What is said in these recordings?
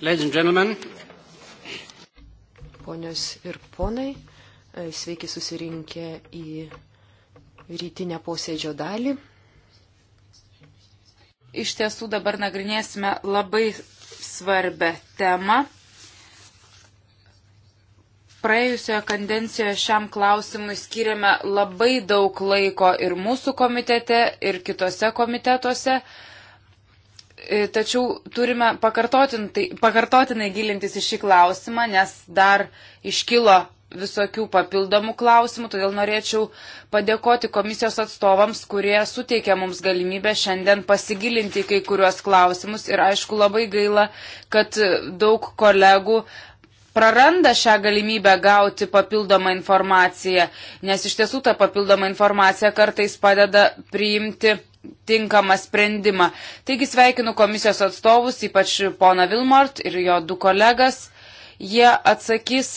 Ladies and gentlemen. Ponios ir ponai, e, sveiki susirinkę į rytinę posėdžio dalį. Iš tiesų dabar nagrinėsime labai svarbę temą. Praėjusioje kandencijoje šiam klausimui skiriame labai daug laiko ir mūsų komitete, ir kitose komitetuose. Uh, E, tačiau turime pakartotinai gilintis į šį klausimą, nes dar iškilo visokių papildomų klausimų, todėl norėčiau padėkoti komisijos atstovams, kurie suteikė mums galimybę šiandien pasigilinti kai kuriuos klausimus ir aišku labai gaila, kad daug kolegų praranda šią galimybę gauti papildomą informaciją, nes iš tiesų ta papildoma informacija kartais padeda priimti tinkamą sprendimą. Taigi sveikinu komisijos atstovus, ypač pona Vilmort ir jo du kolegas. Jie atsakys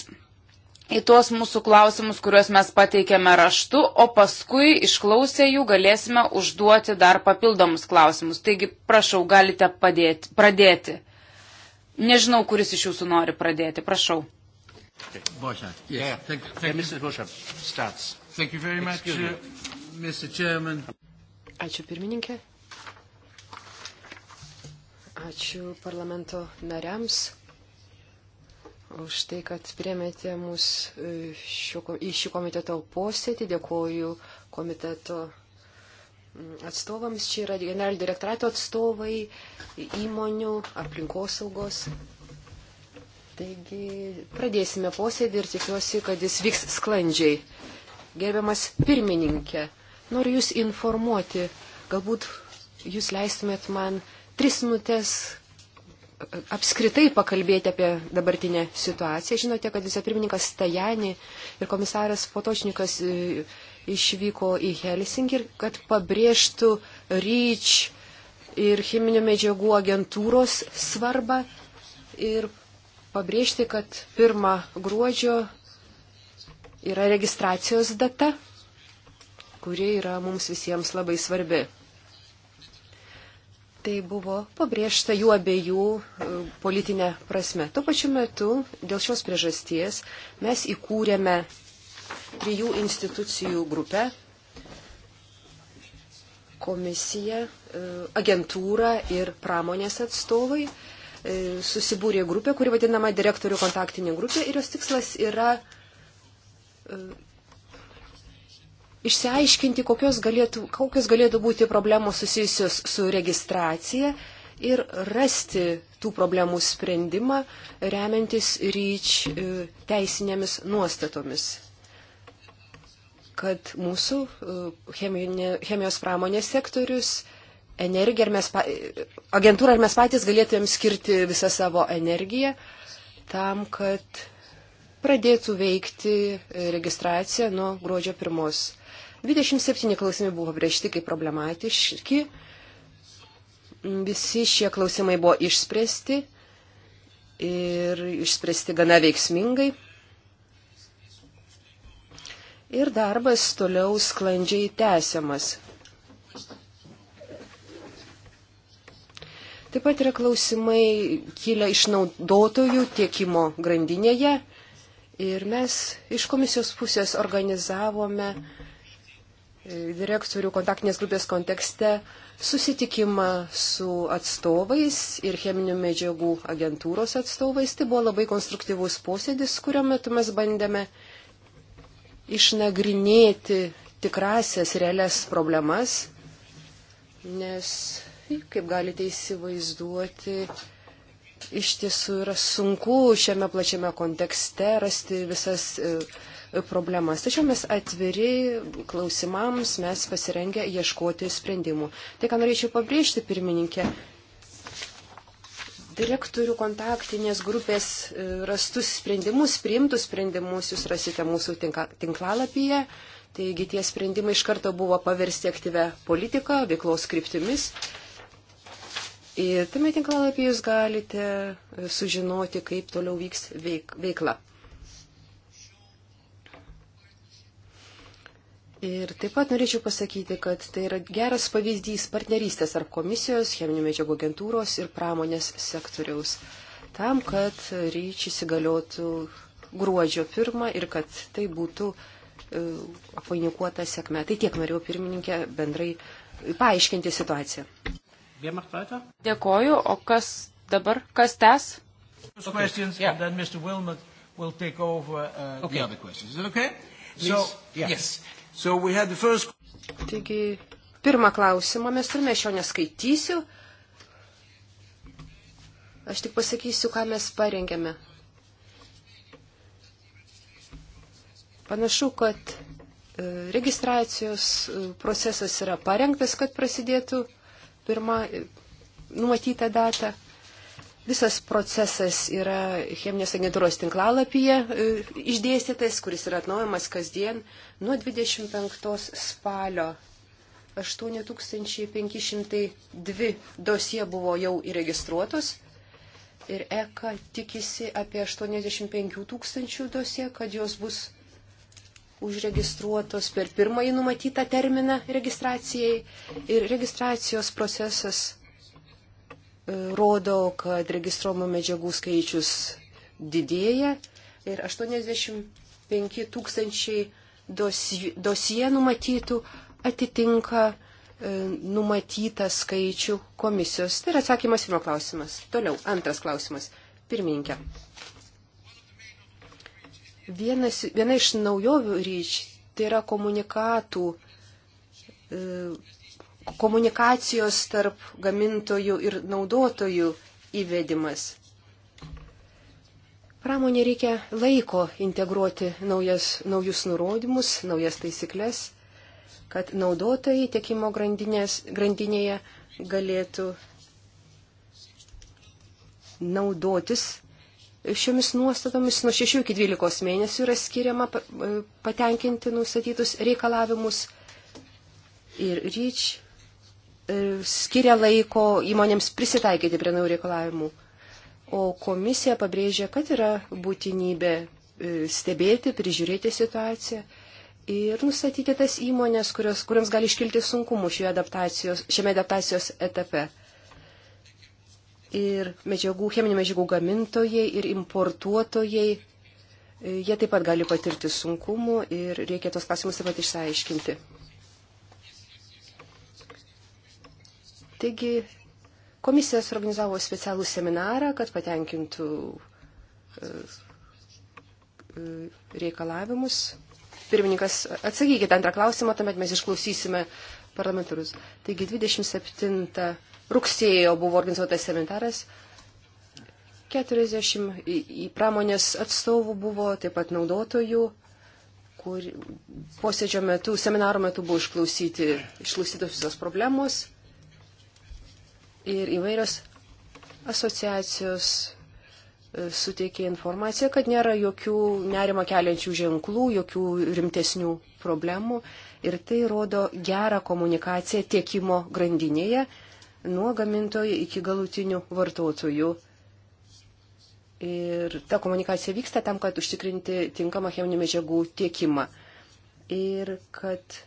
į tuos mūsų klausimus, kuriuos mes pateikėme raštu, o paskui išklausę jų galėsime užduoti dar papildomus klausimus. Taigi, prašau, galite padėti, pradėti. Nežinau, kuris iš jūsų nori pradėti. Prašau. Thank you very much, uh, Mr. Chairman. Ačiū pirmininkė. Ačiū parlamento nariams už tai, kad priemėte mus e, šio, į šį komiteto posėdį. Dėkuoju komiteto mm, atstovams. Čia yra generalinio direktorato atstovai, įmonių, aplinkosaugos. Taigi pradėsime posėdį ir tikiuosi, kad jis vyks sklandžiai. Gerbiamas pirmininkė. Noriu Jūs informuoti, galbūt Jūs leistumėt man tris minutės e, apskritai pakalbėti apie dabartinę situaciją. Žinote, kad vicepirmininkas Stajani ir komisaras Potočnikas e, išvyko į Helsinkį ir kad pabrėžtų REACH ir cheminių medžiagų agentūros svarbą ir pabrėžti, kad 1 gruodžio yra registracijos data kuri yra mums visiems labai svarbi. Tai buvo pabrėžta jų abiejų e, politinė prasme. Tuo pačiu metu dėl šios priežasties mes įkūrėme trijų institucijų grupę - komisija, e, agentūra ir pramonės atstovai e, susibūrė grupė, kuri vadinama direktorių kontaktinė grupė ir jos tikslas yra išsiaiškinti, kokios galėtų, kokios galėtų būti problemos susijusios su registracija ir rasti tų problemų sprendimą, remiantis ryč e, teisinėmis nuostatomis kad mūsų e, chemijos pramonės sektorius, energija, ar mes, e, agentūra, ar mes patys galėtumėm skirti visą savo energiją tam, kad pradėtų veikti registracija nuo gruodžio pirmos. 27 klausimai buvo priešti kaip problematiški. Visi šie klausimai buvo išspręsti ir išspręsti gana veiksmingai. Ir darbas toliau sklandžiai tęsiamas. Taip pat yra klausimai kilę išnaudotojų tiekimo grandinėje. Ir mes iš komisijos pusės organizavome uh, direktorių kontaktinės grupės kontekste susitikimą su atstovais ir cheminių medžiagų agentūros atstovais. Tai buvo labai konstruktyvus posėdis, kurio metu mes bandėme išnagrinėti tikrasias realias problemas, nes, kaip galite įsivaizduoti, iš tiesų yra sunku šiame plačiame kontekste rasti visas e, problemas. Tačiau mes atviri klausimams, mes pasirengę ieškoti sprendimų. Tai, ką norėčiau pabrėžti, pirmininkė, direktorių kontaktinės grupės e, rastus sprendimus, priimtus sprendimus jūs rasite mūsų tinklalapyje. Taigi tie sprendimai iš karto buvo paversti aktyvę politiką, veiklos kryptimis. Ir tame tinklalapyje jūs galite e, sužinoti, kaip toliau vyks veik, veikla. Ir taip pat norėčiau pasakyti, kad tai yra geras pavyzdys partnerystės tarp komisijos, cheminių medžiagų agentūros ir pramonės sektoriaus. Tam, kad ryčiai įsigaliotų gruodžio pirmą ir kad tai būtų e, apvainikuota sėkme. Tai tiek norėjau pirmininkė bendrai paaiškinti situaciją. Dėkoju, o kas dabar, kas tęs? Okay. Yeah. Will, will over, uh, okay. So, yes. yes. So first... Taigi, pirmą klausimą mes turime, aš jo neskaitysiu. Aš tik pasakysiu, ką mes parengėme. Panašu, kad e, registracijos e, procesas yra parengtas, kad prasidėtų pirmą e, numatytą datą. Visas procesas yra cheminės agentūros tinklalapyje e, išdėstytas, kuris yra atnaujamas kasdien nuo 25 spalio. 8502 dosie buvo jau įregistruotos ir ECA tikisi apie 85 tūkstančių dosie, kad jos bus užregistruotos per pirmąjį numatytą terminą registracijai ir registracijos procesas E, rodo, kad registruomų medžiagų skaičius didėja ir 85 tūkstančiai dosie numatytų atitinka e, numatytą skaičių komisijos. Tai yra atsakymas pirmo klausimas. Toliau, antras klausimas. Pirminkė. Vienas, viena iš naujovių ryč tai yra komunikatų e, komunikacijos tarp gamintojų ir naudotojų įvedimas. Pramonė reikia laiko integruoti naujas, naujus nurodymus, naujas taisyklės, kad naudotojai tiekimo grandinėje galėtų naudotis šiomis nuostatomis nuo 6 iki 12 mėnesių yra skiriama patenkinti nustatytus reikalavimus. Ir ryč E, skiria laiko įmonėms prisitaikyti prie naujų reikalavimų. O komisija pabrėžia, kad yra būtinybė e, stebėti, prižiūrėti situaciją ir nustatyti tas įmonės, kurios, kuriams gali iškilti sunkumų adaptacijos, šiame adaptacijos etape. Ir medžiagų, cheminių medžiagų gamintojai ir importuotojai, e, jie taip pat gali patirti sunkumų ir reikia tos klausimus taip pat išsiaiškinti. Taigi komisija suorganizavo specialų seminarą, kad patenkintų e, e, reikalavimus. Pirmininkas, atsakykite antrą klausimą, tuomet mes išklausysime parlamentarus. Taigi 27 rugsėjo buvo organizuotas seminaras. 40 į pramonės atstovų buvo, taip pat naudotojų, kur posėdžio metu, seminaro metu buvo išklausyti, išklausytos visos problemos ir įvairios asociacijos e, suteikė informaciją, kad nėra jokių nerima keliančių ženklų, jokių rimtesnių problemų. Ir tai rodo gerą komunikaciją tiekimo grandinėje nuo gamintojų iki galutinių vartotojų. Ir ta komunikacija vyksta tam, kad užtikrinti tinkamą cheminių medžiagų tiekimą. Ir kad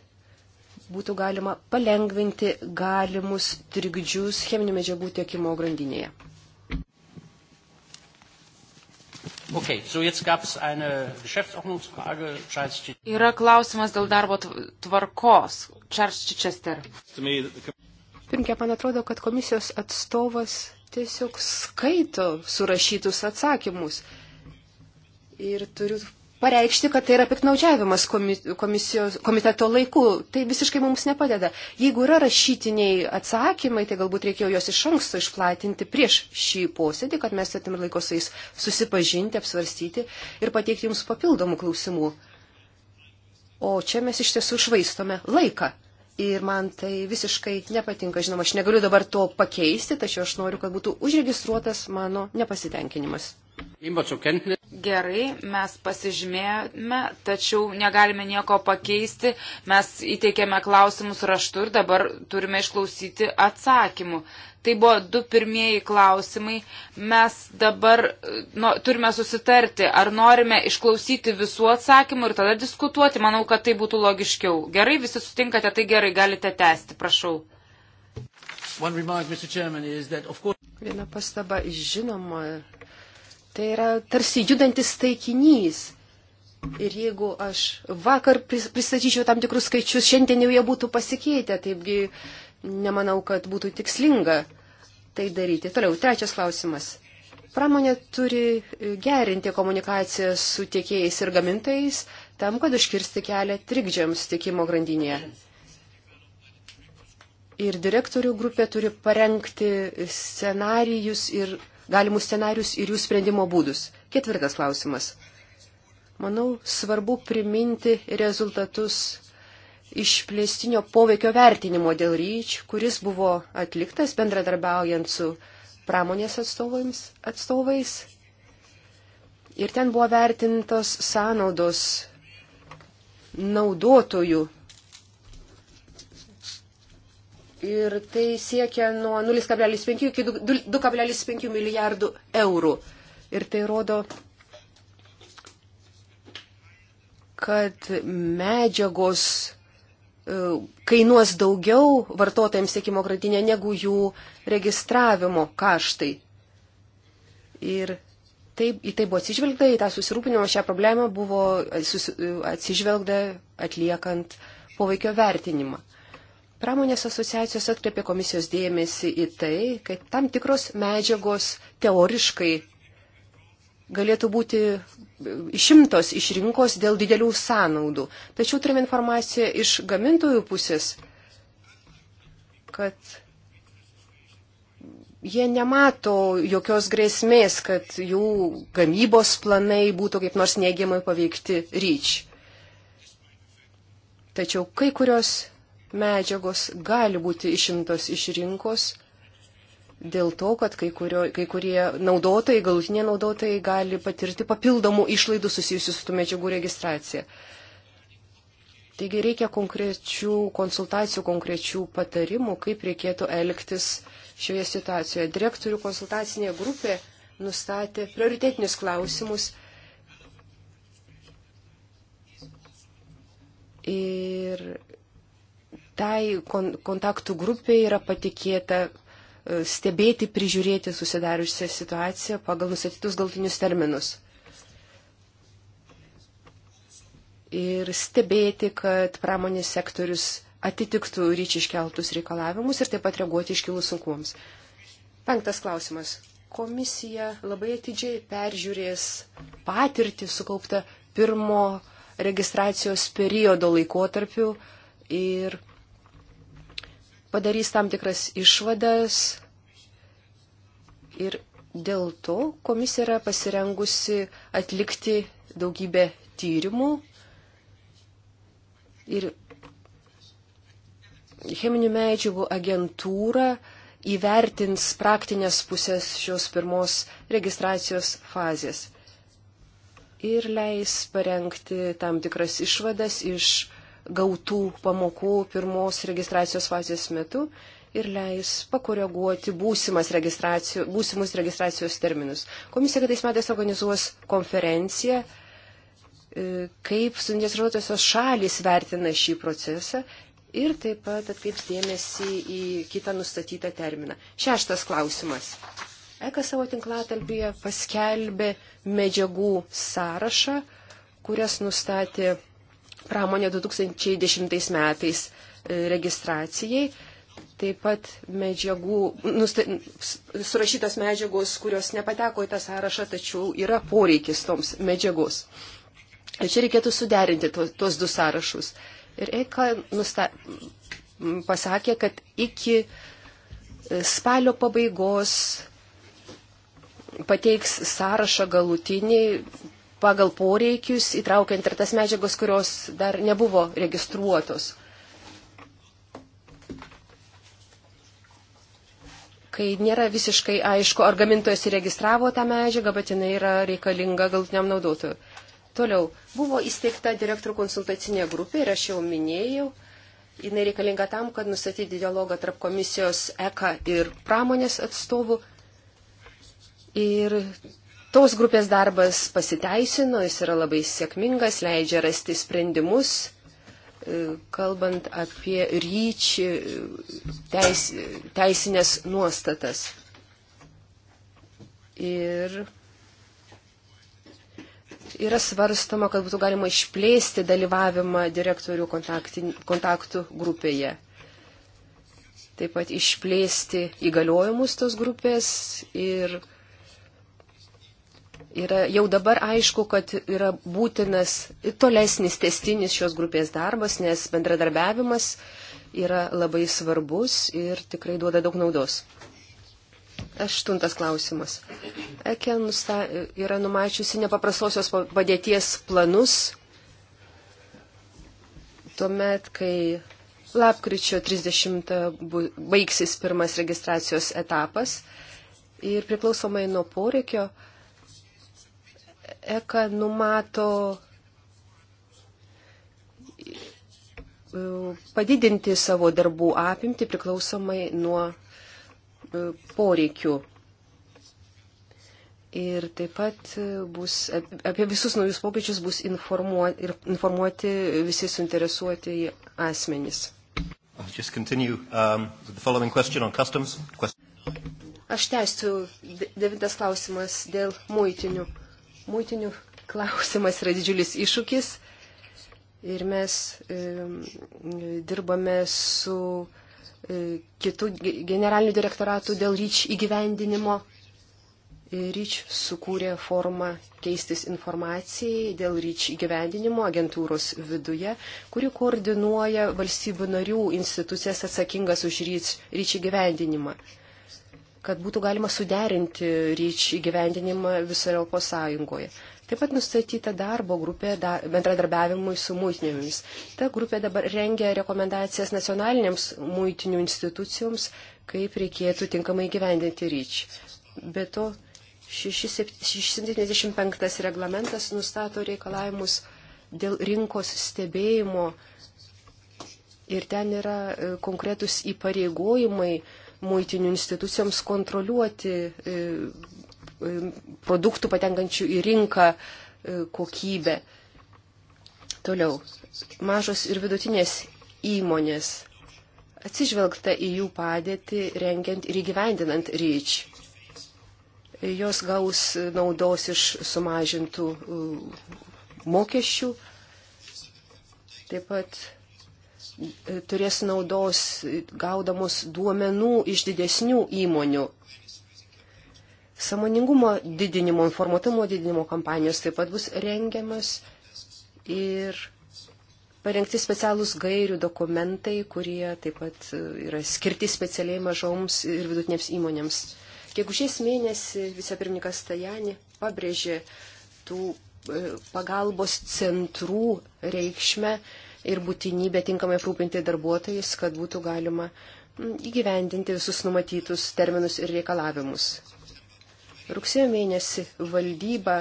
būtų galima palengvinti galimus trikdžius cheminių medžiagų tiekimo grandinėje. Okay, so Yra klausimas dėl darbo tvarkos. Charles Chichester. Pirmkia, man atrodo, kad komisijos atstovas tiesiog skaito surašytus atsakymus. Ir turiu pareikšti, kad tai yra piknaudžiavimas komiteto laiku. Tai visiškai mums nepadeda. Jeigu yra rašytiniai atsakymai, tai galbūt reikėjo juos iš anksto išplatinti prieš šį posėdį, kad mes atim laiko su jais susipažinti, apsvarstyti ir pateikti jums papildomų klausimų. O čia mes iš tiesų švaistome laiką. Ir man tai visiškai nepatinka, žinoma, aš negaliu dabar to pakeisti, tačiau aš noriu, kad būtų užregistruotas mano nepasitenkinimas. Gerai, mes pasižymėjome, tačiau negalime nieko pakeisti. Mes įteikėme klausimus raštu ir dabar turime išklausyti atsakymų. Tai buvo du pirmieji klausimai. Mes dabar nu, turime susitarti, ar norime išklausyti visų atsakymų ir tada diskutuoti. Manau, kad tai būtų logiškiau. Gerai, visi sutinkate, tai gerai, galite tęsti, prašau. Viena pastaba, žinoma, Tai yra tarsi judantis taikinys. Ir jeigu aš vakar pristatyčiau tam tikrus skaičius, šiandien jau jie būtų pasikeitę, taipgi nemanau, kad būtų tikslinga tai daryti. Toliau, trečias klausimas. Pramonė turi gerinti komunikaciją su tiekėjais ir gamintojais tam, kad užkirsti kelią trikdžiams tiekimo grandinėje. Ir direktorių grupė turi parengti scenarijus ir galimus scenarius ir jų sprendimo būdus. Ketvirtas klausimas. Manau, svarbu priminti rezultatus išplėstinio poveikio vertinimo dėl ryč, kuris buvo atliktas bendradarbiaujant su pramonės atstovais. Ir ten buvo vertintos sąnaudos naudotojų Ir tai siekia nuo 0,5 iki 2,5 milijardų eurų. Ir tai rodo, kad medžiagos e, kainuos daugiau vartotojams tiekimo grandinė negu jų registravimo kaštai. Ir taip, į tai buvo atsižvelgta, į tą susirūpinimą šią problemą buvo e, atsižvelgta atliekant poveikio vertinimą. Pramonės asociacijos atkreipė komisijos dėmesį į tai, kad tam tikros medžiagos teoriškai galėtų būti išimtos iš rinkos dėl didelių sąnaudų. Tačiau turime informaciją iš gamintojų pusės, kad jie nemato jokios grėsmės, kad jų gamybos planai būtų kaip nors neigiamai paveikti ryč. Tačiau kai kurios medžiagos gali būti išimtos iš rinkos dėl to, kad kai, kurio, kai kurie naudotojai, galutiniai naudotojai gali patirti papildomų išlaidų susijusių su tų medžiagų registracija. Taigi reikia konkrečių konsultacijų, konkrečių patarimų, kaip reikėtų elgtis šioje situacijoje. Direktorių konsultacinė grupė nustatė prioritetinius klausimus ir tai kon kontaktų grupiai yra patikėta e, stebėti, prižiūrėti susidariusią situaciją pagal nusatytus galtinius terminus. Ir stebėti, kad pramonės sektorius atitiktų ryčiai iškeltus reikalavimus ir taip pat reaguoti iškilus sunkumams. Penktas klausimas. Komisija labai atidžiai peržiūrės patirtį sukauptą pirmo registracijos periodo laikotarpiu ir padarys tam tikras išvadas ir dėl to komisija yra pasirengusi atlikti daugybę tyrimų ir cheminių medžiagų agentūra įvertins praktinės pusės šios pirmos registracijos fazės ir leis parengti tam tikras išvadas iš gautų pamokų pirmos registracijos fazės metu ir leis pakoreguoti registracijų, būsimus registracijos terminus. Komisija kitais metais organizuos konferenciją, e, kaip suinteresuotosios šalis vertina šį procesą ir taip pat atkreips dėmesį į kitą nustatytą terminą. Šeštas klausimas. ECA savo tinklatalpyje paskelbė medžiagų sąrašą, kurias nustatė pramonė 2010 metais e, registracijai. Taip pat medžiagų, nusta, surašytos medžiagos, kurios nepateko į tą sąrašą, tačiau yra poreikis toms medžiagos. Ir čia reikėtų suderinti to, tos du sąrašus. Ir Eika nusta, pasakė, kad iki e, spalio pabaigos pateiks sąrašą galutinį pagal poreikius, įtraukiant ir tas medžiagos, kurios dar nebuvo registruotos. Kai nėra visiškai aišku, ar gamintojas įregistravo tą medžiagą, bet jinai yra reikalinga galutiniam naudotojui. Toliau, buvo įsteigta direktorių konsultacinė grupė ir aš jau minėjau, jinai reikalinga tam, kad nustatyti dialogą tarp komisijos ECA ir pramonės atstovų. Ir Tos grupės darbas pasiteisino, jis yra labai sėkmingas, leidžia rasti sprendimus, e, kalbant apie ryčių e, teis, teisinės nuostatas. Ir yra svarstoma, kad būtų galima išplėsti dalyvavimą direktorių kontaktų grupėje. Taip pat išplėsti įgaliojimus tos grupės ir Yra jau dabar aišku, kad yra būtinas tolesnis testinis šios grupės darbas, nes bendradarbiavimas yra labai svarbus ir tikrai duoda daug naudos. Aštuntas klausimas. Eke nusta, yra numačiusi nepaprastosios padėties planus tuomet, kai lapkričio 30 baigsis pirmas registracijos etapas ir priklausomai nuo poreikio ECA numato e, padidinti savo darbų apimti priklausomai nuo e, poreikių. Ir taip pat e, bus, apie visus naujus pokyčius bus informuoti, informuoti visi suinteresuoti asmenys. Um, Aš tęsiu devintas klausimas dėl muitinių. Mūtinių klausimas yra didžiulis iššūkis ir mes e, dirbame su e, kitų generalinių direktoratų dėl ryč įgyvendinimo. Ryč sukūrė formą keistis informacijai dėl ryč įgyvendinimo agentūros viduje, kuri koordinuoja valstybių narių institucijas atsakingas už ryč, ryč įgyvendinimą kad būtų galima suderinti ryč įgyvendinimą visoje Europos Sąjungoje. Taip pat nustatyta darbo grupė da, bendradarbiavimui su muitinėmis. Ta grupė dabar rengia rekomendacijas nacionalinėms muitinių institucijoms, kaip reikėtų tinkamai gyvendinti ryč. Be to, 675 reglamentas nustato reikalavimus dėl rinkos stebėjimo ir ten yra e, konkretus įpareigojimai muitinių institucijoms kontroliuoti e, e, produktų patenkančių į rinką e, kokybę. Toliau, mažos ir vidutinės įmonės atsižvelgta į jų padėtį, rengiant ir įgyvendinant ryč. Jos gaus naudos iš sumažintų mokesčių, taip pat turės naudos gaudamos duomenų iš didesnių įmonių. Samoningumo didinimo, informatumo didinimo kampanijos taip pat bus rengiamas ir parengti specialūs gairių dokumentai, kurie taip pat e, yra skirti specialiai mažoms ir vidutinėms įmonėms. Gegužės mėnesį vicepirmininkas Tajani pabrėžė tų e, pagalbos centrų reikšmę ir būtinybę tinkamai aprūpinti darbuotojais, kad būtų galima įgyvendinti visus numatytus terminus ir reikalavimus. Rugsėjo mėnesį valdyba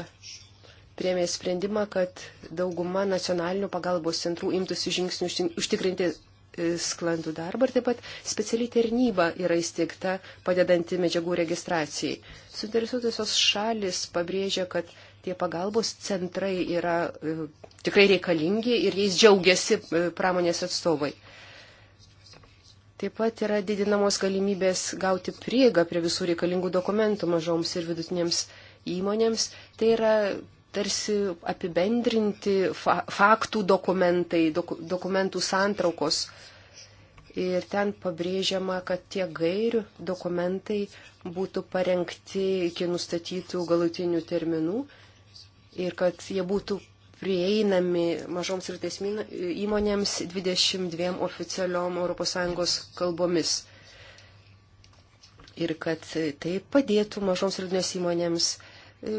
priemė sprendimą, kad dauguma nacionalinių pagalbos centrų imtųsi žingsnių užtikrinti e, sklandų darbą ir taip pat speciali tarnyba yra įsteigta padedanti medžiagų registracijai. Suinteresuotusios šalis pabrėžia, kad Tie pagalbos centrai yra e, tikrai reikalingi ir jais džiaugiasi e, pramonės atstovai. Taip pat yra didinamos galimybės gauti prieigą prie visų reikalingų dokumentų mažoms ir vidutinėms įmonėms. Tai yra tarsi apibendrinti fa faktų dokumentai, dok dokumentų santraukos. Ir ten pabrėžiama, kad tie gairių dokumentai būtų parengti iki nustatytų galutinių terminų ir kad jie būtų prieinami mažoms ir tiesmin įmonėms 22 oficialiom ES kalbomis. Ir kad tai padėtų mažoms ir didinės įmonėms e,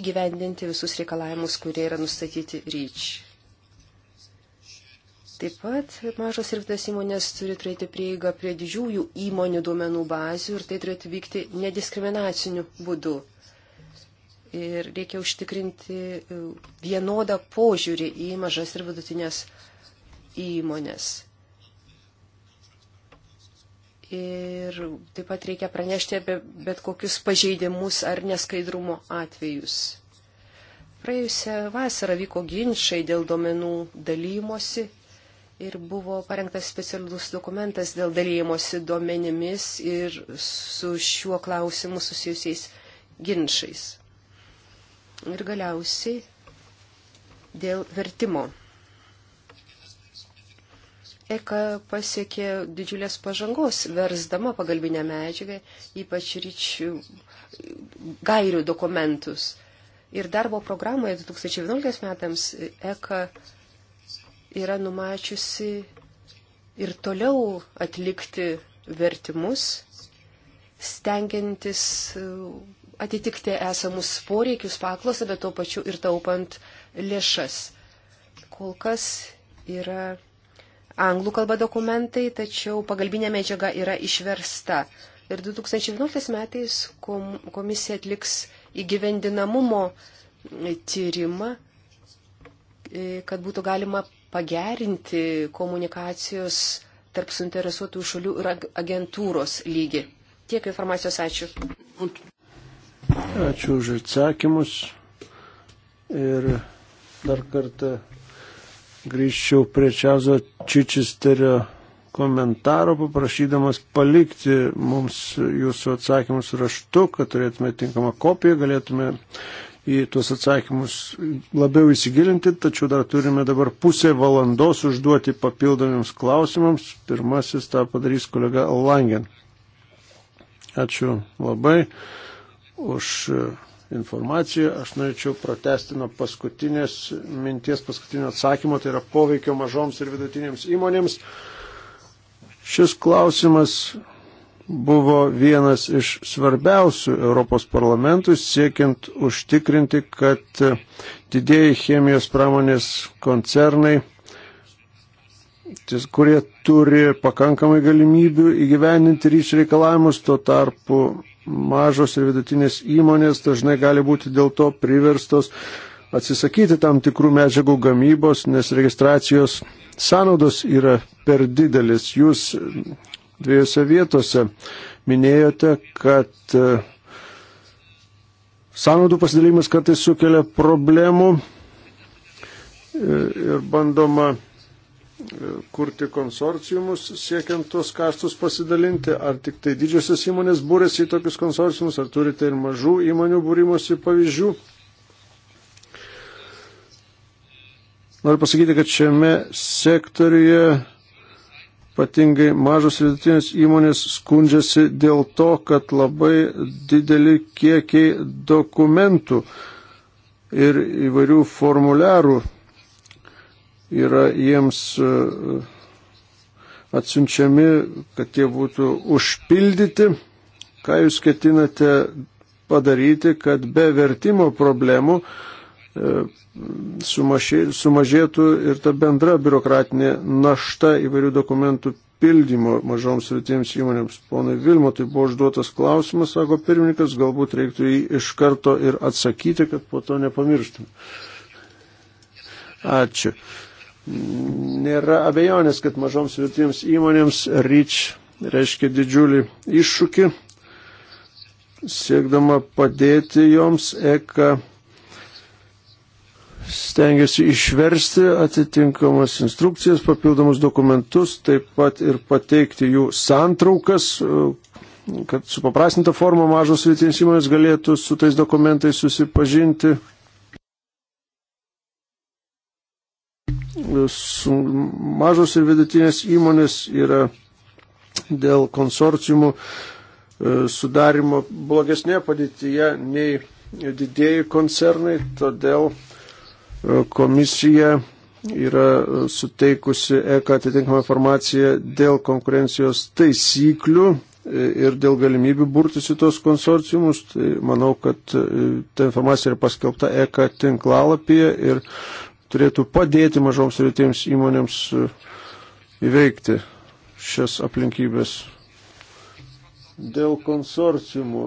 įgyvendinti visus reikalavimus, kurie yra nustatyti ryč. Taip pat mažos ir vidutinės įmonės turi turėti prieigą prie didžiųjų įmonių duomenų bazių ir tai turėtų vykti nediskriminaciniu būdu ir reikia užtikrinti e, vienodą požiūrį į mažas ir vidutinės įmonės. Ir taip pat reikia pranešti apie bet kokius pažeidimus ar neskaidrumo atvejus. Praėjusią vasarą vyko ginčiai dėl domenų dalymosi ir buvo parengtas specialus dokumentas dėl dalymosi duomenimis ir su šiuo klausimu susijusiais ginčiais. Ir galiausiai dėl vertimo. Eka pasiekė didžiulės pažangos, versdama pagalbinę medžiagą, ypač ryčių gairių dokumentus. Ir darbo programoje 2011 metams Eka yra numačiusi ir toliau atlikti vertimus, stengiantis atitikti esamus poreikius paklausą, bet tuo pačiu ir taupant lėšas. Kol kas yra anglų kalba dokumentai, tačiau pagalbinė medžiaga yra išversta. Ir 2011 metais komisija atliks įgyvendinamumo tyrimą, e, kad būtų galima pagerinti komunikacijos tarp suinteresuotų šalių ir agentūros lygį. Tiek informacijos ačiū. Ačiū už atsakymus. Ir dar kartą grįžčiau prie Čiazo Čičisterio komentaro, paprašydamas palikti mums jūsų atsakymus raštu, kad turėtume tinkamą kopiją, galėtume į tuos atsakymus labiau įsigilinti, tačiau dar turime dabar pusę valandos užduoti papildomiams klausimams. Pirmasis tą padarys kolega Langen. Ačiū labai už e, informaciją. Aš norėčiau pratesti nuo paskutinės minties, paskutinio atsakymo, tai yra poveikio mažoms ir vidutinėms įmonėms. Šis klausimas buvo vienas iš svarbiausių Europos parlamentui siekiant užtikrinti, kad didėjai chemijos pramonės koncernai, tis, kurie turi pakankamai galimybių įgyveninti ryšių reikalavimus, tuo tarpu mažos ir vidutinės įmonės dažnai gali būti dėl to priverstos atsisakyti tam tikrų medžiagų gamybos, nes registracijos sąnaudos yra per didelis. Jūs dviejose vietose minėjote, kad e, sąnaudų pasidalymas kartais sukelia problemų e, ir bandoma kurti konsorciumus, siekiant tuos kaštus pasidalinti, ar tik tai didžiosios įmonės būrėsi į tokius konsorciumus, ar turite ir mažų įmonių būrimosi pavyzdžių. Noriu pasakyti, kad šiame sektoriuje ypatingai mažos vidutinės įmonės skundžiasi dėl to, kad labai dideli kiekiai dokumentų ir įvairių formuliarų yra jiems e, atsiunčiami, kad jie būtų užpildyti. Ką jūs ketinate padaryti, kad be vertimo problemų e, sumažėtų ir ta bendra biurokratinė našta įvairių dokumentų pildymo mažoms rytims įmonėms. Ponai Vilmo, tai buvo užduotas klausimas, sako pirmininkas, galbūt reiktų jį iš karto ir atsakyti, kad po to nepamirštum. Ačiū. Nėra abejonės, kad mažoms vidutinėms įmonėms REACH reiškia didžiulį iššūkį. Siekdama padėti joms, ECA stengiasi išversti atitinkamas instrukcijas, papildomus dokumentus, taip pat ir pateikti jų santraukas, kad supaprastinta forma mažos vietinės įmonės galėtų su tais dokumentais susipažinti mažos ir vidutinės įmonės yra dėl konsorciumų e, sudarimo blogesnėje padėtyje nei didėjai koncernai, todėl e, komisija yra e, suteikusi ECA atitinkamą informaciją dėl konkurencijos taisyklių ir dėl galimybių burtis į tos konsorciumus. Tai manau, kad ta informacija yra paskelbta ECA tinklalapyje ir turėtų padėti mažoms ir tiems įmonėms e, įveikti šias aplinkybės. Dėl konsorciumų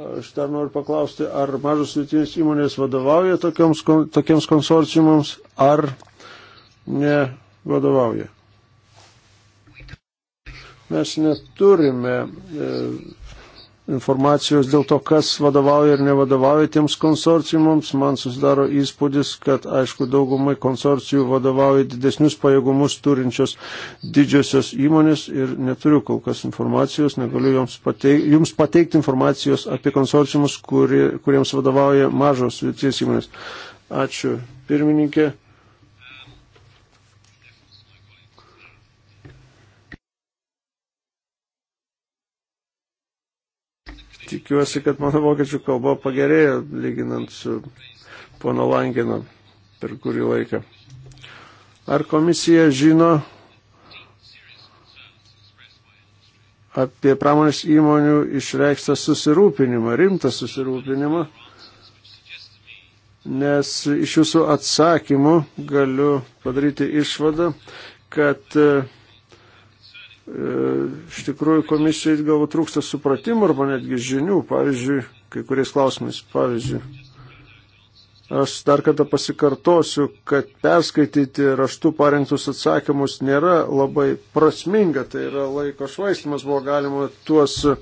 Aš dar noriu paklausti, ar mažos vidutinės įmonės vadovauja tokiems, tokiems konsorciumams, ar nevadovauja. Mes neturime e, informacijos dėl to, kas vadovauja ir nevadovauja tiems konsorciumams. Man susidaro įspūdis, kad, aišku, daugumai konsorcijų vadovauja didesnius pajėgumus turinčios didžiosios įmonės ir neturiu kol kas informacijos, negaliu jums, pateik, jums pateikti informacijos apie konsorciumus, kuri, kuriems vadovauja mažos vidutinės įmonės. Ačiū, pirmininkė. tikiuosi, kad mano vokiečių kalba pagerėjo, lyginant su pono Langino per kurį laiką. Ar komisija žino apie pramonės įmonių išreikštą susirūpinimą, rimtą susirūpinimą, nes iš jūsų atsakymų galiu padaryti išvadą, kad uh, E, iš tikrųjų komisijai galbūt trūksta supratimo arba netgi žinių, pavyzdžiui, kai kuriais klausimais. Pavyzdžiui, aš dar kartą pasikartosiu, kad perskaityti raštų parengtus atsakymus nėra labai prasminga, tai yra laiko švaistimas, buvo galima tuos e,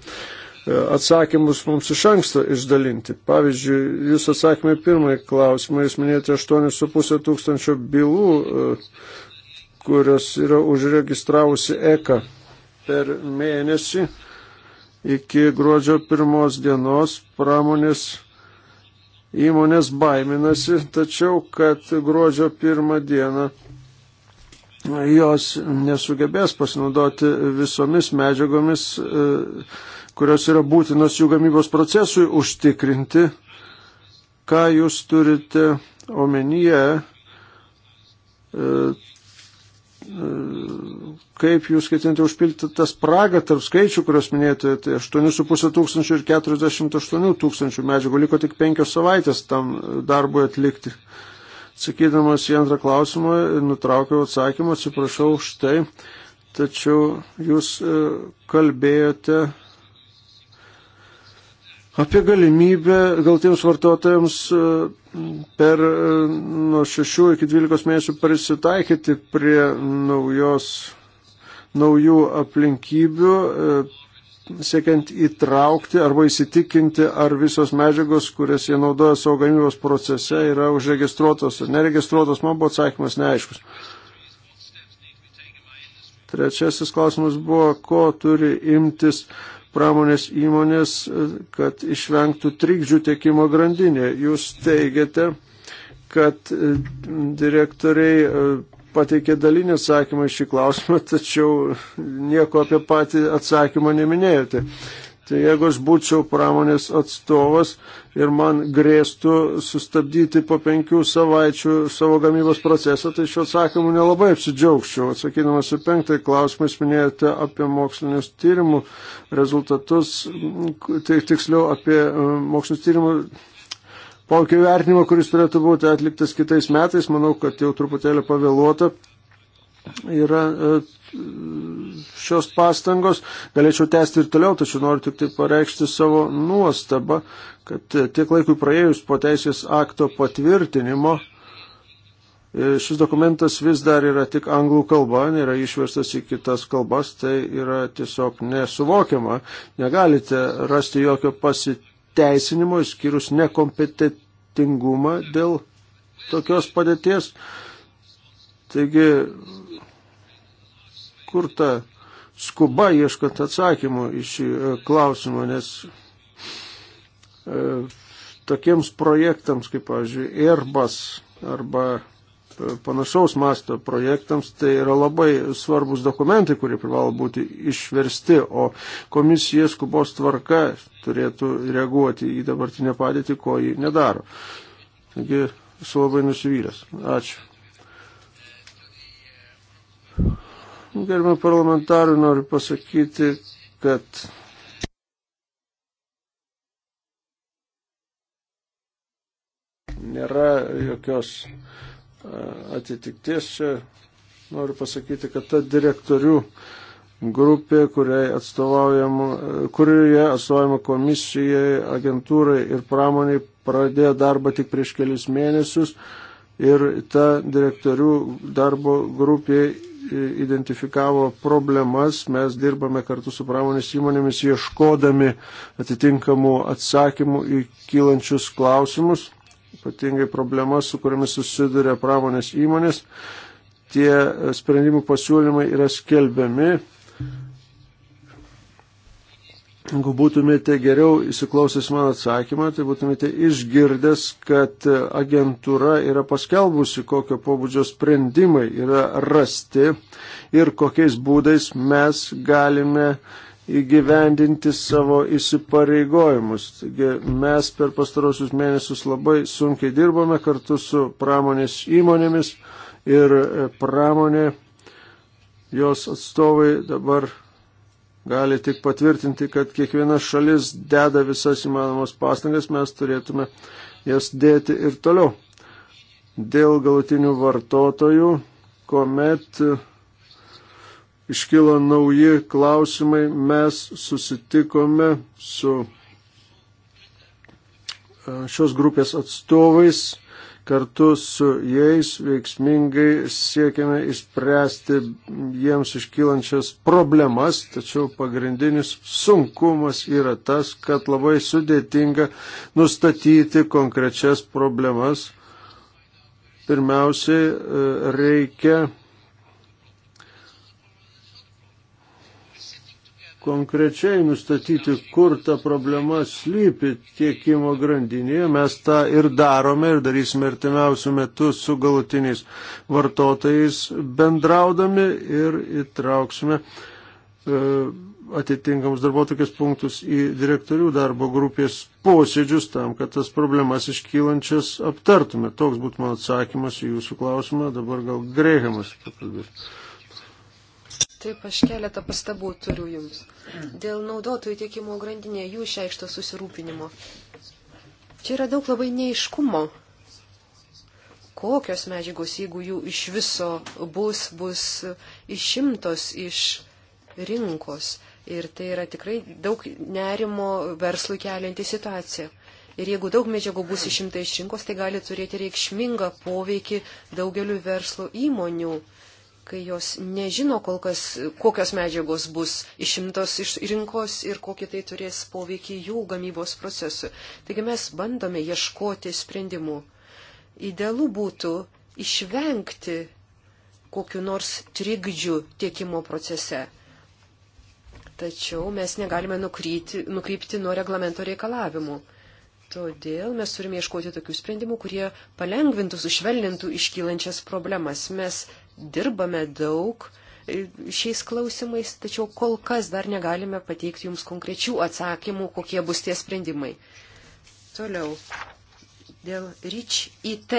atsakymus mums iš anksto išdalinti. Pavyzdžiui, jūs atsakymai pirmai klausimai, jūs minėjote 8,5 tūkstančio bylų e, kurios yra užregistravusi ECA per mėnesį iki gruodžio pirmos dienos pramonės įmonės baiminasi, tačiau kad gruodžio pirmą dieną jos nesugebės pasinaudoti visomis medžiagomis, e, kurios yra būtinos jų gamybos procesui užtikrinti, ką jūs turite omenyje e, kaip jūs ketinate užpildyti tas spragą tarp skaičių, kurios minėjote, tai 8,5 tūkstančių ir 48 tūkstančių medžiagų, liko tik penkios savaitės tam darbui atlikti. Sakydamas į antrą klausimą, nutraukiau atsakymą, atsiprašau už tai, tačiau jūs e, kalbėjote apie galimybę galtiems vartotojams e, per e, nuo 6 iki 12 mėnesių prisitaikyti prie naujos, naujų aplinkybių, e, siekiant įtraukti arba įsitikinti, ar visos medžiagos, kurias jie naudoja savo gamybos procese, yra užregistruotos ar neregistruotos, man buvo atsakymas neaiškus. Trečiasis klausimas buvo, ko turi imtis uh, pramonės įmonės, kad išvengtų trikdžių tiekimo grandinė. Jūs teigiate, kad direktoriai e, pateikė dalinį atsakymą šį klausimą, tačiau nieko apie patį atsakymą neminėjote. Tai Tai jeigu aš būčiau pramonės atstovas ir man grėstų sustabdyti po penkių savaičių savo gamybos procesą, tai šiuo atsakymu nelabai apsidžiaugščiau. Atsakydamas į penktąjį klausimą, jūs minėjote apie mokslinius tyrimų rezultatus, tai tiksliau apie e, mokslinius tyrimų poveikio vertinimą, kuris turėtų būti atliktas kitais metais. Manau, kad jau truputėlį pavėluota yra e, šios pastangos. Galėčiau tęsti ir toliau, tačiau noriu tik tai pareikšti savo nuostabą, kad tiek laikui praėjus po teisės akto patvirtinimo e, šis dokumentas vis dar yra tik anglų kalba, nėra išverstas į kitas kalbas, tai yra tiesiog nesuvokiama. Negalite rasti jokio pasiteisinimo, išskyrus nekompetentingumą dėl tokios padėties. Taigi kur ta skuba ieškant atsakymų iš e, klausimą, nes e, tokiems projektams, kaip, pavyzdžiui, Airbus arba e, panašaus masto projektams, tai yra labai svarbus dokumentai, kurie privalo būti išversti, o komisija skubos tvarka turėtų reaguoti į dabartinę padėtį, ko ji nedaro. Taigi, esu labai nusivylęs. Ačiū. Gerbimo parlamentarui noriu pasakyti, kad nėra jokios atitikties čia. Noriu pasakyti, kad ta direktorių grupė, kurioje atstovaujama, kurioje atstovaujama komisijai, agentūrai ir pramoniai pradėjo darbą tik prieš kelius mėnesius ir ta direktorių darbo grupė identifikavo problemas, mes dirbame kartu su pramonės įmonėmis ieškodami atitinkamų atsakymų į kylančius klausimus, ypatingai problemas, su kuriamis susiduria pramonės įmonės. Tie sprendimų pasiūlymai yra skelbiami jeigu būtumėte geriau įsiklausęs mano atsakymą, tai būtumėte išgirdęs, kad agentūra yra paskelbusi, kokio pobūdžio sprendimai yra rasti ir kokiais būdais mes galime įgyvendinti savo įsipareigojimus. Taigi mes per pastarosius mėnesius labai sunkiai dirbome kartu su pramonės įmonėmis ir pramonė, jos atstovai dabar gali tik patvirtinti, kad kiekviena šalis deda visas įmanomas pastangas, mes turėtume jas dėti ir toliau. Dėl galutinių vartotojų, kuomet iškilo nauji klausimai, mes susitikome su e, šios grupės atstovais Kartu su jais veiksmingai siekiame įspręsti jiems iškylančias problemas, tačiau pagrindinis sunkumas yra tas, kad labai sudėtinga nustatyti konkrečias problemas. Pirmiausiai e, reikia konkrečiai nustatyti, kur ta problema slypi tiekimo grandinėje. Mes tą ir darome ir darysime artimiausių metų su galutiniais vartotojais bendraudami ir įtrauksime e, atitinkamus darbotokės punktus į direktorių darbo grupės posėdžius tam, kad tas problemas iškylančias aptartume. Toks būtų mano atsakymas į jūsų klausimą. Dabar gal Greihamas pakalbės. Taip, aš keletą pastabų turiu Jums. Dėl naudotojų tiekimo grandinė jų išreikšto susirūpinimo. Čia yra daug labai neiškumo. Kokios medžiagos, jeigu jų iš viso bus, bus išimtos iš rinkos. Ir tai yra tikrai daug nerimo verslui kelianti situacija. Ir jeigu daug medžiagų bus išimta iš rinkos, tai gali turėti reikšmingą poveikį daugeliu verslo įmonių kai jos nežino kol kas, kokios medžiagos bus išimtos iš rinkos ir kokį tai turės poveikį jų gamybos procesui. Taigi mes bandome ieškoti sprendimų. Idealu būtų išvengti kokiu nors trikdžių tiekimo procese. Tačiau mes negalime nukryti, nukrypti nuo reglamento reikalavimų. Todėl mes turime ieškoti tokių sprendimų, kurie palengvintų, sušvelnintų iškylančias problemas. Mes dirbame daug šiais klausimais, tačiau kol kas dar negalime pateikti jums konkrečių atsakymų, kokie bus tie sprendimai. Toliau, dėl REACH IT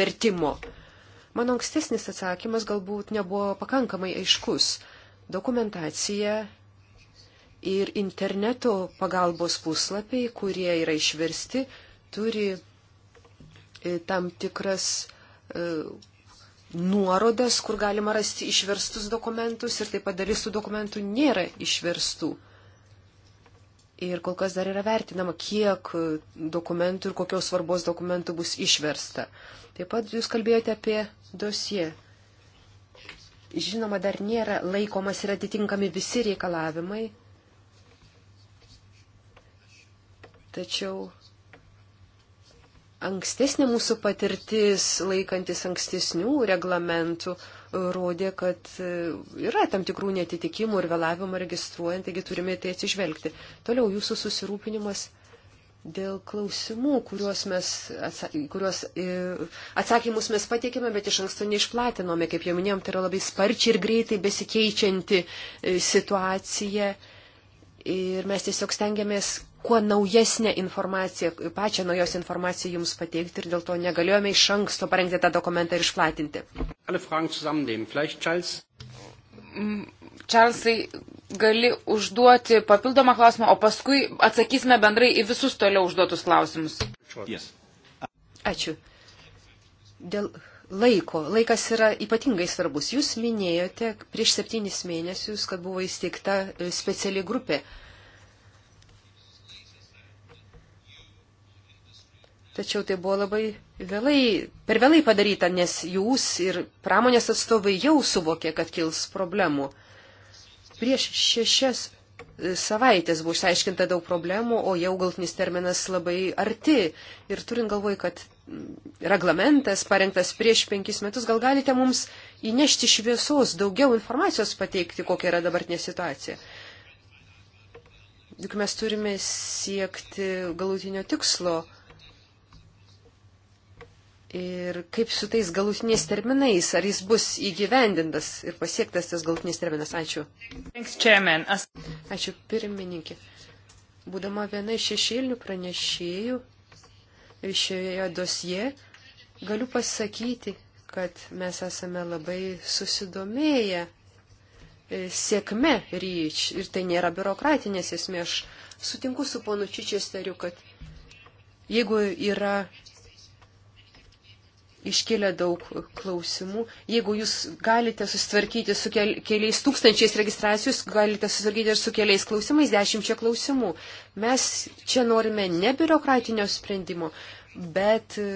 vertimo. Mano ankstesnis atsakymas galbūt nebuvo pakankamai aiškus. Dokumentacija ir interneto pagalbos puslapiai, kurie yra išversti, turi e, tam tikras e, nuorodas, kur galima rasti išverstus dokumentus ir taip pat dalis tų dokumentų nėra išverstų. Ir kol kas dar yra vertinama, kiek dokumentų ir kokios svarbos dokumentų bus išversta. Taip pat jūs kalbėjote apie dosie. Žinoma, dar nėra laikomas ir atitinkami visi reikalavimai. Tačiau Ankstesnė mūsų patirtis, laikantis ankstesnių reglamentų, rodė, kad e, yra tam tikrų netitikimų ir vėlavimų registruojant, taigi turime tai atsižvelgti. Toliau jūsų susirūpinimas dėl klausimų, kuriuos mes, kuriuos, e, atsakymus mes pateikėme, bet iš anksto neišplatinome. Kaip jau minėjom, tai yra labai sparčiai ir greitai besikeičianti e, situacija. Ir mes tiesiog stengiamės kuo naujesnę informaciją, pačią naujos informaciją jums pateikti ir dėl to negalėjome iš anksto parengti tą dokumentą ir išplatinti. Mm, Čarlzai, gali užduoti papildomą klausimą, o paskui atsakysime bendrai į visus toliau užduotus klausimus. Yes. Ačiū. Dėl laiko. Laikas yra ypatingai svarbus. Jūs minėjote prieš septynis mėnesius, kad buvo įsteigta e, speciali grupė Tačiau tai buvo labai vėlai, per vėlai padaryta, nes jūs ir pramonės atstovai jau suvokė, kad kils problemų. Prieš šešias e, savaitės buvo išsiaiškinta daug problemų, o jau galtinis terminas labai arti. Ir turint galvoj, kad reglamentas parengtas prieš penkis metus, gal galite mums įnešti šviesos, daugiau informacijos pateikti, kokia yra dabartinė situacija. Juk mes turime siekti galutinio tikslo Ir kaip su tais galutiniais terminais, ar jis bus įgyvendintas ir pasiektas tas galutinis terminas? Ačiū. Ačiū pirmininkė. Būdama viena iš šešėlių pranešėjų šioje dosie, galiu pasakyti, kad mes esame labai susidomėję e, sėkme ryč. Ir tai nėra biurokratinės esmė. Aš sutinku su ponu Čičesteriu, kad jeigu yra iškėlė daug klausimų. Jeigu jūs galite susitvarkyti su kel, keliais tūkstančiais registracijos, galite susitvarkyti ir su keliais klausimais, dešimčia klausimų. Mes čia norime ne biurokratinio sprendimo, bet e,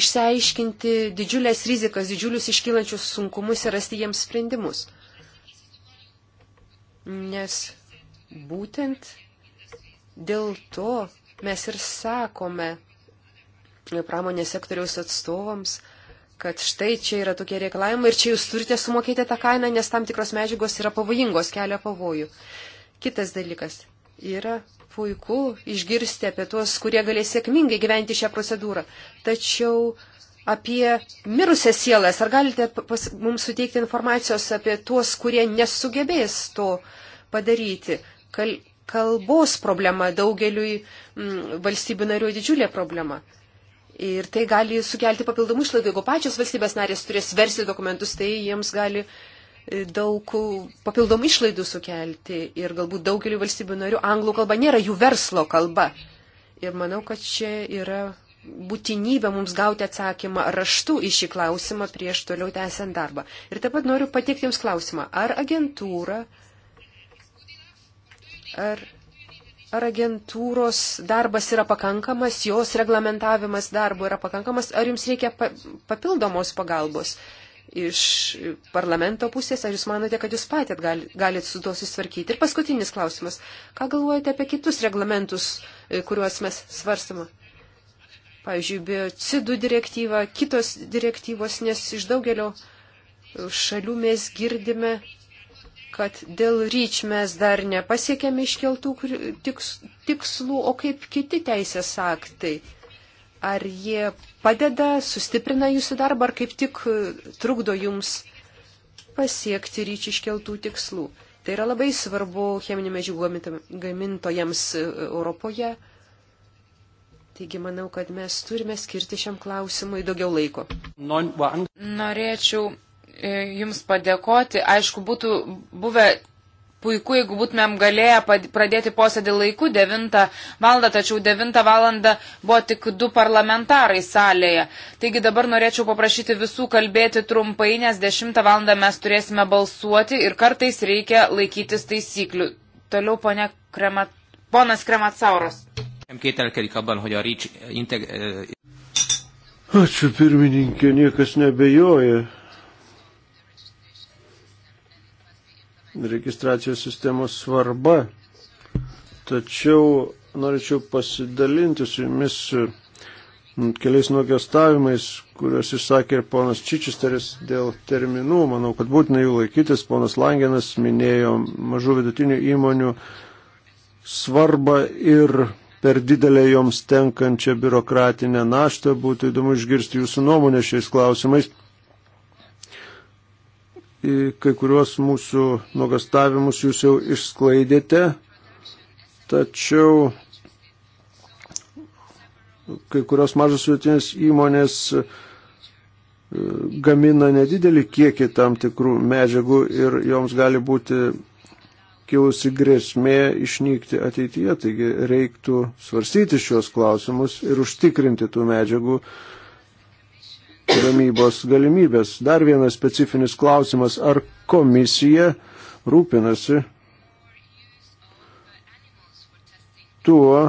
išsiaiškinti didžiulės rizikas, didžiulius iškylančius sunkumus ir rasti jiems sprendimus. Nes būtent dėl to mes ir sakome, pramonės sektoriaus atstovams, kad štai čia yra tokie reikalavimai ir čia jūs turite sumokėti tą kainą, nes tam tikros medžiagos yra pavojingos, kelia pavojų. Kitas dalykas yra puiku išgirsti apie tuos, kurie galės sėkmingai gyventi šią procedūrą. Tačiau apie mirusias sielas, ar galite pas, mums suteikti informacijos apie tuos, kurie nesugebės to padaryti? Kal, kalbos problema daugeliui m, valstybių narių didžiulė problema. Ir tai gali sukelti papildomų išlaidų. Jeigu pačios valstybės narės turės versti dokumentus, tai jiems gali e, daug papildomų išlaidų sukelti. Ir galbūt daugeliu valstybių narių anglų kalba nėra jų verslo kalba. Ir manau, kad čia yra būtinybė mums gauti atsakymą raštu į šį klausimą prieš toliau tęsiant darbą. Ir taip pat noriu pateikti Jums klausimą. Ar agentūra, ar ar agentūros darbas yra pakankamas, jos reglamentavimas darbo yra pakankamas, ar jums reikia papildomos pagalbos iš parlamento pusės, ar jūs manote, kad jūs patėt galite su to susitvarkyti. Ir paskutinis klausimas, ką galvojate apie kitus reglamentus, e, kuriuos mes svarstame? Pavyzdžiui, biocidų direktyva, kitos direktyvos, nes iš daugelio šalių mes girdime kad dėl ryč mes dar nepasiekėme iškeltų tikslų, o kaip kiti teisės aktai. Ar jie padeda, sustiprina jūsų darbą, ar kaip tik e, trukdo jums pasiekti ryč iškeltų tikslų. Tai yra labai svarbu cheminių medžiagų gamintojams e, Europoje. Taigi manau, kad mes turime skirti šiam klausimui daugiau laiko. Norėčiau E, jums padėkoti. Aišku, būtų buvę puiku, jeigu būtumėm galėję pradėti posėdį laiku 9 valandą, tačiau 9 valandą buvo tik du parlamentarai salėje. Taigi dabar norėčiau paprašyti visų kalbėti trumpai, nes 10 valandą mes turėsime balsuoti ir kartais reikia laikytis taisyklių. Toliau ponia Kremat... ponas Krematsauros. E- Ačiū pirmininkė, niekas nebejoja registracijos sistemos svarba. Tačiau norėčiau pasidalinti su jumis keliais nuogestavimais, kuriuos išsakė ir ponas Čičisteris dėl terminų. Manau, kad būtina jų laikytis. Ponas Langenas minėjo mažų vidutinių įmonių svarbą ir per didelę joms tenkančią biurokratinę naštą. Būtų įdomu išgirsti jūsų nuomonę šiais klausimais kai kuriuos mūsų nuogastavimus jūs jau išsklaidėte, tačiau kai kurios mažos vietinės įmonės e, gamina nedidelį kiekį tam tikrų medžiagų ir joms gali būti kilusi grėsmė išnykti ateityje. Taigi reiktų svarstyti šios klausimus ir užtikrinti tų medžiagų uh, gamybos galimybės. Dar vienas specifinis klausimas, ar komisija rūpinasi tuo,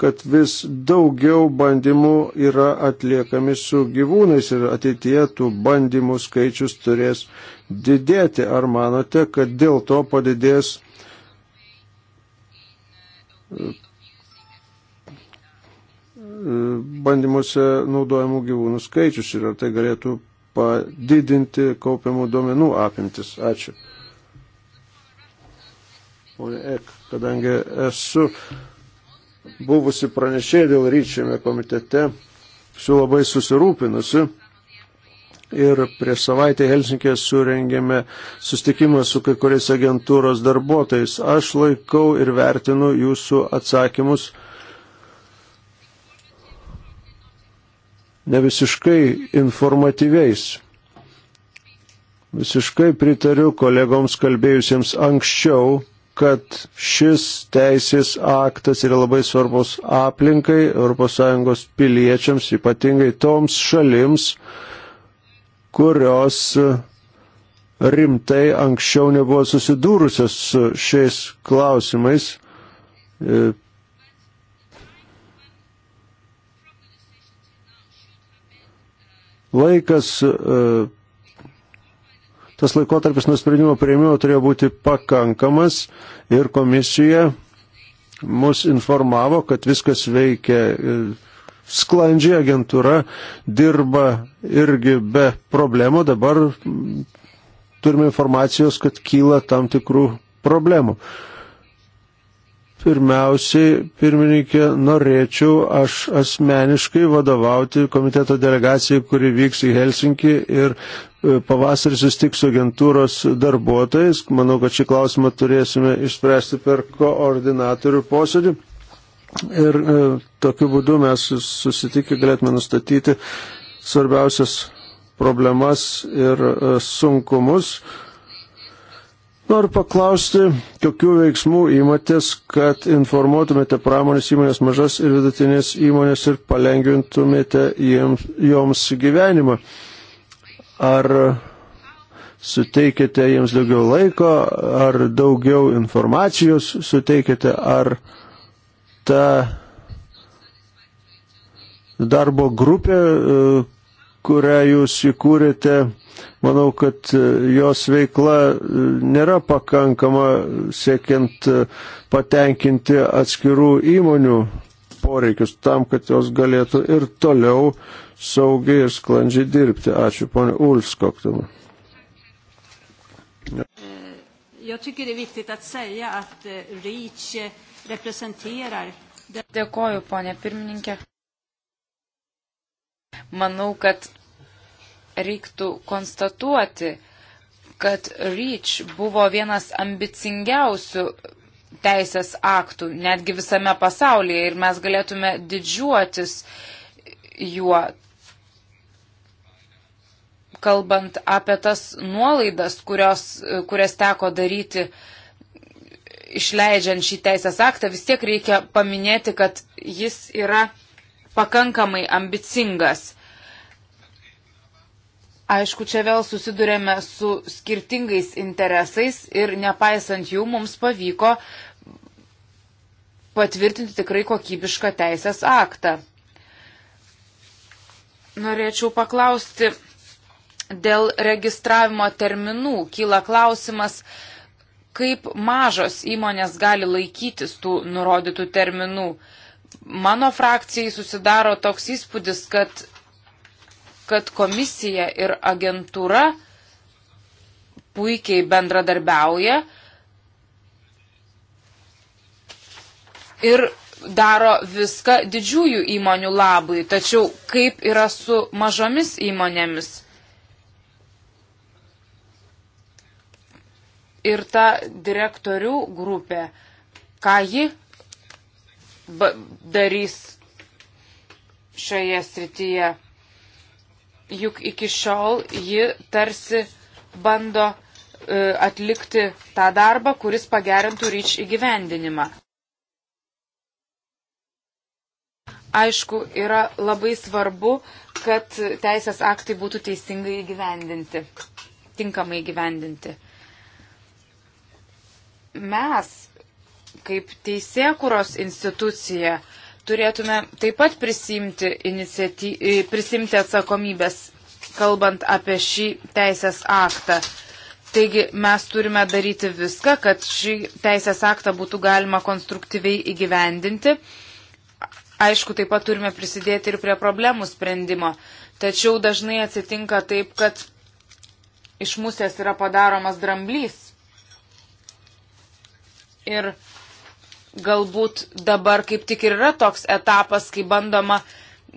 kad vis daugiau bandymų yra atliekami su gyvūnais ir ateityje tų bandymų skaičius turės didėti. Ar manote, kad dėl to padidės E, bandymuose naudojamų gyvūnų skaičius ir ar tai galėtų padidinti kaupiamų duomenų apimtis. Ačiū. Pone Ek, kadangi esu buvusi pranešė dėl ryčiame komitete, su labai susirūpinusi ir prieš savaitę Helsinkė surengėme sustikimą su kai kuriais agentūros darbuotojais. Aš laikau ir vertinu jūsų atsakymus ne visiškai informatyviais. Visiškai pritariu kolegoms kalbėjusiems anksčiau, kad šis teisės aktas yra labai svarbus aplinkai, ES piliečiams, ypatingai toms šalims, kurios rimtai anksčiau nebuvo susidūrusios su šiais klausimais e, laikas, e, tas laikotarpis nuo sprendimo prieimimo turėjo būti pakankamas ir komisija mus informavo, kad viskas veikia e, sklandžiai, agentūra dirba irgi be problemų, dabar turime informacijos, kad kyla tam tikrų problemų. Pirmiausiai, pirmininkė, norėčiau aš asmeniškai vadovauti komiteto delegacijai, kuri vyks į Helsinkį ir e, pavasarį sustiks su agentūros darbuotojais. Manau, kad šį klausimą turėsime išspręsti per koordinatorių posėdį. Ir e, tokiu būdu mes susitikę galėtume nustatyti svarbiausias problemas ir e, sunkumus, Noriu paklausti, kokiu veiksmu įmatės, kad informuotumėte pramonės įmonės mažas ir vidutinės įmonės ir palengvintumėte jiems, joms gyvenimą. Ar suteikėte jiems daugiau laiko, ar daugiau informacijos suteikėte, ar ta darbo grupė, kurią jūs įkūrėte, manau, kad e, jos veikla e, nėra pakankama siekiant e, patenkinti atskirų įmonių poreikius tam, kad jos galėtų ir toliau saugiai ir sklandžiai dirbti. Ačiū, ponė Ulfskok. Mm, eh, eh, Dėkoju, ponė pirmininkė. Manau, kad reiktų konstatuoti, kad REACH buvo vienas ambicingiausių teisės aktų netgi visame pasaulyje ir mes galėtume didžiuotis juo, kalbant apie tas nuolaidas, kurios, kurias teko daryti išleidžiant šį teisės aktą, vis tiek reikia paminėti, kad jis yra pakankamai ambicingas. Aišku, čia vėl susidurėme su skirtingais interesais ir nepaisant jų mums pavyko patvirtinti tikrai kokybišką teisės aktą. Norėčiau paklausti dėl registravimo terminų. Kyla klausimas, kaip mažos įmonės gali laikytis tų nurodytų terminų mano frakcijai susidaro toks įspūdis, kad, kad komisija ir agentūra puikiai bendradarbiauja ir daro viską didžiųjų įmonių labui. Tačiau kaip yra su mažomis įmonėmis? Ir ta direktorių grupė, ką ji darys šioje srityje. Juk iki šiol ji tarsi bando e, atlikti tą darbą, kuris pagerintų ryč įgyvendinimą. Aišku, yra labai svarbu, kad teisės aktai būtų teisingai įgyvendinti, tinkamai įgyvendinti. Mes kaip teisėkuros institucija turėtume taip pat prisimti, iniciaty... E, prisimti atsakomybės, kalbant apie šį teisės aktą. Taigi mes turime daryti viską, kad šį teisės aktą būtų galima konstruktyviai įgyvendinti. Aišku, taip pat turime prisidėti ir prie problemų sprendimo. Tačiau dažnai atsitinka taip, kad iš musės yra padaromas dramblys. Ir galbūt dabar kaip tik ir yra toks etapas, kai bandoma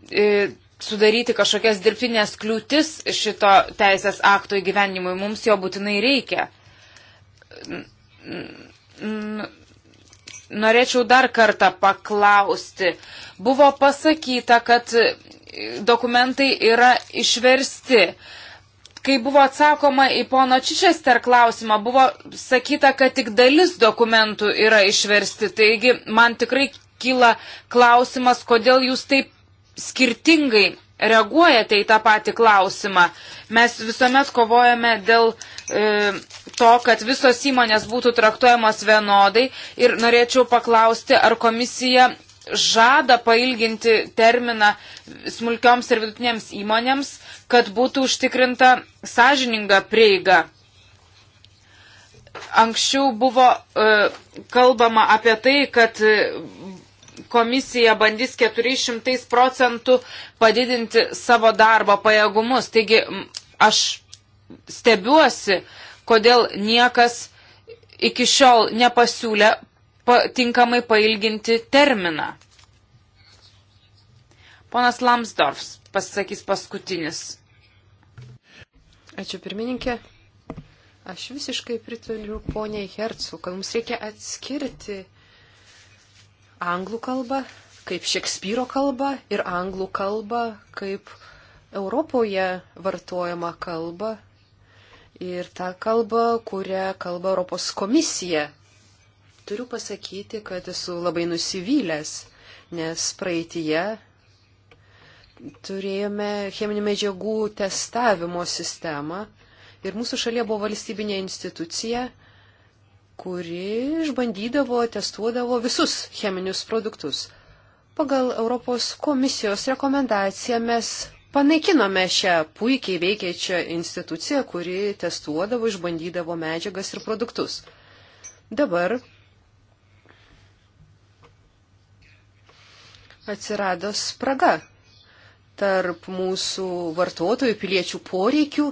e, sudaryti kažkokias dirbtinės kliūtis šito teisės akto įgyvenimui. Mums jo būtinai reikia. Norėčiau dar kartą paklausti. Buvo pasakyta, kad e, dokumentai yra išversti. E, kai buvo atsakoma į pono Čičester klausimą, buvo sakyta, kad tik dalis dokumentų yra išversti. Taigi man tikrai kyla klausimas, kodėl jūs taip skirtingai reaguojate į tą patį klausimą. Mes visuomet kovojame dėl e, to, kad visos įmonės būtų traktuojamos vienodai ir norėčiau paklausti, ar komisija žada pailginti terminą smulkioms ir vidutinėms įmonėms, kad būtų užtikrinta sąžininga prieiga. Anksčiau buvo e, kalbama apie tai, kad e, komisija bandys 400 procentų padidinti savo darbo pajėgumus. Taigi aš stebiuosi, kodėl niekas iki šiol nepasiūlė pa, tinkamai pailginti terminą. Ponas Lamsdorfs pasakys paskutinis. Ačiū pirmininkė. Aš visiškai pritariu poniai Hercu, kad mums reikia atskirti anglų kalbą kaip Šekspyro kalbą ir anglų kalbą kaip Europoje vartojama kalba ir ta kalba, kurią kalba Europos komisija Turiu pasakyti, kad esu labai nusivylęs, nes praeitie turėjome cheminių medžiagų testavimo sistemą ir mūsų šalia buvo valstybinė institucija, kuri išbandydavo, testuodavo visus cheminius produktus. Pagal Europos komisijos rekomendaciją mes panaikinome šią puikiai veikiančią instituciją, kuri testuodavo, išbandydavo medžiagas ir produktus. Dabar atsirado spraga tarp mūsų vartotojų, piliečių poreikių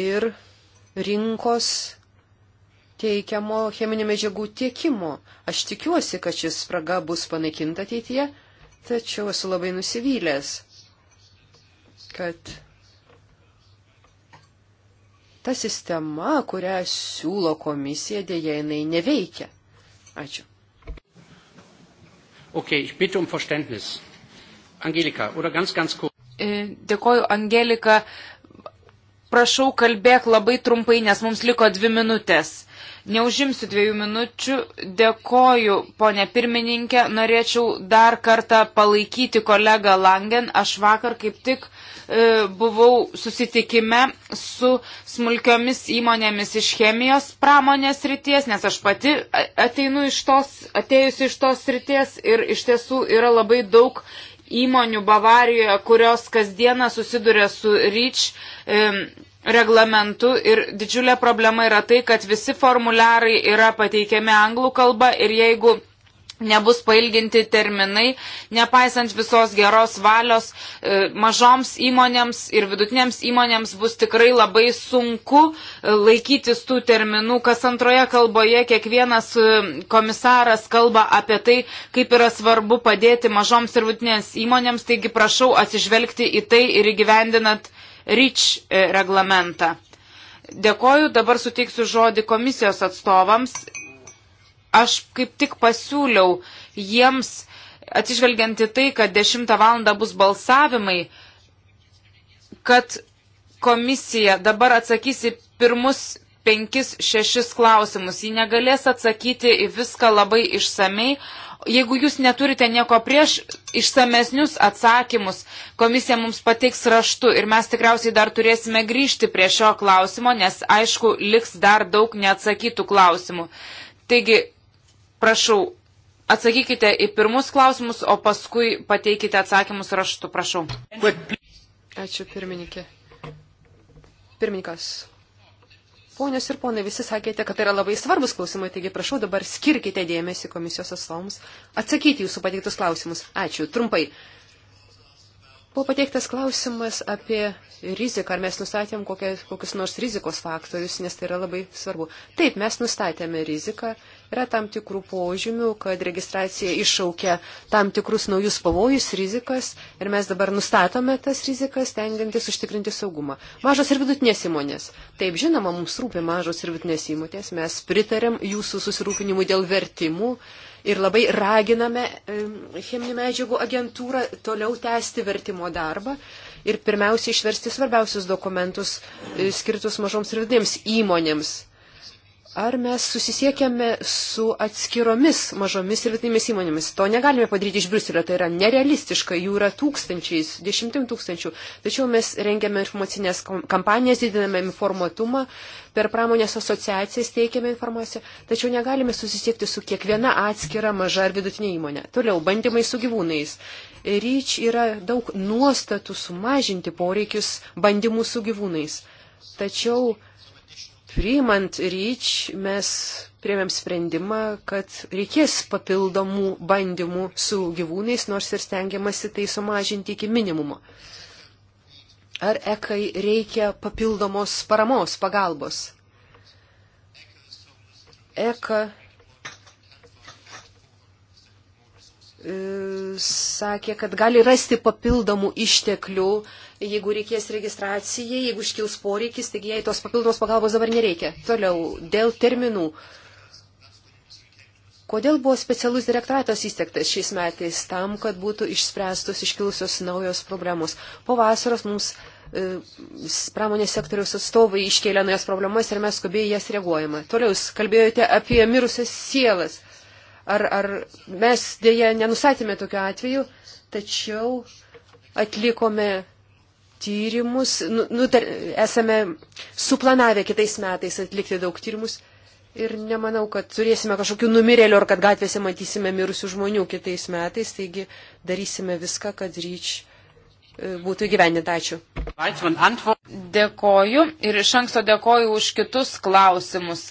ir rinkos teikiamo cheminių medžiagų tiekimo. Aš tikiuosi, kad šis spraga bus panaikinta ateityje, tačiau esu labai nusivylęs, kad ta sistema, kurią siūlo komisija, dėja jinai neveikia. Ačiū. Okay, ich bitte um Verständnis. Angelika, oder ganz, ganz kurz. E, dėkoju, Angelika. Prašau, kalbėk labai trumpai, nes mums liko dvi minutės. Neužimsiu dviejų minučių. Dėkoju, ponė pirmininkė. Norėčiau dar kartą palaikyti kolegą Langen. Aš vakar kaip tik uh, E, buvau susitikime su smulkiomis įmonėmis iš chemijos pramonės ryties, nes aš pati ateinu iš tos, atėjusi iš tos ryties ir iš tiesų yra labai daug įmonių Bavarijoje, kurios kasdieną susiduria su REACH e, reglamentu ir didžiulė problema yra tai, kad visi formuliarai yra pateikiami anglų kalba ir jeigu nebus pailginti terminai, nepaisant visos geros valios, e, mažoms įmonėms ir vidutinėms įmonėms bus tikrai labai sunku e, laikytis tų terminų. Kas antroje kalboje kiekvienas e, komisaras kalba apie tai, kaip yra svarbu padėti mažoms ir vidutinėms įmonėms, taigi prašau atsižvelgti į tai ir įgyvendinat REACH reglamentą. Dėkoju, dabar suteiksiu žodį komisijos atstovams Aš kaip tik pasiūliau jiems, atsižvelgiant į tai, kad 10 val. bus balsavimai, kad komisija dabar atsakys į pirmus penkis, šešis klausimus. Ji negalės atsakyti į viską labai išsamei. Jeigu jūs neturite nieko prieš išsamesnius atsakymus, komisija mums pateiks raštu ir mes tikriausiai dar turėsime grįžti prie šio klausimo, nes aišku, liks dar daug neatsakytų klausimų. Taigi, Prašau, atsakykite į pirmus klausimus, o paskui pateikite atsakymus raštu, prašau. Ačiū, pirmininkė. Pirmininkas. Ponios ir ponai, visi sakėte, kad tai yra labai svarbus klausimai, taigi prašau dabar skirkite dėmesį komisijos atstovams atsakyti jūsų pateiktus klausimus. Ačiū, trumpai. Buvo pateiktas klausimas apie riziką, ar mes nustatėm kokie, kokius nors rizikos faktorius, nes tai yra labai svarbu. Taip, mes nustatėme riziką, yra tam tikrų požymių, kad registracija iššaukia tam tikrus naujus pavojus, rizikas ir mes dabar nustatome tas rizikas, tengiantis užtikrinti saugumą. Mažos ir vidutinės įmonės. Taip, žinoma, mums rūpi mažos ir vidutinės įmonės, mes pritarėm jūsų susirūpinimui dėl vertimų. Uh, ir labai raginame cheminių medžiagų agentūrą toliau tęsti vertimo darbą ir pirmiausia išversti svarbiausius dokumentus e, skirtus mažoms ir vidinėms įmonėms ar mes susisiekėme su atskiromis mažomis ir vidutinėmis įmonėmis. To negalime padaryti iš Briuselio, tai yra nerealistiška, jų yra tūkstančiais, dešimtim tūkstančių. Tačiau mes rengiame informacinės kampanijas, didiname informatumą, per pramonės asociacijas teikiame informaciją, tačiau negalime susisiekti su kiekviena atskira maža ar vidutinė įmonė. Toliau, bandymai su gyvūnais. Ryč yra daug nuostatų sumažinti poreikius bandymų su gyvūnais. Tačiau Priimant ryč mes priemėm sprendimą, kad reikės papildomų bandymų su gyvūnais, nors ir stengiamasi tai sumažinti iki minimumo. Ar ekai reikia papildomos paramos, pagalbos? Eka e, sakė, kad gali rasti papildomų išteklių jeigu reikės registracijai, jeigu iškils poreikis, taigi jai tos papildomos pagalbos dabar nereikia. Toliau, dėl terminų. Kodėl buvo specialus direktoratas įsteigtas šiais metais tam, kad būtų išspręstos iškilusios naujos problemos? Po vasaros mums e, pramonės sektoriaus atstovai iškėlė naujas problemas ir mes skubiai jas reaguojame. Toliau, kalbėjote apie mirusias sielas. Ar, ar mes dėja nenusatėme tokiu atveju, tačiau atlikome tyrimus, nu, nu, tar, esame suplanavę kitais metais atlikti daug tyrimus ir nemanau, kad turėsime kažkokių numirėlių ar kad gatvėse matysime mirusių žmonių kitais metais, taigi darysime viską, kad ryč e, būtų įgyvendinta. Ačiū. Dėkoju ir iš anksto dėkoju už kitus klausimus.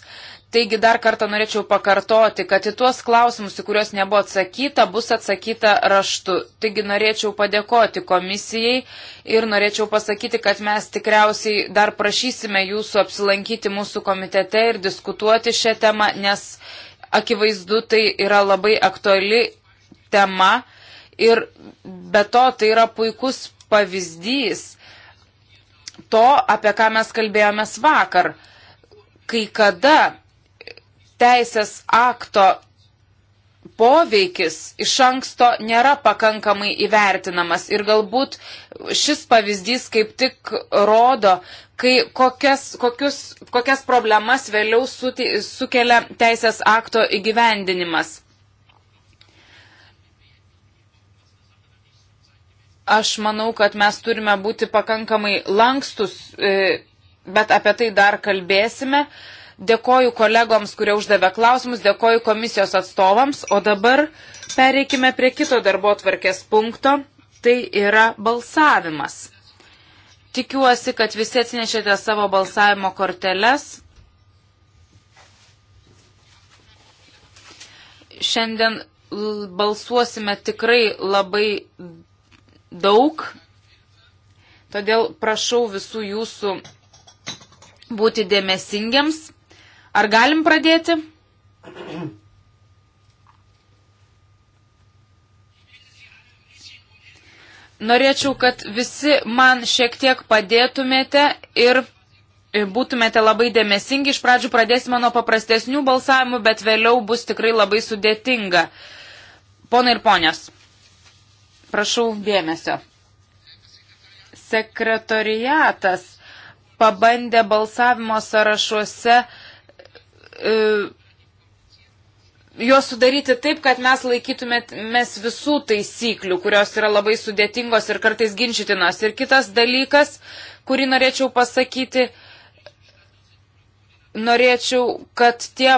Taigi dar kartą norėčiau pakartoti, kad į tuos klausimus, į kuriuos nebuvo atsakyta, bus atsakyta raštu. Taigi norėčiau padėkoti komisijai ir norėčiau pasakyti, kad mes tikriausiai dar prašysime jūsų apsilankyti mūsų komitete ir diskutuoti šią temą, nes akivaizdu tai yra labai aktuali tema ir be to tai yra puikus pavyzdys to, apie ką mes kalbėjomės vakar kai kada teisės akto poveikis iš anksto nėra pakankamai įvertinamas. Ir galbūt šis pavyzdys kaip tik rodo, kai kokias, kokius, kokias problemas vėliau sukelia teisės akto įgyvendinimas. Aš manau, kad mes turime būti pakankamai lankstus, e, bet apie tai dar kalbėsime. Dėkoju kolegoms, kurie uždavė klausimus, dėkoju komisijos atstovams, o dabar pereikime prie kito darbo tvarkės punkto, tai yra balsavimas. Tikiuosi, kad visi atsinešėte savo balsavimo korteles. Šiandien balsuosime tikrai labai daug, todėl prašau visų jūsų būti dėmesingiams. Ar galim pradėti? Norėčiau, kad visi man šiek tiek padėtumėte ir būtumėte labai dėmesingi. Iš pradžių pradėsime nuo paprastesnių balsavimų, bet vėliau bus tikrai labai sudėtinga. Pona ir ponios, prašau dėmesio. Sekretoriatas pabandė balsavimo sąrašuose uh, E, juos sudaryti taip, kad mes laikytumės visų taisyklių, kurios yra labai sudėtingos ir kartais ginčytinos. Ir kitas dalykas, kurį norėčiau pasakyti, norėčiau, kad tie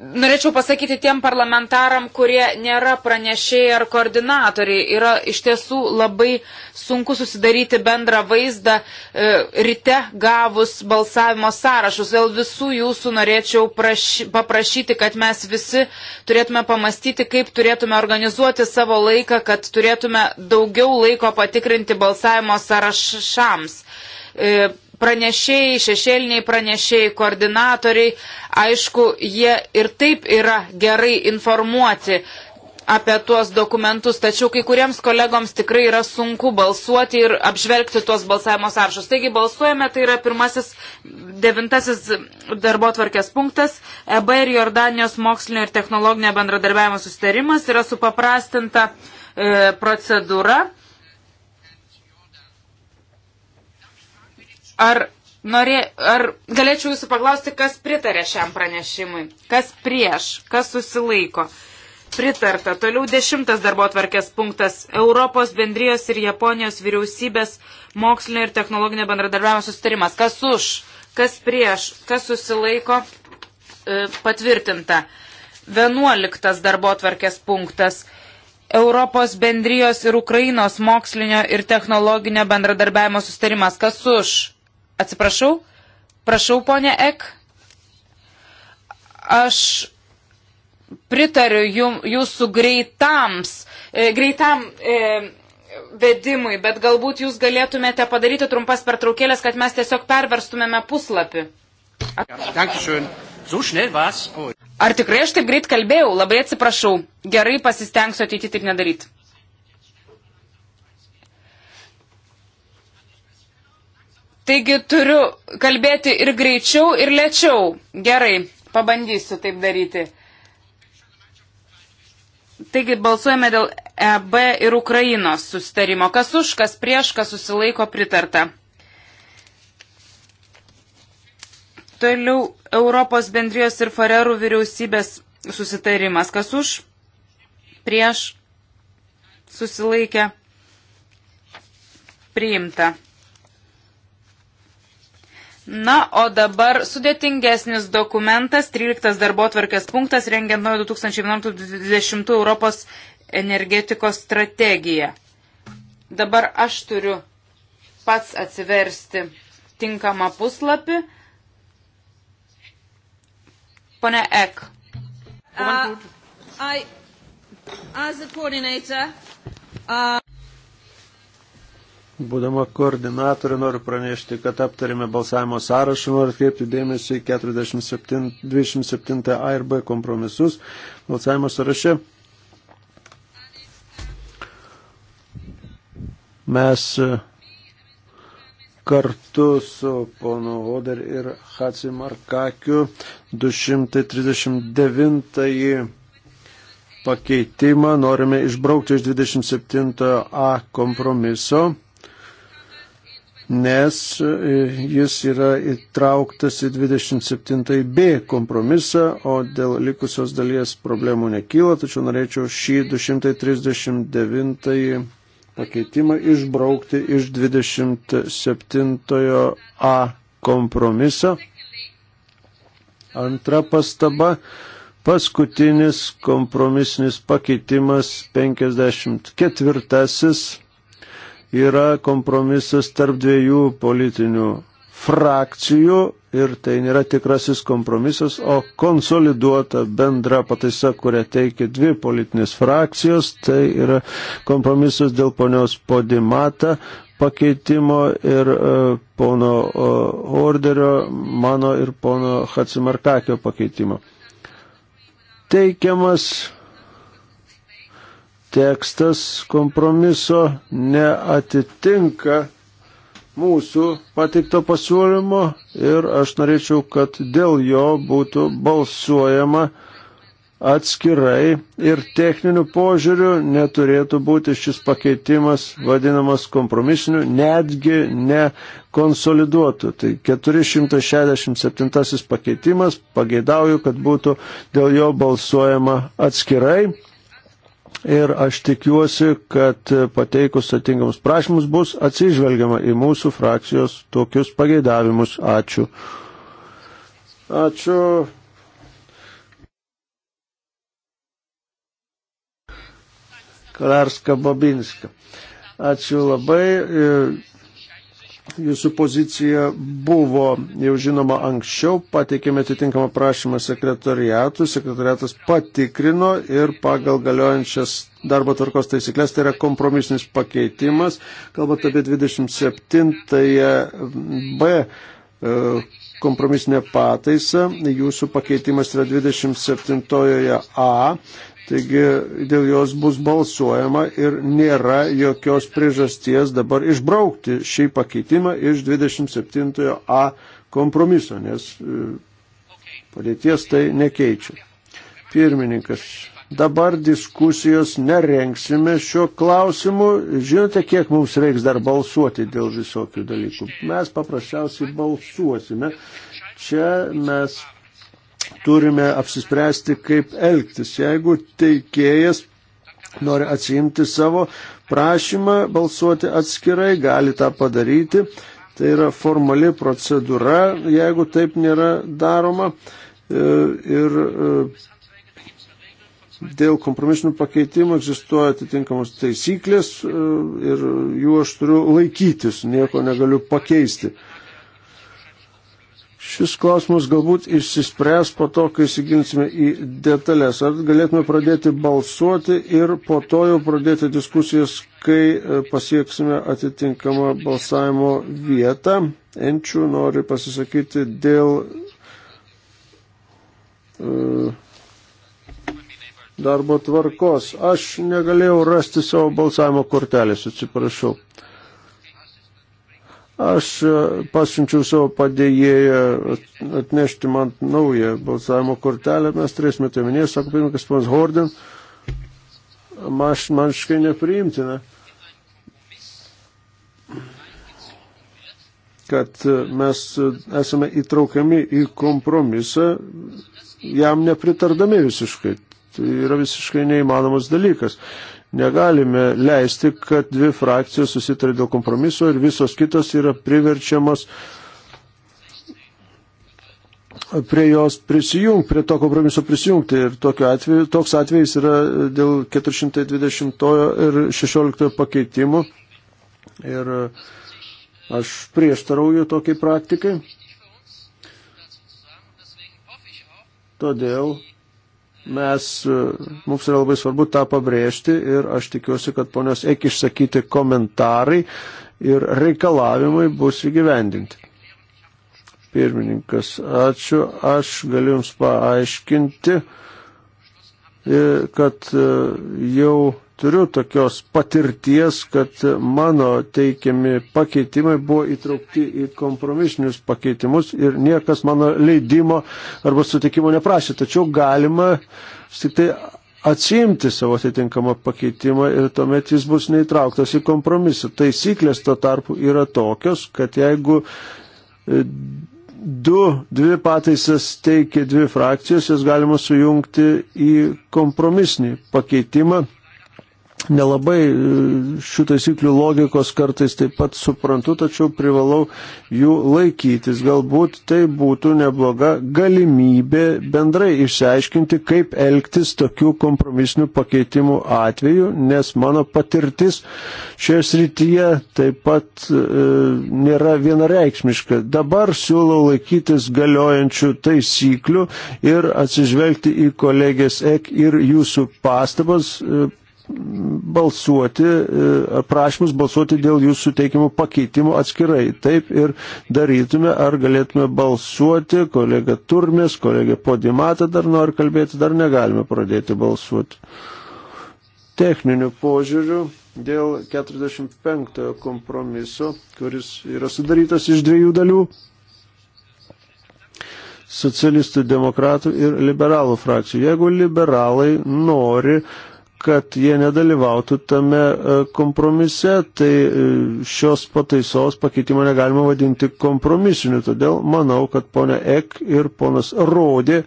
Norėčiau pasakyti tiem parlamentaram, kurie nėra pranešėjai ar koordinatoriai, yra iš tiesų labai sunku susidaryti bendrą vaizdą e, ryte gavus balsavimo sąrašus. Dėl visų jūsų norėčiau praši, paprašyti, kad mes visi turėtume pamastyti, kaip turėtume organizuoti savo laiką, kad turėtume daugiau laiko patikrinti balsavimo sąrašams. E, pranešėjai, šešėliniai pranešėjai, koordinatoriai, aišku, jie ir taip yra gerai informuoti apie tuos dokumentus, tačiau kai kuriems kolegoms tikrai yra sunku balsuoti ir apžvelgti tuos balsavimo sąrašus. Taigi balsuojame, tai yra pirmasis devintasis darbo tvarkės punktas. EB ir Jordanijos mokslinio ir technologinio bendradarbiavimo sustarimas yra supaprastinta e, procedūra. Ar, norė, ar galėčiau jūsų paklausti, kas pritarė šiam pranešimui? Kas prieš? Kas susilaiko? Pritarta. Toliau dešimtas darbo tvarkės punktas. Europos bendrijos ir Japonijos vyriausybės mokslinio ir technologinio bendradarbiavimo sustarimas. Kas už? Kas prieš? Kas susilaiko? E, patvirtinta. Vienuoliktas darbo tvarkės punktas. Europos bendrijos ir Ukrainos mokslinio ir technologinio bendradarbiavimo sustarimas. Kas už? Atsiprašau, prašau, ponė Ek. Aš pritariu jum, jūsų greitams, e, greitam e, vedimui, bet galbūt jūs galėtumėte padaryti trumpas pertraukėlės, kad mes tiesiog perverstumėme puslapį. Ar tikrai aš taip greit kalbėjau? Labai atsiprašau. Gerai pasistengsiu ateiti taip nedaryti. Taigi turiu kalbėti ir greičiau, ir lėčiau. Gerai, pabandysiu taip daryti. Taigi balsuojame dėl EB ir Ukrainos sustarimo. Kas už, kas prieš, kas susilaiko pritarta. Toliau Europos bendrijos ir Farerų vyriausybės susitarimas. Kas už, prieš, susilaikė, priimta. Na, o dabar sudėtingesnis dokumentas, 13 darbo tvarkės punktas, rengiant naują 2011-2020 Europos energetikos strategiją. Dabar aš turiu pats atsiversti tinkamą puslapį. Pone Ek. Uh, I, as a coordinator, uh... Būdama koordinatorė noriu pranešti, kad aptarėme balsavimo sąrašą, noriu atkreipti dėmesį į 27 A ir B kompromisus balsavimo sąraše. Mes e, kartu su ponu Oder ir Hatsimarkakiu 239 pakeitimą norime išbraukti iš 27 A kompromiso nes e, jis yra įtrauktas į 27b kompromisą, o dėl likusios dalies problemų nekyla, tačiau norėčiau šį 239 pakeitimą išbraukti iš 27a kompromiso. Antra pastaba. Paskutinis kompromisinis pakeitimas 54 yra kompromisas tarp dviejų politinių frakcijų ir tai nėra tikrasis kompromisas, o konsoliduota bendra pataisa, kurią teikia dvi politinės frakcijos, tai yra kompromisas dėl ponios podimata pakeitimo ir e, pono e, orderio, mano ir pono Hatsimarkakio pakeitimo. Teikiamas tekstas kompromiso neatitinka mūsų pateikto pasiūlymo ir aš norėčiau, kad dėl jo būtų balsuojama atskirai ir techniniu požiūriu neturėtų būti šis pakeitimas vadinamas kompromisiniu, netgi nekonsoliduotu. Tai 467 pakeitimas, pageidauju, kad būtų dėl jo balsuojama atskirai Ir aš tikiuosi, kad pateikus atingamus prašymus bus atsižvelgiama į mūsų frakcijos tokius pageidavimus. Ačiū. Ačiū. Klarska Babinska. Ačiū labai. Jūsų pozicija buvo jau žinoma anksčiau, pateikėme atitinkamą prašymą sekretariatui, sekretariatas patikrino ir pagal galiojančias darbo tvarkos taisyklės, tai yra kompromisinis pakeitimas, kalbant apie 27 B e, kompromisinė pataisa, jūsų pakeitimas yra 27 A, Taigi dėl jos bus balsuojama ir nėra jokios priežasties dabar išbraukti šį pakeitimą iš 27a kompromiso, nes e, padėties tai nekeičia. Pirmininkas, dabar diskusijos nerenksime šiuo klausimu. Žinote, kiek mums reiks dar balsuoti dėl visokių dalykų? Mes paprasčiausiai balsuosime. Čia mes turime apsispręsti, kaip elgtis. Jeigu teikėjas nori atsiimti savo prašymą balsuoti atskirai, gali tą padaryti. Tai yra formali procedūra, jeigu taip nėra daroma. E, ir e, dėl kompromisinių pakeitimų egzistuoja atitinkamos taisyklės e, ir jų aš turiu laikytis, nieko negaliu pakeisti. Šis klausimas galbūt išsispręs po to, kai įsigilinsime į detalės. Ar galėtume pradėti balsuoti ir po to jau pradėti diskusijas, kai e, pasieksime atitinkamą balsavimo vietą. Enčių nori pasisakyti dėl uh, darbo tvarkos. Aš negalėjau rasti savo balsavimo kortelės, atsiprašau. Uh, Aš e, pasiunčiau savo padėjėją atnešti man naują balsavimo kortelę, mes turėsime tai minės, sako pirmininkas ponas Horden, Maš, man škai nepriimtina, kad e, mes e, esame įtraukiami į kompromisą, jam nepritardami visiškai. Tai yra visiškai neįmanomas dalykas. Negalime leisti, kad dvi frakcijos susitarė dėl kompromiso ir visos kitos yra priverčiamas prie jos prisijungti, prie to kompromiso prisijungti. Ir atveju, toks atvejis yra dėl 420 ir 16 pakeitimų. Ir aš prieštarauju tokiai praktikai. Todėl mes, e, mums yra labai svarbu tą pabrėžti ir aš tikiuosi, kad ponios eik išsakyti komentarai ir reikalavimai bus įgyvendinti. Pirmininkas, ačiū, aš galiu Jums paaiškinti, e, kad e, jau turiu tokios patirties, kad mano teikiami pakeitimai buvo įtraukti į kompromisinius pakeitimus ir niekas mano leidimo arba sutikimo neprašė. Tačiau galima tik tai atsiimti savo atitinkamą pakeitimą ir tuomet jis bus neįtrauktas į kompromisą. Taisyklės to tarpu yra tokios, kad jeigu e, du, dvi pataisas teikia dvi frakcijos, jas galima sujungti į kompromisinį pakeitimą nelabai e, šių taisyklių logikos kartais taip pat suprantu, tačiau privalau jų laikytis. Galbūt tai būtų nebloga galimybė bendrai išsiaiškinti, kaip elgtis tokių kompromisinių pakeitimų atveju, nes mano patirtis šioje srityje taip pat e, nėra vienareikšmiška. Dabar siūlau laikytis galiojančių taisyklių ir atsižvelgti į kolegės ek ir jūsų pastabas. E, balsuoti, e, prašymus balsuoti dėl jūsų teikimų pakeitimų atskirai. Taip ir darytume, ar galėtume balsuoti, kolega Turmės, kolega Podimata dar nori kalbėti, dar negalime pradėti balsuoti. Techniniu požiūriu dėl 45 kompromiso, kuris yra sudarytas iš dviejų dalių socialistų, demokratų ir liberalų frakcijų. Jeigu liberalai nori uh, kad jie nedalyvautų tame e, kompromise, tai e, šios pataisos pakeitimo negalima vadinti kompromisiniu. Todėl manau, kad ponia Ek ir ponas Rodė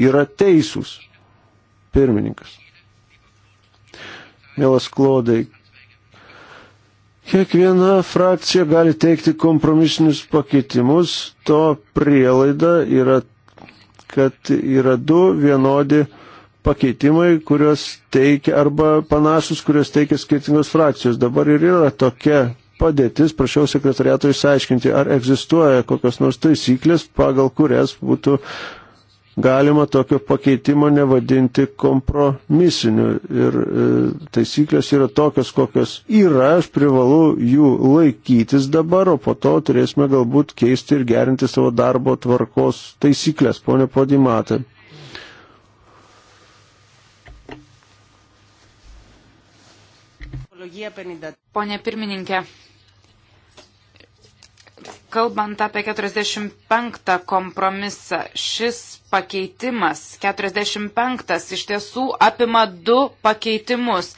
yra teisūs. Pirmininkas. Mielas Klodai, Kiekviena frakcija gali teikti kompromisinius pakeitimus, to prielaida yra, kad yra du vienodi pakeitimai, kuriuos teikia arba panašus, kuriuos teikia skirtingos frakcijos. Dabar ir yra tokia padėtis, prašiau sekretariato išsiaiškinti, ar egzistuoja kokios nors taisyklės, pagal kurias būtų galima tokio pakeitimo nevadinti kompromisiniu. Ir e, taisyklės yra tokios, kokios yra, aš privalu jų laikytis dabar, o po to turėsime galbūt keisti ir gerinti savo darbo tvarkos taisyklės, ponė Podimatai. Po Pone pirmininkė, kalbant apie 45 kompromisą, šis pakeitimas, 45 iš tiesų apima du pakeitimus.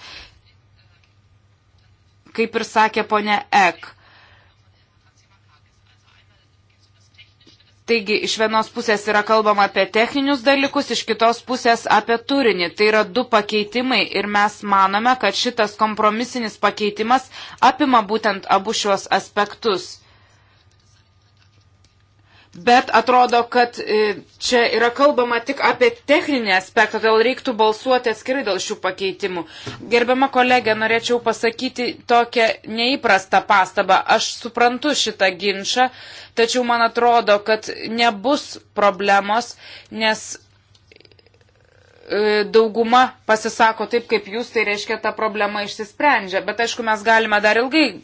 Kaip ir sakė ponė Ek, Taigi iš vienos pusės yra kalbama apie techninius dalykus, iš kitos pusės apie turinį. Tai yra du pakeitimai ir mes manome, kad šitas kompromisinis pakeitimas apima būtent abu šios aspektus. Bet atrodo, kad e, čia yra kalbama tik apie techninį aspektą, todėl reiktų balsuoti atskirai dėl šių pakeitimų. Gerbiama kolegė, norėčiau pasakyti tokią neįprastą pastabą. Aš suprantu šitą ginčą, tačiau man atrodo, kad nebus problemos, nes e, dauguma pasisako taip, kaip jūs, tai reiškia, ta problema išsisprendžia. Bet aišku, mes galime dar ilgai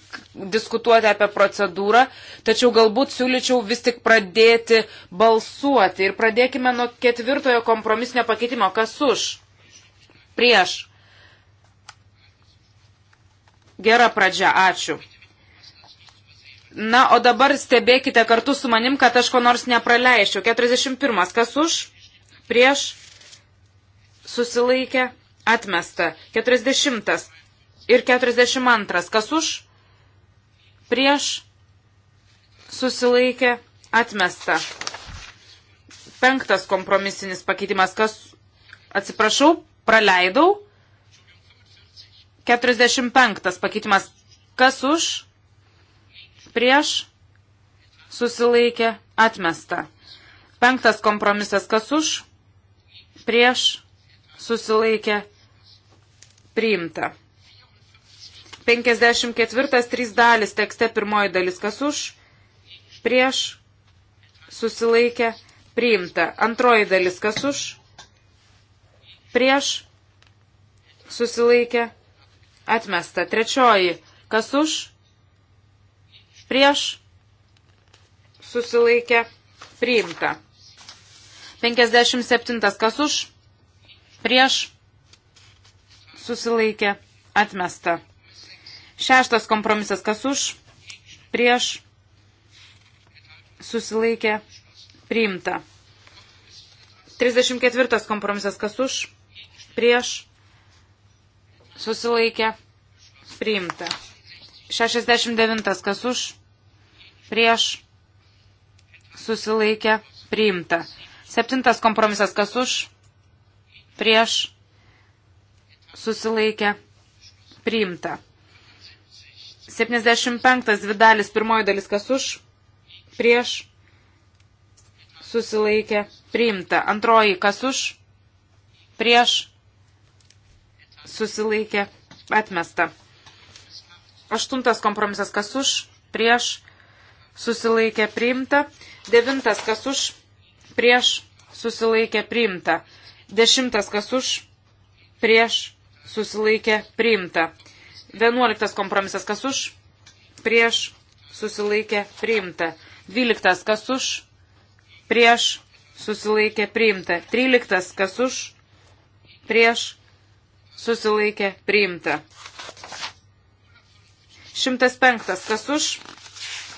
diskutuoti apie procedūrą, tačiau galbūt siūlyčiau vis tik pradėti balsuoti. Ir pradėkime nuo ketvirtojo kompromisinio pakeitimo. Kas už? Prieš. Gera pradžia, ačiū. Na, o dabar stebėkite kartu su manim, kad aš ko nors nepraleisčiau. 41. Kas už? Prieš. Susilaikė. Atmesta. 40. Ir 42. Kas už? prieš susilaikė atmesta. Penktas kompromisinis pakeitimas, kas atsiprašau, praleidau. 45 pakeitimas, kas už, prieš, susilaikė, atmesta. Penktas kompromisas, kas už, prieš, susilaikė, priimta. 54 trys dalis tekste pirmoji dalis, kas už, prieš, susilaikė, priimta. Antroji dalis, kas už, prieš, susilaikė, atmesta. Trečioji, kas už, prieš, susilaikė, priimta. 57 kas už, prieš, susilaikė, atmesta. Šeštas kompromisas, kas už, prieš, susilaikė, priimta. 34 kompromisas, kas už, prieš, susilaikė, priimta. 69 kas už, prieš, susilaikė, priimta. Septintas kompromisas, kas už, prieš, susilaikė, priimta. 75 dvi dalis, pirmoji dalis kas už, prieš, susilaikė, priimta. Antroji kas už, prieš, susilaikė, atmesta. Aštuntas kompromisas kas už, prieš, susilaikė, priimta. Devintas kas už, prieš, susilaikė, priimta. Dešimtas kas už, prieš, susilaikė, priimta. 11 kompromisas kas už, prieš, susilaikė, priimta. 12 kas už, prieš, susilaikė, priimta. 13 kas už, prieš, susilaikė, priimta. 105 kas už,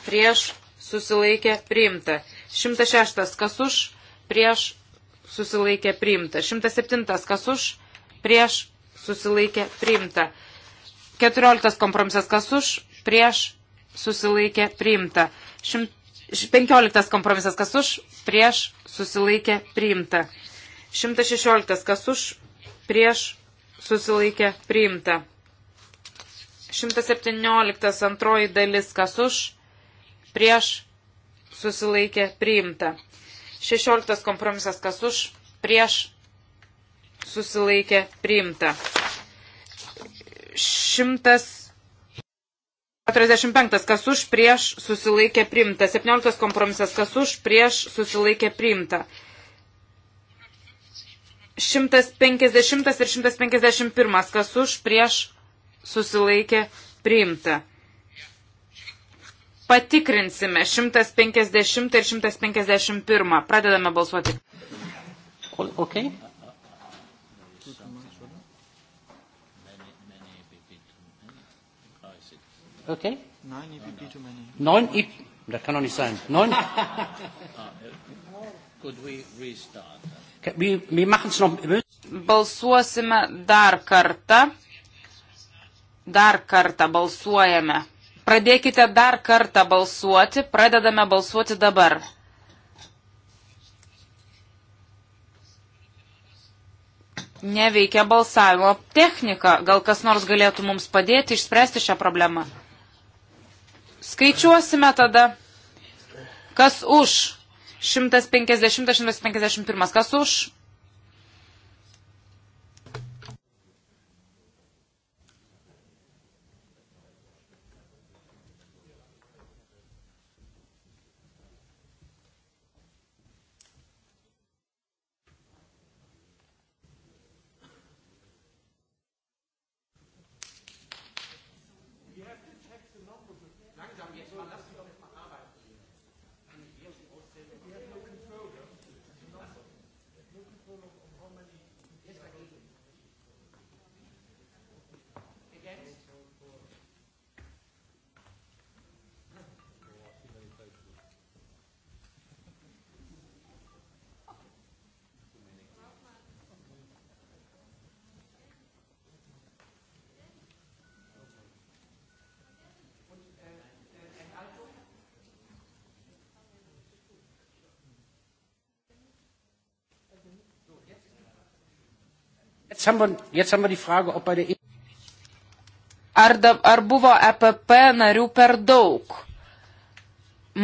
prieš, susilaikė, priimta. 106 kas už, prieš, susilaikė, priimta. 107 kas už, prieš, susilaikė, priimta. 14 kompromisas kas už, prieš, susilaikė, priimta. 15 kompromisas kas už, prieš, susilaikė, priimta. 116 kas už, prieš, susilaikė, priimta. 117 antroji dalis kas už, prieš, susilaikė, priimta. 16 kompromisas kas už, prieš, susilaikė, priimta. 145, kas už prieš susilaikė priimta. 17 kompromisas, kas už prieš susilaikė priimta. 150 ir 151, kas už prieš susilaikė priimta. Patikrinsime 150 ir 151. Pradedame balsuoti. Okay. Okay? Nein EPP too many. Neun EP, das kann doch nicht sein. Neun. Could we restart? Wir machen es noch. Balsuosime dar kartą. Dar kartą balsuojame. Pradėkite dar kartą balsuoti. Pradedame balsuoti dabar. neveikia balsavimo technika. Gal kas nors galėtų mums padėti išspręsti šią problemą? Skaičiuosime tada, kas už 150-151, kas už Jetzt haben wir, jetzt haben wir die Frage, ob bei der e- ar, da, ar buvo EPP narių per daug?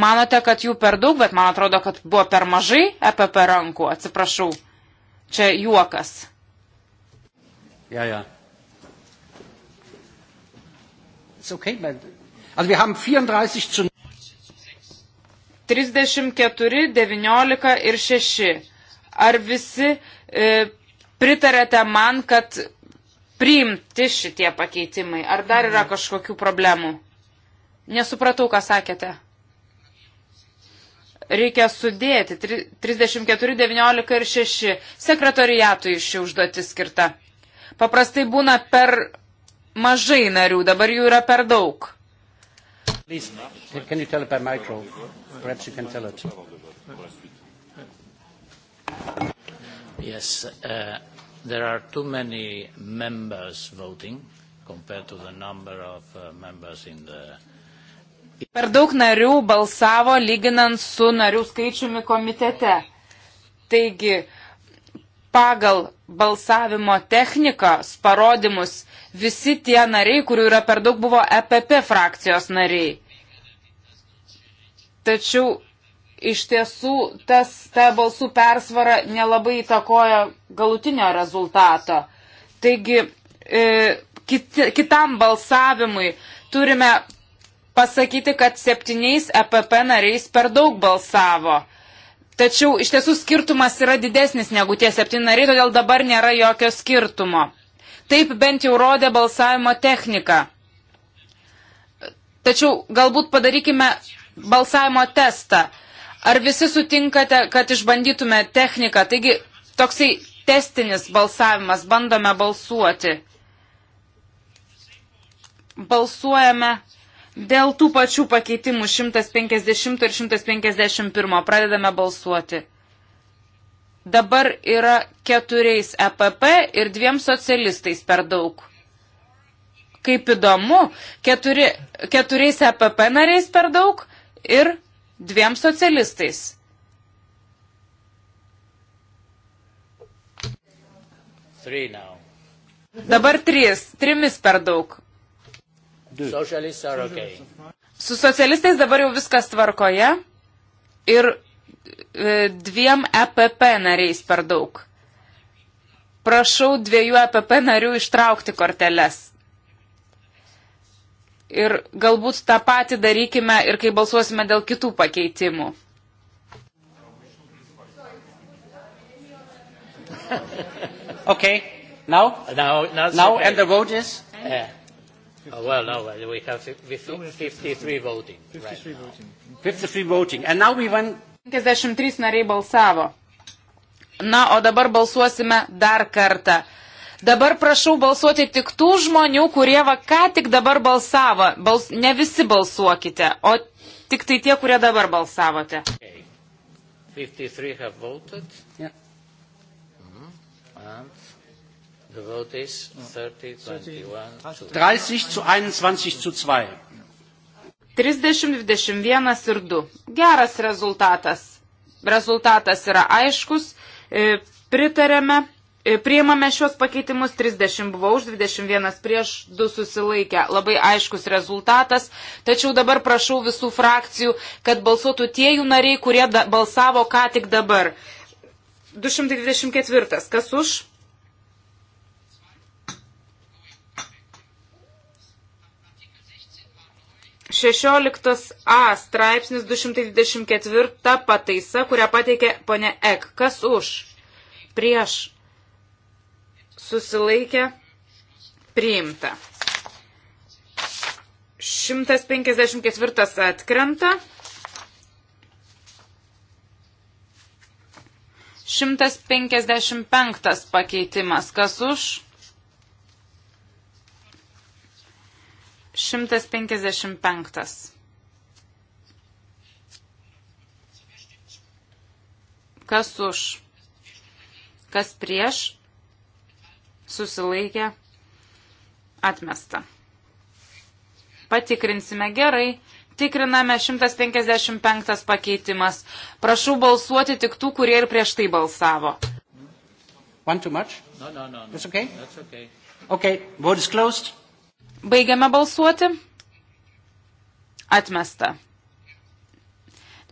Manote, kad jų per daug, bet man atrodo, kad buvo per mažai EPP rankų. Atsiprašau, čia juokas. Ja, ja. It's okay, but... Also wir haben 34 zu 34, 19 ir 6. Ar visi e, pritarėte man, kad priimti šitie pakeitimai. Ar dar yra mhm. kažkokių problemų? Nesupratau, ką sakėte. Reikia sudėti 34, 19 ir 6. Sekretoriatui ši užduotis skirta. Paprastai būna per mažai narių, dabar jų yra per daug. Please, can you tell it by micro? Perhaps you can tell it. Yes, uh, there are too many members voting compared to the number of uh, members in the. Per daug narių balsavo lyginant su narių skaičiumi komitete. Taigi, pagal balsavimo technikos parodymus visi tie nariai, kurių yra per daug, buvo EPP frakcijos nariai. Tačiau iš tiesų tas, ta balsų persvara nelabai įtakoja galutinio rezultato. Taigi e, kit, kitam balsavimui turime pasakyti, kad septyniais EPP nariais per daug balsavo. Tačiau iš tiesų skirtumas yra didesnis negu tie septyni nariai, todėl dabar nėra jokio skirtumo. Taip bent jau rodė balsavimo technika. Tačiau galbūt padarykime balsavimo testą. Ar visi sutinkate, kad išbandytume techniką? Taigi toksai testinis balsavimas, bandome balsuoti. Balsuojame dėl tų pačių pakeitimų 150 ir 151. Pradedame balsuoti dabar yra keturiais EPP ir dviem socialistais per daug. Kaip įdomu, keturi, keturiais EPP nariais per daug ir dviem socialistais. Dabar trys, trimis per daug. Okay. Su socialistais dabar jau viskas tvarkoje ir e, dviem EPP nariais per daug. Prašau dviejų EPP narių ištraukti korteles ir galbūt tą patį darykime ir kai balsuosime dėl kitų pakeitimų. okay. Now? Now, now, now okay. and the vote is? Yeah. Oh, well, no, we have 50, 53 voting. 53 right voting. 53 voting. And now we went... 53 nariai balsavo. Na, o dabar balsuosime dar kartą. Dabar prašau balsuoti tik tų žmonių, kurie va ką tik dabar balsavo. Bals, ne visi balsuokite, o tik tai tie, kurie dabar balsavote. Okay. 53 have voted. Yeah. Mm -hmm. And the vote is 30, 21. 30 zu 21 zu 2. 30, 21 ir 2. Geras rezultatas. Rezultatas yra aiškus. E, Pritarėme E, priimame šios pakeitimus 30 buvo už, 21 prieš, 2 susilaikę. Labai aiškus rezultatas. Tačiau dabar prašau visų frakcijų, kad balsuotų tie jų nariai, kurie da, balsavo ką tik dabar. 224. Kas už? Šešioliktas A straipsnis 224 pataisa, kurią pateikė ponė Ek. Kas už? Prieš susilaikė, priimta. 154 atkrenta. 155 pakeitimas. Kas už? 155. Kas už? Kas prieš? susilaikė, atmesta. Patikrinsime gerai. Tikriname 155 pakeitimas. Prašau balsuoti tik tų, kurie ir prieš tai balsavo. One too much? No, no, no. no. That's okay? That's okay. Okay, vote is closed. Baigiame balsuoti. Atmesta.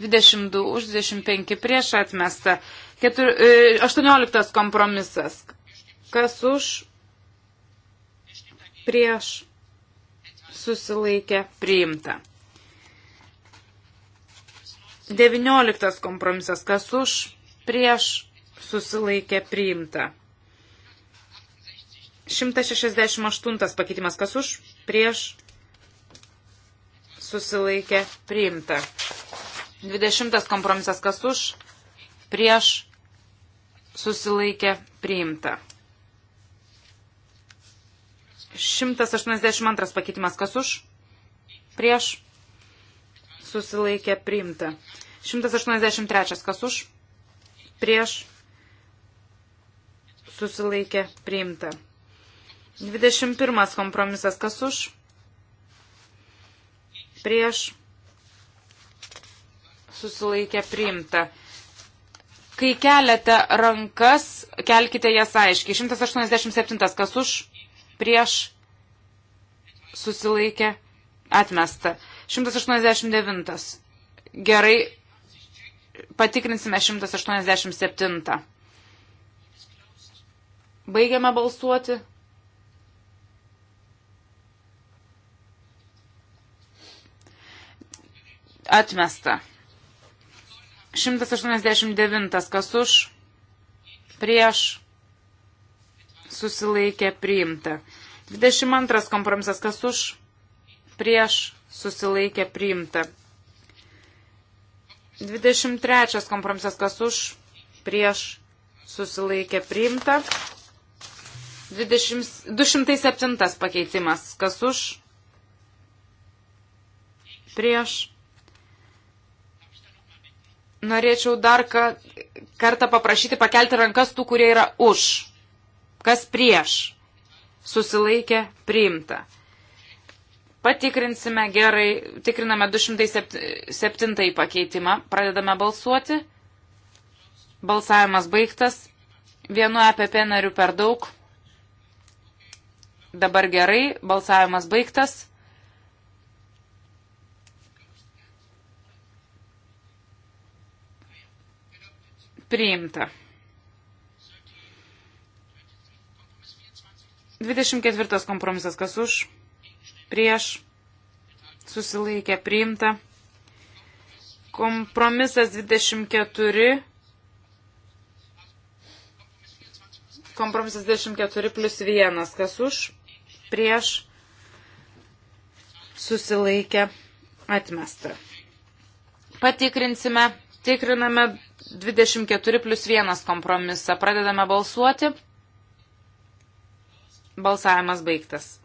22 už 25 prieš atmesta. 4, 18 e, kompromisas. Kas už? Prieš susilaikė priimta. 19 kompromisas. Kas už? Prieš susilaikė priimta. 168 pakeitimas. Kas už? Prieš susilaikė priimta. 20 kompromisas. Kas už? Prieš susilaikė priimta. 182 pakeitimas kas už? Prieš. Susilaikė priimta. 183 kas už? Prieš. Susilaikė priimta. 21 kompromisas kas už? Prieš. Susilaikė priimta. Kai keliate rankas, kelkite jas aiškiai. 187 kas už? prieš susilaikė atmesta. 189. Gerai, patikrinsime 187. Baigiame balsuoti. Atmesta. 189. Kas už? Prieš susilaikė priimta. 22 kompromisas kas už, prieš susilaikė priimta. 23 kompromisas kas už, prieš susilaikė priimta. 20, 207 pakeitimas kas už, prieš. Norėčiau dar kartą paprašyti pakelti rankas tų, kurie yra už. Kas prieš? Susilaikė priimta. Patikrinsime gerai, tikriname 207 pakeitimą, pradedame balsuoti. Balsavimas baigtas. Vienu EPP nariu per daug. Dabar gerai, balsavimas baigtas. Priimta. 24 kompromisas kas už, prieš, susilaikė priimta. Kompromisas 24. Kompromisas 24 plus 1. Kas už, prieš, susilaikė atmesta. Patikrinsime, tikriname 24 plus 1 kompromisą. Pradedame balsuoti. Balsavimas baigtas.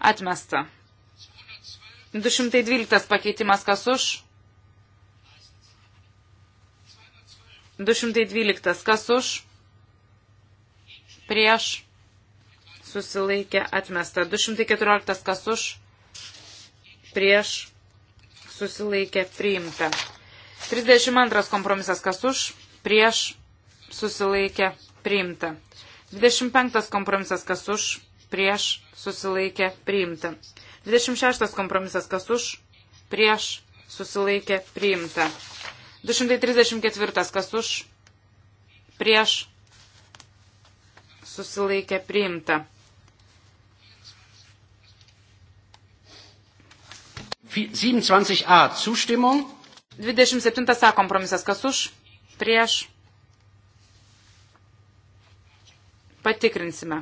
Atmesta. 212 pakeitimas kas už? 212 kas už? Prieš. Susilaikė atmesta. 214 kas už? Prieš. Susilaikė priimta. 32 kompromisas kas už? Prieš. Susilaikė priimta. 25 kompromisas kas už, prieš, susilaikė, priimta. 26 kompromisas kas už, prieš, susilaikė, priimta. 234 kas už, prieš, susilaikė, priimta. siebenundzwanzig a zustimmung dvidešimt septintas a kompromisas kas už prieš Patikrinsime.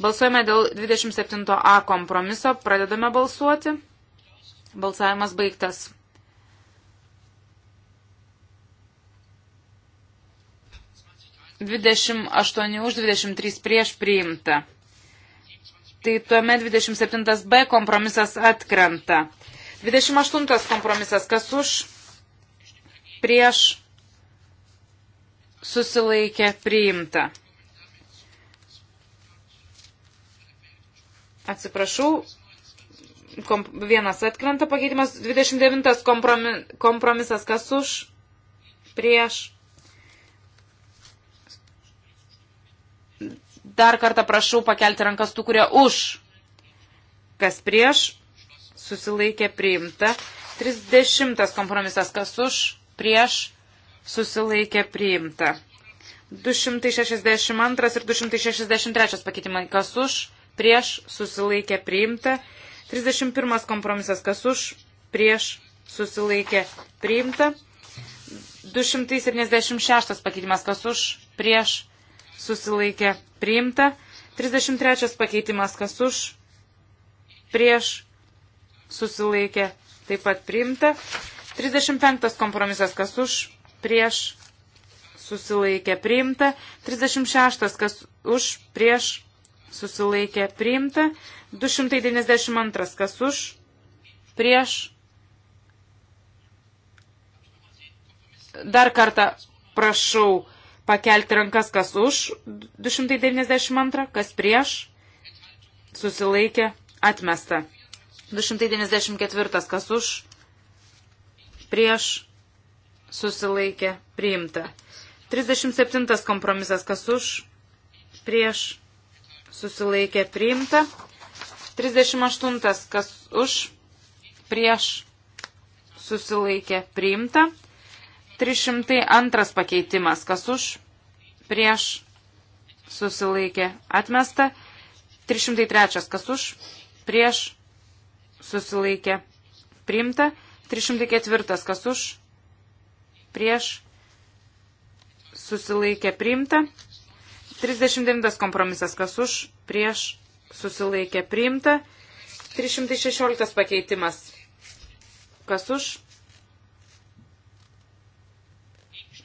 Balsuojame dėl 27a kompromiso. Pradedame balsuoti. Balsavimas baigtas. Dvidešimt aštuoni už, dvidešimt trys prieš priimta. Tai tuomet 27b kompromisas atkrenta. 28 kompromisas kas už, prieš, susilaikė priimta. Atsiprašau, kom, vienas atkrenta pakeitimas, 29 kompromis, kompromisas kas už, prieš. Dar kartą prašau pakelti rankas tų, kurie už, kas prieš, susilaikė priimta. 30 kompromisas kas už, prieš, susilaikė priimta. 262 ir 263 pakeitimai kas už, prieš susilaikė priimta. 31 kompromisas kas už, prieš susilaikė priimta. 276 pakeitimas kas už, prieš susilaikė priimta. 33 pakeitimas kas už, prieš susilaikė taip pat priimta. 35 kompromisas kas už, prieš susilaikė priimta. 36 kas už, prieš susilaikė priimta. 292 kas už, prieš. Dar kartą prašau pakelti rankas kas už 292, kas prieš, susilaikė, atmesta. 294 kas už, prieš, susilaikė, priimta. 37 kompromisas kas už, prieš, susilaikė priimta. 38. Kas už, prieš, susilaikė priimta. 302 pakeitimas. Kas už, prieš, susilaikė atmesta. 303. Kas už, prieš, susilaikė priimta. 304. Kas už, prieš, susilaikė priimta. 39 kompromisas, kas už, prieš, susilaikė priimta. 316 pakeitimas, kas už,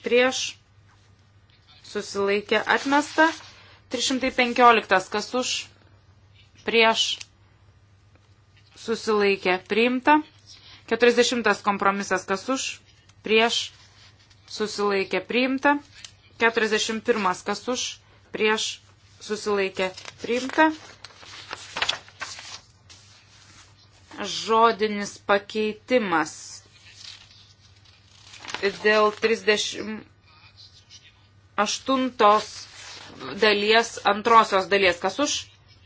prieš, susilaikė atmesta. 315 kas už, prieš, susilaikė priimta. 40 kompromisas kas už, prieš, susilaikė priimta. 41 kas už, prieš susilaikė priimta. Žodinis pakeitimas dėl 38 dalies antrosios dalies, kas už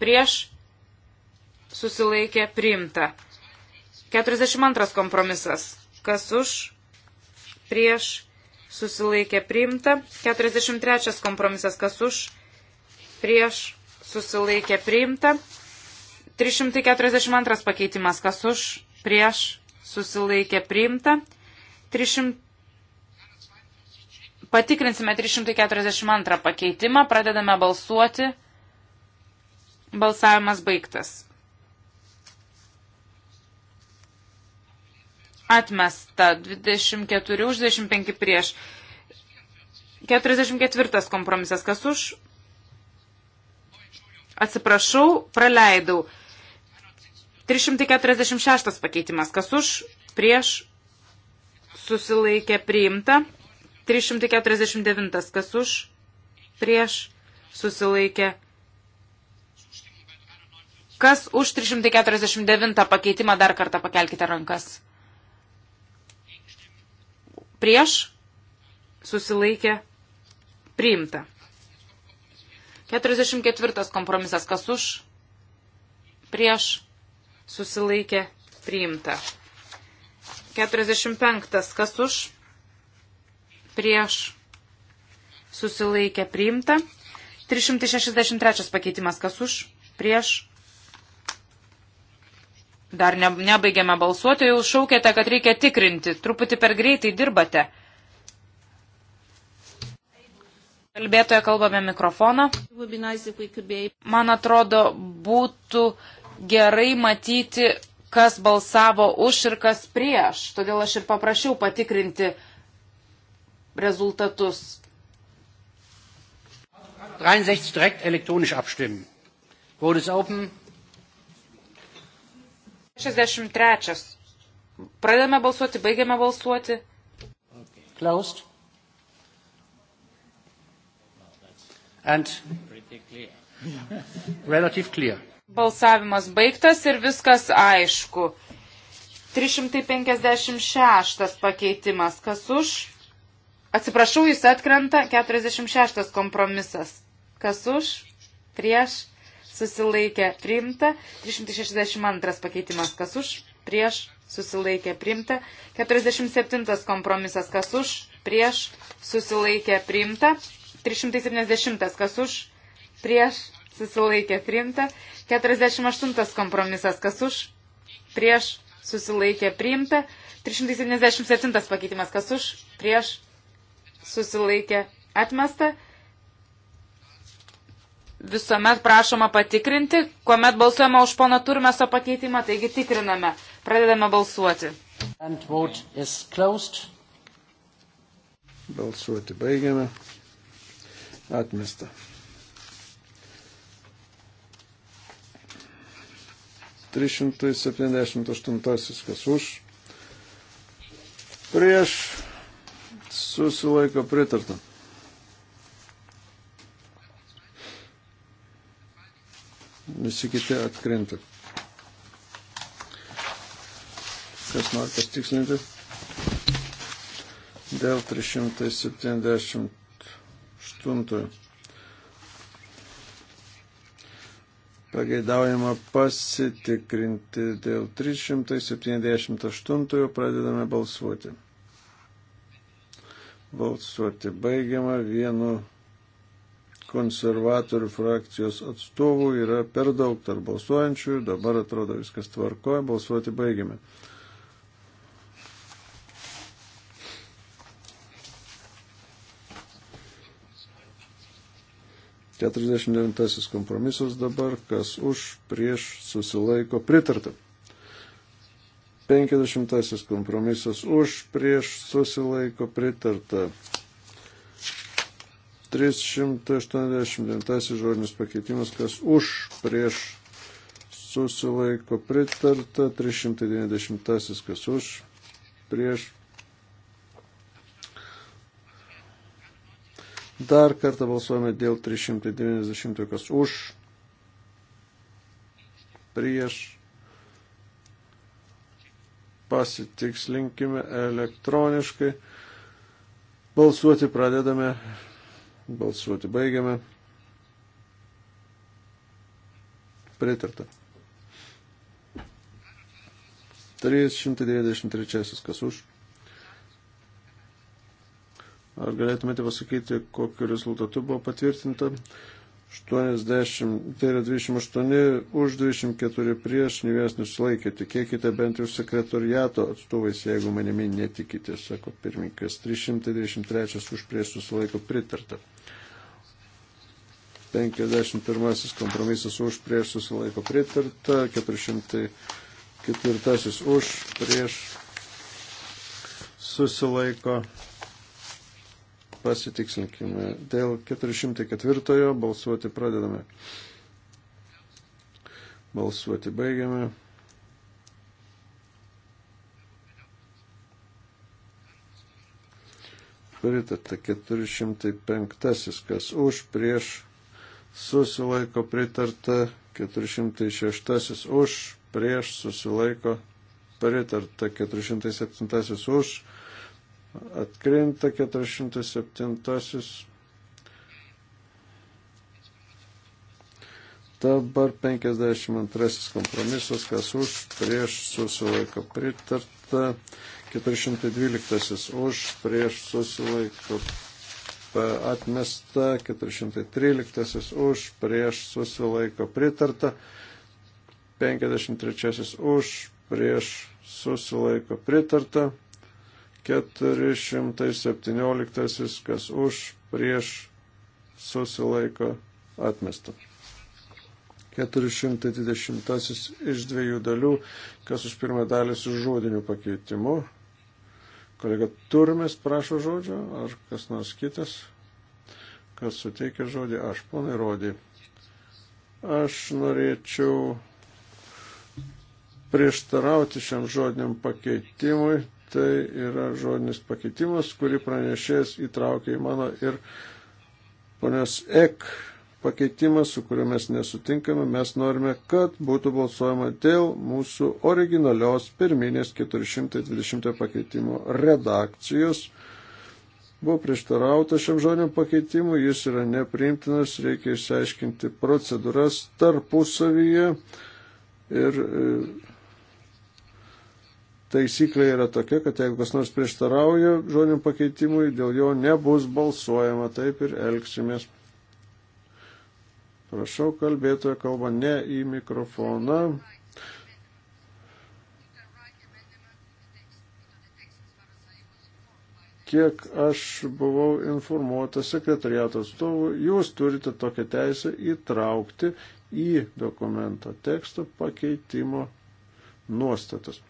prieš susilaikė priimta. 42 kompromisas, kas už prieš susilaikė priimta. 43 kompromisas, kas už prieš susilaikė priimta. 342 pakeitimas, kas už, prieš susilaikė priimta. 300... Patikrinsime 342 pakeitimą, pradedame balsuoti. Balsavimas baigtas. Atmesta 24 už 25 prieš. 44 kompromisas, kas už, Atsiprašau, praleidau. 346 pakeitimas. Kas už, prieš, susilaikė priimta. 349. Kas už, prieš, susilaikė. Kas už 349 pakeitimą dar kartą pakelkite rankas. Prieš, susilaikė priimta. 44 kompromisas kas už, prieš, susilaikė, priimta. 45 kas už, prieš, susilaikė, priimta. 363 pakeitimas kas už, prieš. Dar ne, nebaigėme balsuoti, jau šaukėte, kad reikia tikrinti. Truputį per greitai dirbate. Kalbėtoje kalbame mikrofoną. Man atrodo, būtų gerai matyti, kas balsavo už ir kas prieš. Todėl aš ir paprašiau patikrinti rezultatus. 63 direkt elektronisch abstimmen. Vote is open. 63. Pradedame balsuoti, baigiame balsuoti. Okay. Closed. And clear. relative clear. Balsavimas baigtas ir viskas aišku. 356 pakeitimas. Kas už? Atsiprašau, jis atkrenta. 46 kompromisas. Kas už? Prieš? Susilaikė priimta. 362 pakeitimas. Kas už? Prieš? Susilaikė priimta. 47 kompromisas. Kas už? Prieš? Susilaikė priimta. 370, kas už, prieš, susilaikė priimta. 48 kompromisas, kas už, prieš, susilaikė priimta. 377 pakeitimas, kas už, prieš, susilaikė atmesta. Visuomet prašoma patikrinti, kuomet balsuojama už pono turmeso pakeitimą, taigi tikriname. Pradedame balsuoti. Balsuoti baigiame. Atmesta. Trišimtai septyniasdešimt aštuntasis kas už. Prieš susilaiko pritarta. Visi kiti atkrinta. Kas nori pastikslinti? Dėl 370 8. Pageidaujama pasitikrinti dėl 378 pradedame balsuoti. Balsuoti baigiama vienu konservatorių frakcijos atstovų yra per daug tarp balsuojančių, dabar atrodo viskas tvarkoja, balsuoti baigiame. 49 kompromisas dabar, kas už, prieš, susilaiko, pritarta. 50 kompromisas už, prieš, susilaiko, pritarta. 389 žodinis pakeitimas, kas už, prieš, susilaiko, pritarta. 390 kas už, prieš, Dar kartą balsuojame dėl 390, kas už, prieš, pasitikslinkime elektroniškai, balsuoti pradedame, balsuoti baigiame, pritarta. 393, kas už. Ar galėtumėte pasakyti, kokiu rezultatu buvo patvirtinta? 80, tai yra 28 už 24 prieš, ne vienas nesilaikė. Tikėkite bent jau sekretoriato atstovais, jeigu manimi netikite, sako pirmininkas. 323 už prieš susilaiko pritarta. 51 kompromisas už prieš susilaiko pritarta. 404 už prieš susilaiko pritarta pasitikslinkime. Dėl 404 balsuoti pradedame. Balsuoti baigiame. Pritarta 405, kas už, prieš, susilaiko pritarta 406, už, prieš, susilaiko pritarta 407, už, Atkrinta 407. Dabar 52 kompromisas, kas už, prieš, susilaiko pritarta. 412 už, prieš, susilaiko atmesta. 413 už, prieš, susilaiko pritarta. 53 už, prieš, susilaiko pritarta. 417, kas už, prieš, susilaiko, atmesta. 420 iš dviejų dalių, kas už pirmą dalį su žodiniu pakeitimu. Kolega Turmes prašo žodžio, ar kas nors kitas, kas suteikia žodį, aš, ponai, rodį. Aš norėčiau prieštarauti šiam žodiniam pakeitimui, Tai yra žodinis pakeitimas, kurį pranešėjas įtraukė į mano ir ponios Ek pakeitimas, su kuriuo mes nesutinkame, mes norime, kad būtų balsuojama dėl mūsų originalios pirminės 420 pakeitimo redakcijos. Buvo prieštarauta šiam žodžiam pakeitimui, jis yra nepriimtinas, reikia išsiaiškinti procedūras tarpusavyje ir e, taisyklė yra tokia, kad jeigu kas nors prieštarauja žodiniam pakeitimui, dėl jo nebus balsuojama, taip ir elgsimės. Prašau, kalbėtoja kalba ne į mikrofoną. Kiek aš buvau informuotas sekretariato atstovų, jūs turite tokią teisę įtraukti į dokumento teksto pakeitimo nuostatas.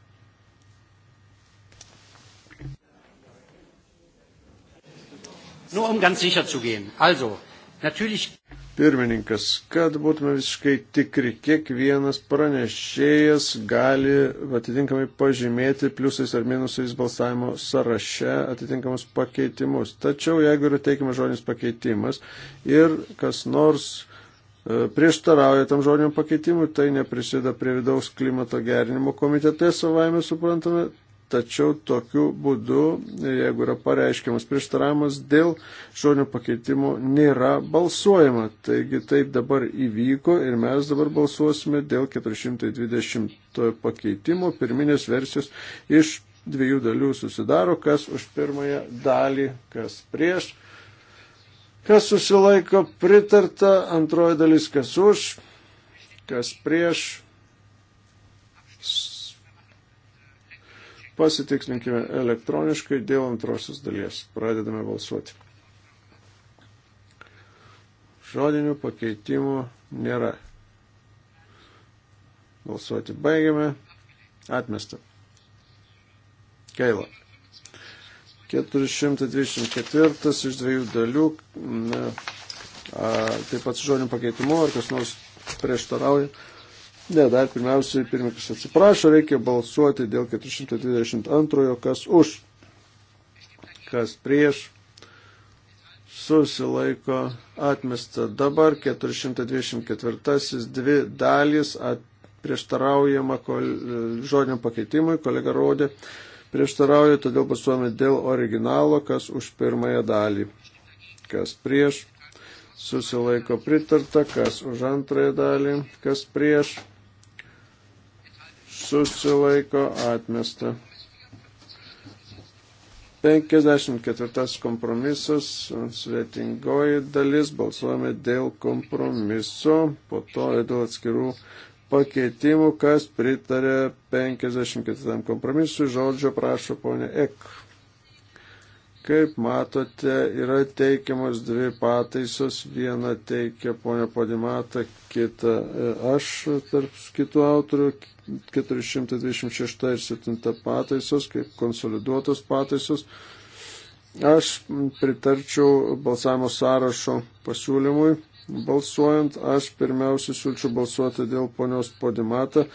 Nur um ganz sicher zu gehen. Also, natürlich. Pirmininkas, kad būtume visiškai tikri, kiekvienas pranešėjas gali atitinkamai pažymėti pliusais ar minusais balsavimo sąraše atitinkamus pakeitimus. Tačiau jeigu yra teikiamas žodinis pakeitimas ir kas nors e, prieštarauja tam žodiniam pakeitimui, tai neprisideda prie vidaus klimato gerinimo komitete, savaime suprantame, Tačiau tokiu būdu, jeigu yra pareiškiamas prieštaravimas, dėl žodžio pakeitimo nėra balsuojama. Taigi taip dabar įvyko ir mes dabar balsuosime dėl 420 pakeitimo pirminės versijos iš dviejų dalių susidaro, kas už pirmąją dalį, kas prieš. Kas susilaiko pritarta, antroji dalis kas už, kas prieš, Pasitikslinkime elektroniškai dėl antrosios dalies. Pradedame balsuoti. Žodinių pakeitimų nėra. Balsuoti baigiame. Atmesta. Keila. 424 iš dviejų dalių. Na, a, taip pat su žodiniu pakeitimu, ar kas nors prieštarauja. Ne, dar pirmiausiai pirmininkas atsiprašo, reikia balsuoti dėl 422, kas už, kas prieš, susilaiko atmesta. Dabar 424, dvi dalys at, prieštaraujama kol, žodiniam pakeitimui, kolega rodė, prieštarauja, todėl balsuojame dėl originalo, kas už pirmąją dalį, kas prieš, susilaiko pritarta, kas už antrąją dalį, kas prieš susilaiko atmesta. 54 kompromisas, svetingoji dalis, balsuojame dėl kompromiso, po to dėl atskirų pakeitimų, kas pritarė 54 kompromisui, žodžio prašo ponė Ek. Kaip matote, yra teikiamos dvi pataisos, vieną teikia ponia Padimata, kitą e, aš tarp kitų autorių, 426 ir 7 pataisos, kaip konsoliduotos pataisos. Aš pritarčiau balsavimo sąrašo pasiūlymui. Balsuojant, aš pirmiausia siūlyčiau balsuoti dėl ponios Padimata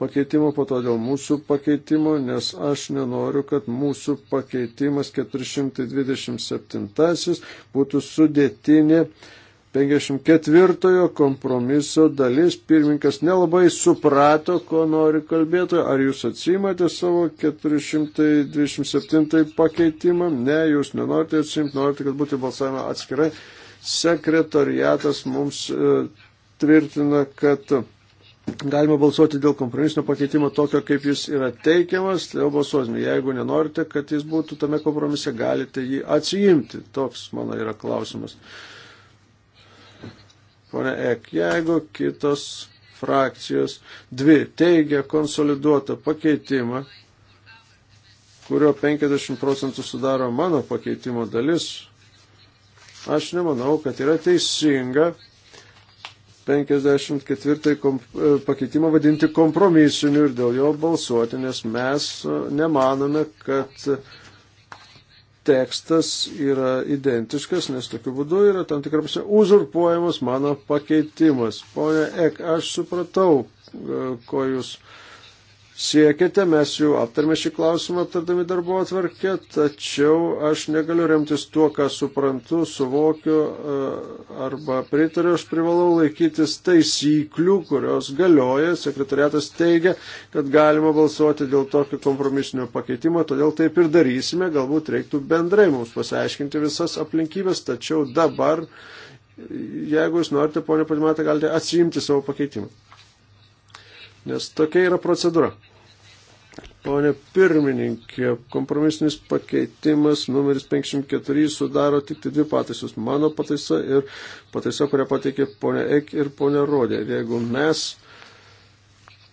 pakeitimo, po to dėl mūsų pakeitimo, nes aš nenoriu, kad mūsų pakeitimas 427 būtų sudėtinė 54 kompromiso dalis. Pirmininkas nelabai suprato, ko nori kalbėti. Ar jūs atsimate savo 427 pakeitimą? Ne, jūs nenorite atsimti, norite, kad būtų balsavimo atskirai. Sekretariatas mums e, tvirtina, kad Galima balsuoti dėl kompromisinio pakeitimo tokio, kaip jis yra teikiamas, tai jau balsuosime. Jeigu nenorite, kad jis būtų tame kompromise, galite jį atsijimti. Toks mano yra klausimas. Pone Ek, jeigu kitos frakcijos dvi teigia konsoliduotą pakeitimą, kurio 50 procentų sudaro mano pakeitimo dalis, aš nemanau, kad yra teisinga 54 komp e, pakeitimą vadinti kompromisiniu ir dėl jo balsuoti, nes mes e, nemanome, kad tekstas yra identiškas, nes tokiu būdu yra tam tikra prasme uzurpuojamas mano pakeitimas. Pone Ek, aš supratau, e, ko jūs siekiate, mes jau aptarėme šį klausimą aptardami darbo atvarkę, tačiau aš negaliu remtis tuo, ką suprantu, suvokiu e, arba pritariu, aš privalau laikytis taisyklių, kurios galioja. Sekretariatas teigia, kad galima balsuoti dėl tokio kompromisinio pakeitimo, todėl taip ir darysime, galbūt reiktų bendrai mums pasiaiškinti visas aplinkybės, tačiau dabar, jeigu jūs norite, ponia Padimatė, galite atsiimti savo pakeitimą. Nes tokia yra procedūra. Pone pirmininkė, kompromisinis pakeitimas numeris 54 sudaro tik tai dvi pataisus. Mano pataisa ir pataisa, kurią pateikė ponė Ek ir ponė Rodė. Ir jeigu mes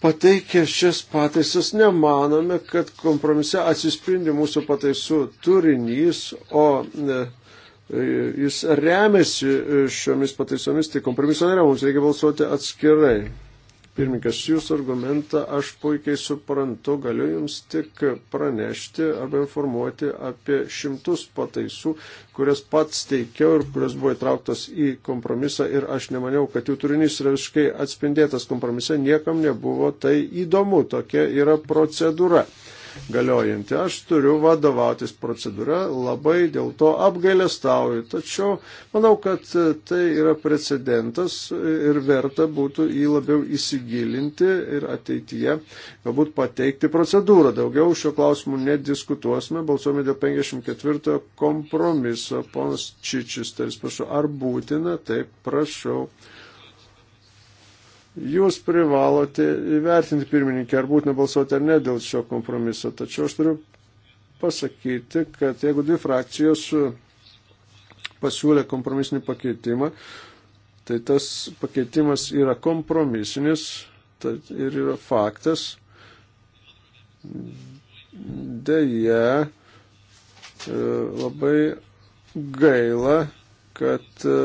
pateikę šias pataisas nemanome, kad kompromise atsispindi mūsų pataisų turinys, o ne, e, jis remiasi e, šiomis pataisomis, tai kompromiso nėra, mums reikia balsuoti atskirai. Pirmininkas, jūsų argumentą aš puikiai suprantu, galiu jums tik pranešti arba informuoti apie šimtus pataisų, kurias pats teikiau ir kurias buvo įtrauktos į kompromisą ir aš nemaniau, kad jų turinys yra visiškai atspindėtas kompromise, niekam nebuvo tai įdomu, tokia yra procedūra galiojanti. Aš turiu vadovautis procedūra, labai dėl to apgailestauju. Tačiau manau, kad tai yra precedentas ir verta būtų į labiau įsigilinti ir ateityje galbūt pateikti procedūrą. Daugiau šio klausimų nediskutuosime, balsuome dėl 54 kompromiso. Ponas Čičis, tai prašau, ar būtina? Taip, prašau. Jūs privalote įvertinti pirmininkę, ar būtina balsuoti ar ne dėl šio kompromiso. Tačiau aš turiu pasakyti, kad jeigu dvi frakcijos e, pasiūlė kompromisinį pakeitimą, tai tas pakeitimas yra kompromisinis ir yra faktas. Deja, e, labai gaila, kad e,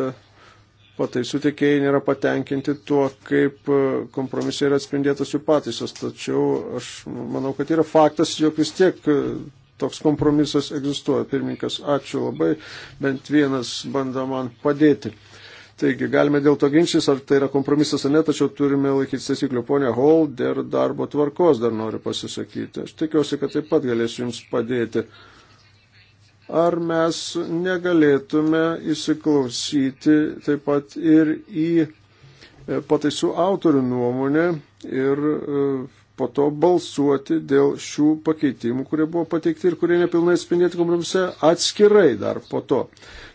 pataisų tikėjai nėra patenkinti tuo, kaip e, kompromisai yra atspindėtos jų pataisos. Tačiau aš manau, kad yra faktas, jog vis tiek e, toks kompromisas egzistuoja. Pirmininkas, ačiū labai, bent vienas bando man padėti. Taigi, galime dėl to ginčys, ar tai yra kompromisas ar ne, tačiau turime laikytis taisyklių. Pone Hall, dėl darbo tvarkos dar noriu pasisakyti. Aš tikiuosi, kad taip pat galėsiu Jums padėti ar mes negalėtume įsiklausyti taip pat ir į e, pataisų autorių nuomonę ir e, po to balsuoti dėl šių pakeitimų, kurie buvo pateikti ir kurie nepilnai atspindėti kompromise atskirai dar po to.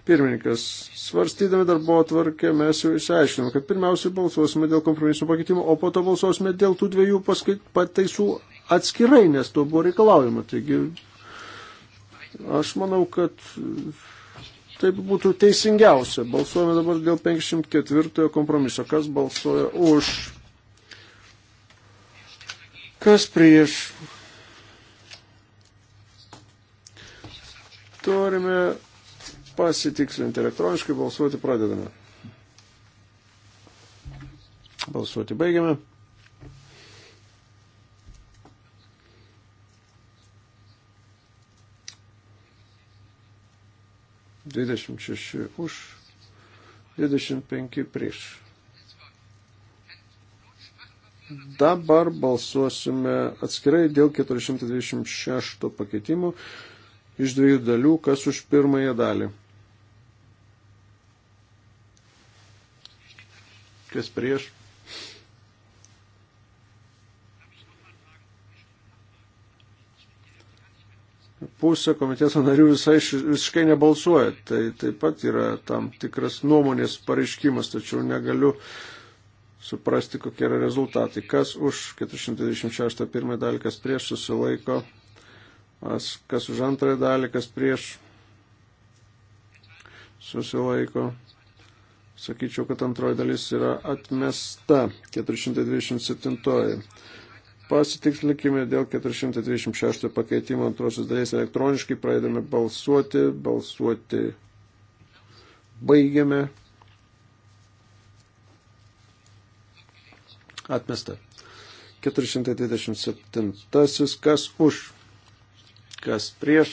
Pirmininkas, svarstydami darbo atvarkę, mes jau išsiaiškinome, kad pirmiausiai balsuosime dėl kompromisų pakeitimų, o po to balsuosime dėl tų dviejų paskait, pataisų atskirai, nes to buvo reikalaujama. Taigi Aš manau, kad taip būtų teisingiausia. Balsuojame dabar dėl 54 kompromiso. Kas balsuoja už? Kas prieš? Turime pasitikslinti elektroniškai, balsuoti pradedame. Balsuoti baigiame. 26 už, 25 prieš. Dabar balsuosime atskirai dėl 426 pakeitimų iš dviejų dalių, kas už pirmąją dalį. Kas prieš? pusė komiteto narių visai, visiškai nebalsuoja. Tai taip pat yra tam tikras nuomonės pareiškimas, tačiau negaliu suprasti, kokie yra rezultatai. Kas už 426 pirmąją dalį, kas prieš susilaiko, kas už antrąją dalį, kas prieš susilaiko. Sakyčiau, kad antroji dalis yra atmesta 427. Pasitikslinkime dėl 426 pakeitimo antrosios dalies elektroniškai, pradedame balsuoti, balsuoti baigiame. Atmesta. 427. Kas už? Kas prieš?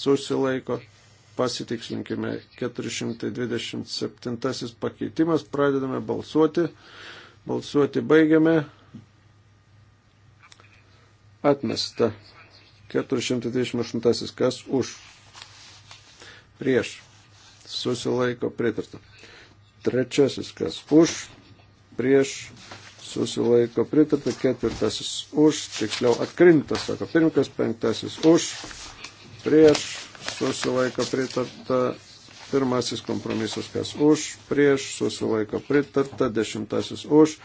Susilaiko pasitikslinkime 427 pakeitimas, pradedame balsuoti, balsuoti baigiame, atmesta 428 kas už, prieš, susilaiko pritarta. Trečiasis kas už, prieš, susilaiko pritarta, ketvirtasis už, tiksliau atkrintas, sako pirmkas, penktasis už, prieš, susilaiko pritarta. Pirmasis kompromisas, kas už, prieš, susilaiko pritarta. Dešimtasis už,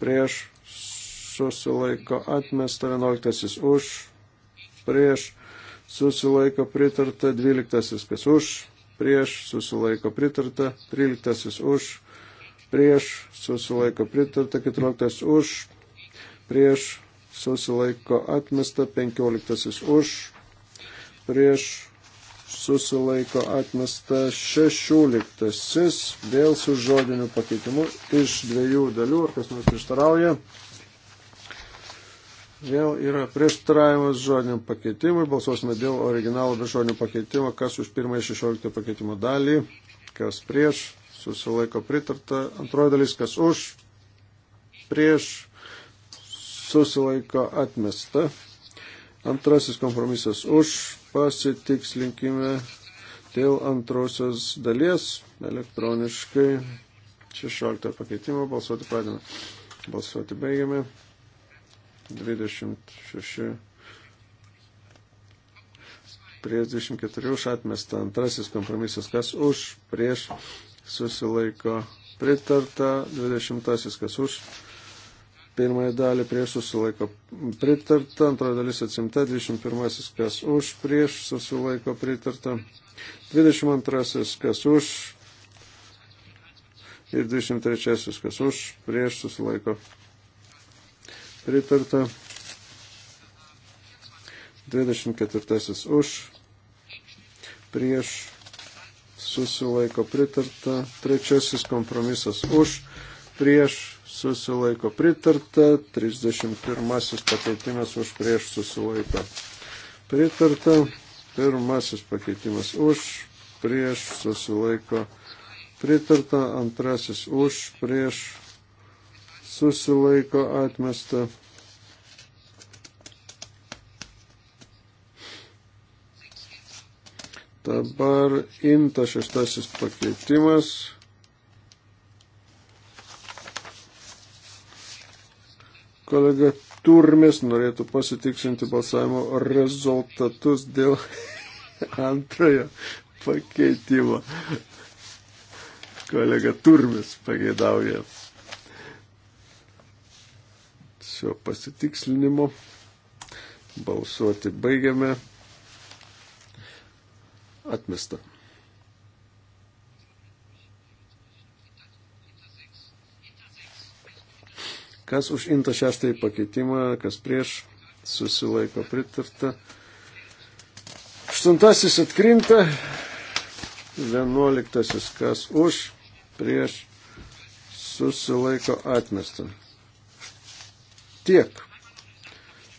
prieš, susilaiko atmesta. Vienuoliktasis už, prieš, susilaiko pritarta. Dvyliktasis, kas už, prieš, susilaiko pritarta. Tryliktasis už, prieš, susilaiko pritarta. Keturioliktasis už, prieš, susilaiko atmesta. Penkioliktasis už, prieš susilaiko atmesta 16. Vėl su žodiniu pakeitimu iš dviejų dalių, ar kas nors prieštarauja. Vėl yra prieštaravimas žodiniam pakeitimui. Balsuosime dėl originalo be žodinio pakeitimo. Kas už pirmąjį 16 pakeitimo dalį, kas prieš, susilaiko pritarta. Antroji dalis, kas už, prieš, susilaiko atmesta. Antrasis kompromisas už, pasitikslinkime dėl antrosios dalies elektroniškai. 16 pakeitimo balsuoti pradėme. Balsuoti baigiame. 26 prieš 24 už atmestą antrasis kompromisas, kas už, prieš susilaiko pritarta, 20 kas už, pirmąją dalį prieš susilaiko pritarta, antroji dalis atsimta, 21 kas už, prieš susilaiko pritarta, 22 kas už ir 23 kas už, prieš susilaiko pritarta, 24 už, prieš susilaiko pritarta, trečiasis kompromisas už, prieš susilaiko pritarta, 31 pakeitimas už prieš susilaiko pritarta, pirmasis pakeitimas už prieš susilaiko pritarta, antrasis už prieš susilaiko atmesta. Dabar imta šeštasis pakeitimas. kolega Turmis norėtų pasitiksinti balsavimo rezultatus dėl antrojo pakeitimo. Kolega Turmis pageidauja šio pasitikslinimo. Balsuoti baigiame. Atmesta. Kas už intą šeštąjį pakeitimą, kas prieš susilaiko pritarta. Aštuntasis atkrinta. Vienuoliktasis kas už, prieš susilaiko atmestą. Tiek.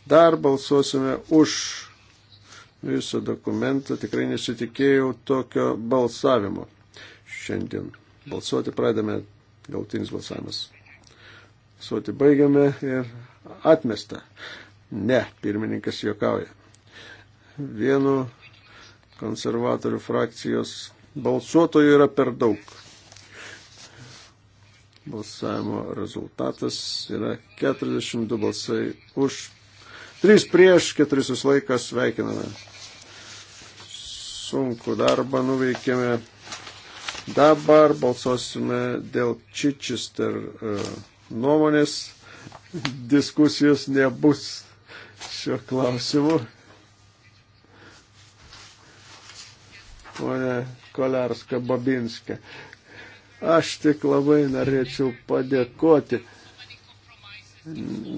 Dar balsuosime už visą dokumentą. Tikrai nesitikėjau tokio balsavimo. Šiandien balsuoti pradame gautinis balsavimas. Suoti baigiame ir atmesta. Ne, pirmininkas juokauja. Vienu konservatorių frakcijos balsuotojų yra per daug. Balsavimo rezultatas yra 42 balsai už, 3 prieš, 4 susilaikas, sveikiname. Sunku darbą nuveikėme. Dabar balsuosime dėl Chichester. Uh, nuomonės diskusijos nebus šio klausimu. Pone Kolarska Babinska, aš tik labai norėčiau padėkoti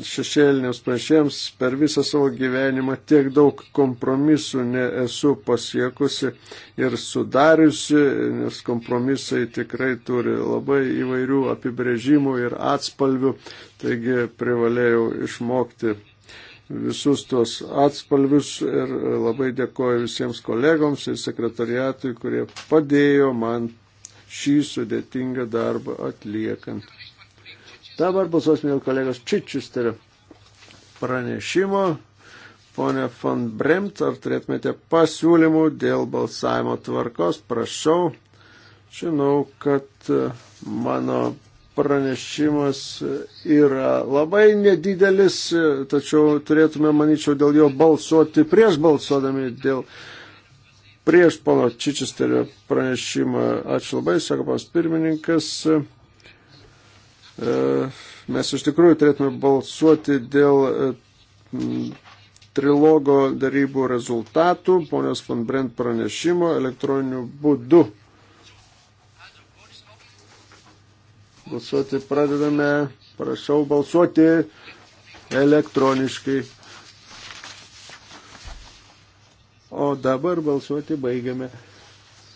šešėliniams pranešėjams per visą savo gyvenimą tiek daug kompromisų nesu pasiekusi ir sudariusi, nes kompromisai tikrai turi labai įvairių apibrėžimų ir atspalvių, taigi privalėjau išmokti visus tuos atspalvius ir labai dėkoju visiems kolegoms ir sekretariatui, kurie padėjo man šį sudėtingą darbą atliekant. Dabar balsuosime dėl kolegos Čičiusterio pranešimo. Pone von Bremt, ar turėtumėte pasiūlymų dėl balsavimo tvarkos? Prašau. Žinau, kad e, mano pranešimas e, yra labai nedidelis, e, tačiau turėtume, manyčiau, dėl jo balsuoti prieš balsuodami dėl prieš pono Čičisterio pranešimą. Ačiū labai, sako pas pirmininkas. E, mes iš tikrųjų turėtume balsuoti dėl e, trilogo darybų rezultatų, ponios von Brent pranešimo elektroniniu būdu. Balsuoti pradedame, prašau balsuoti elektroniškai. O dabar balsuoti baigiame.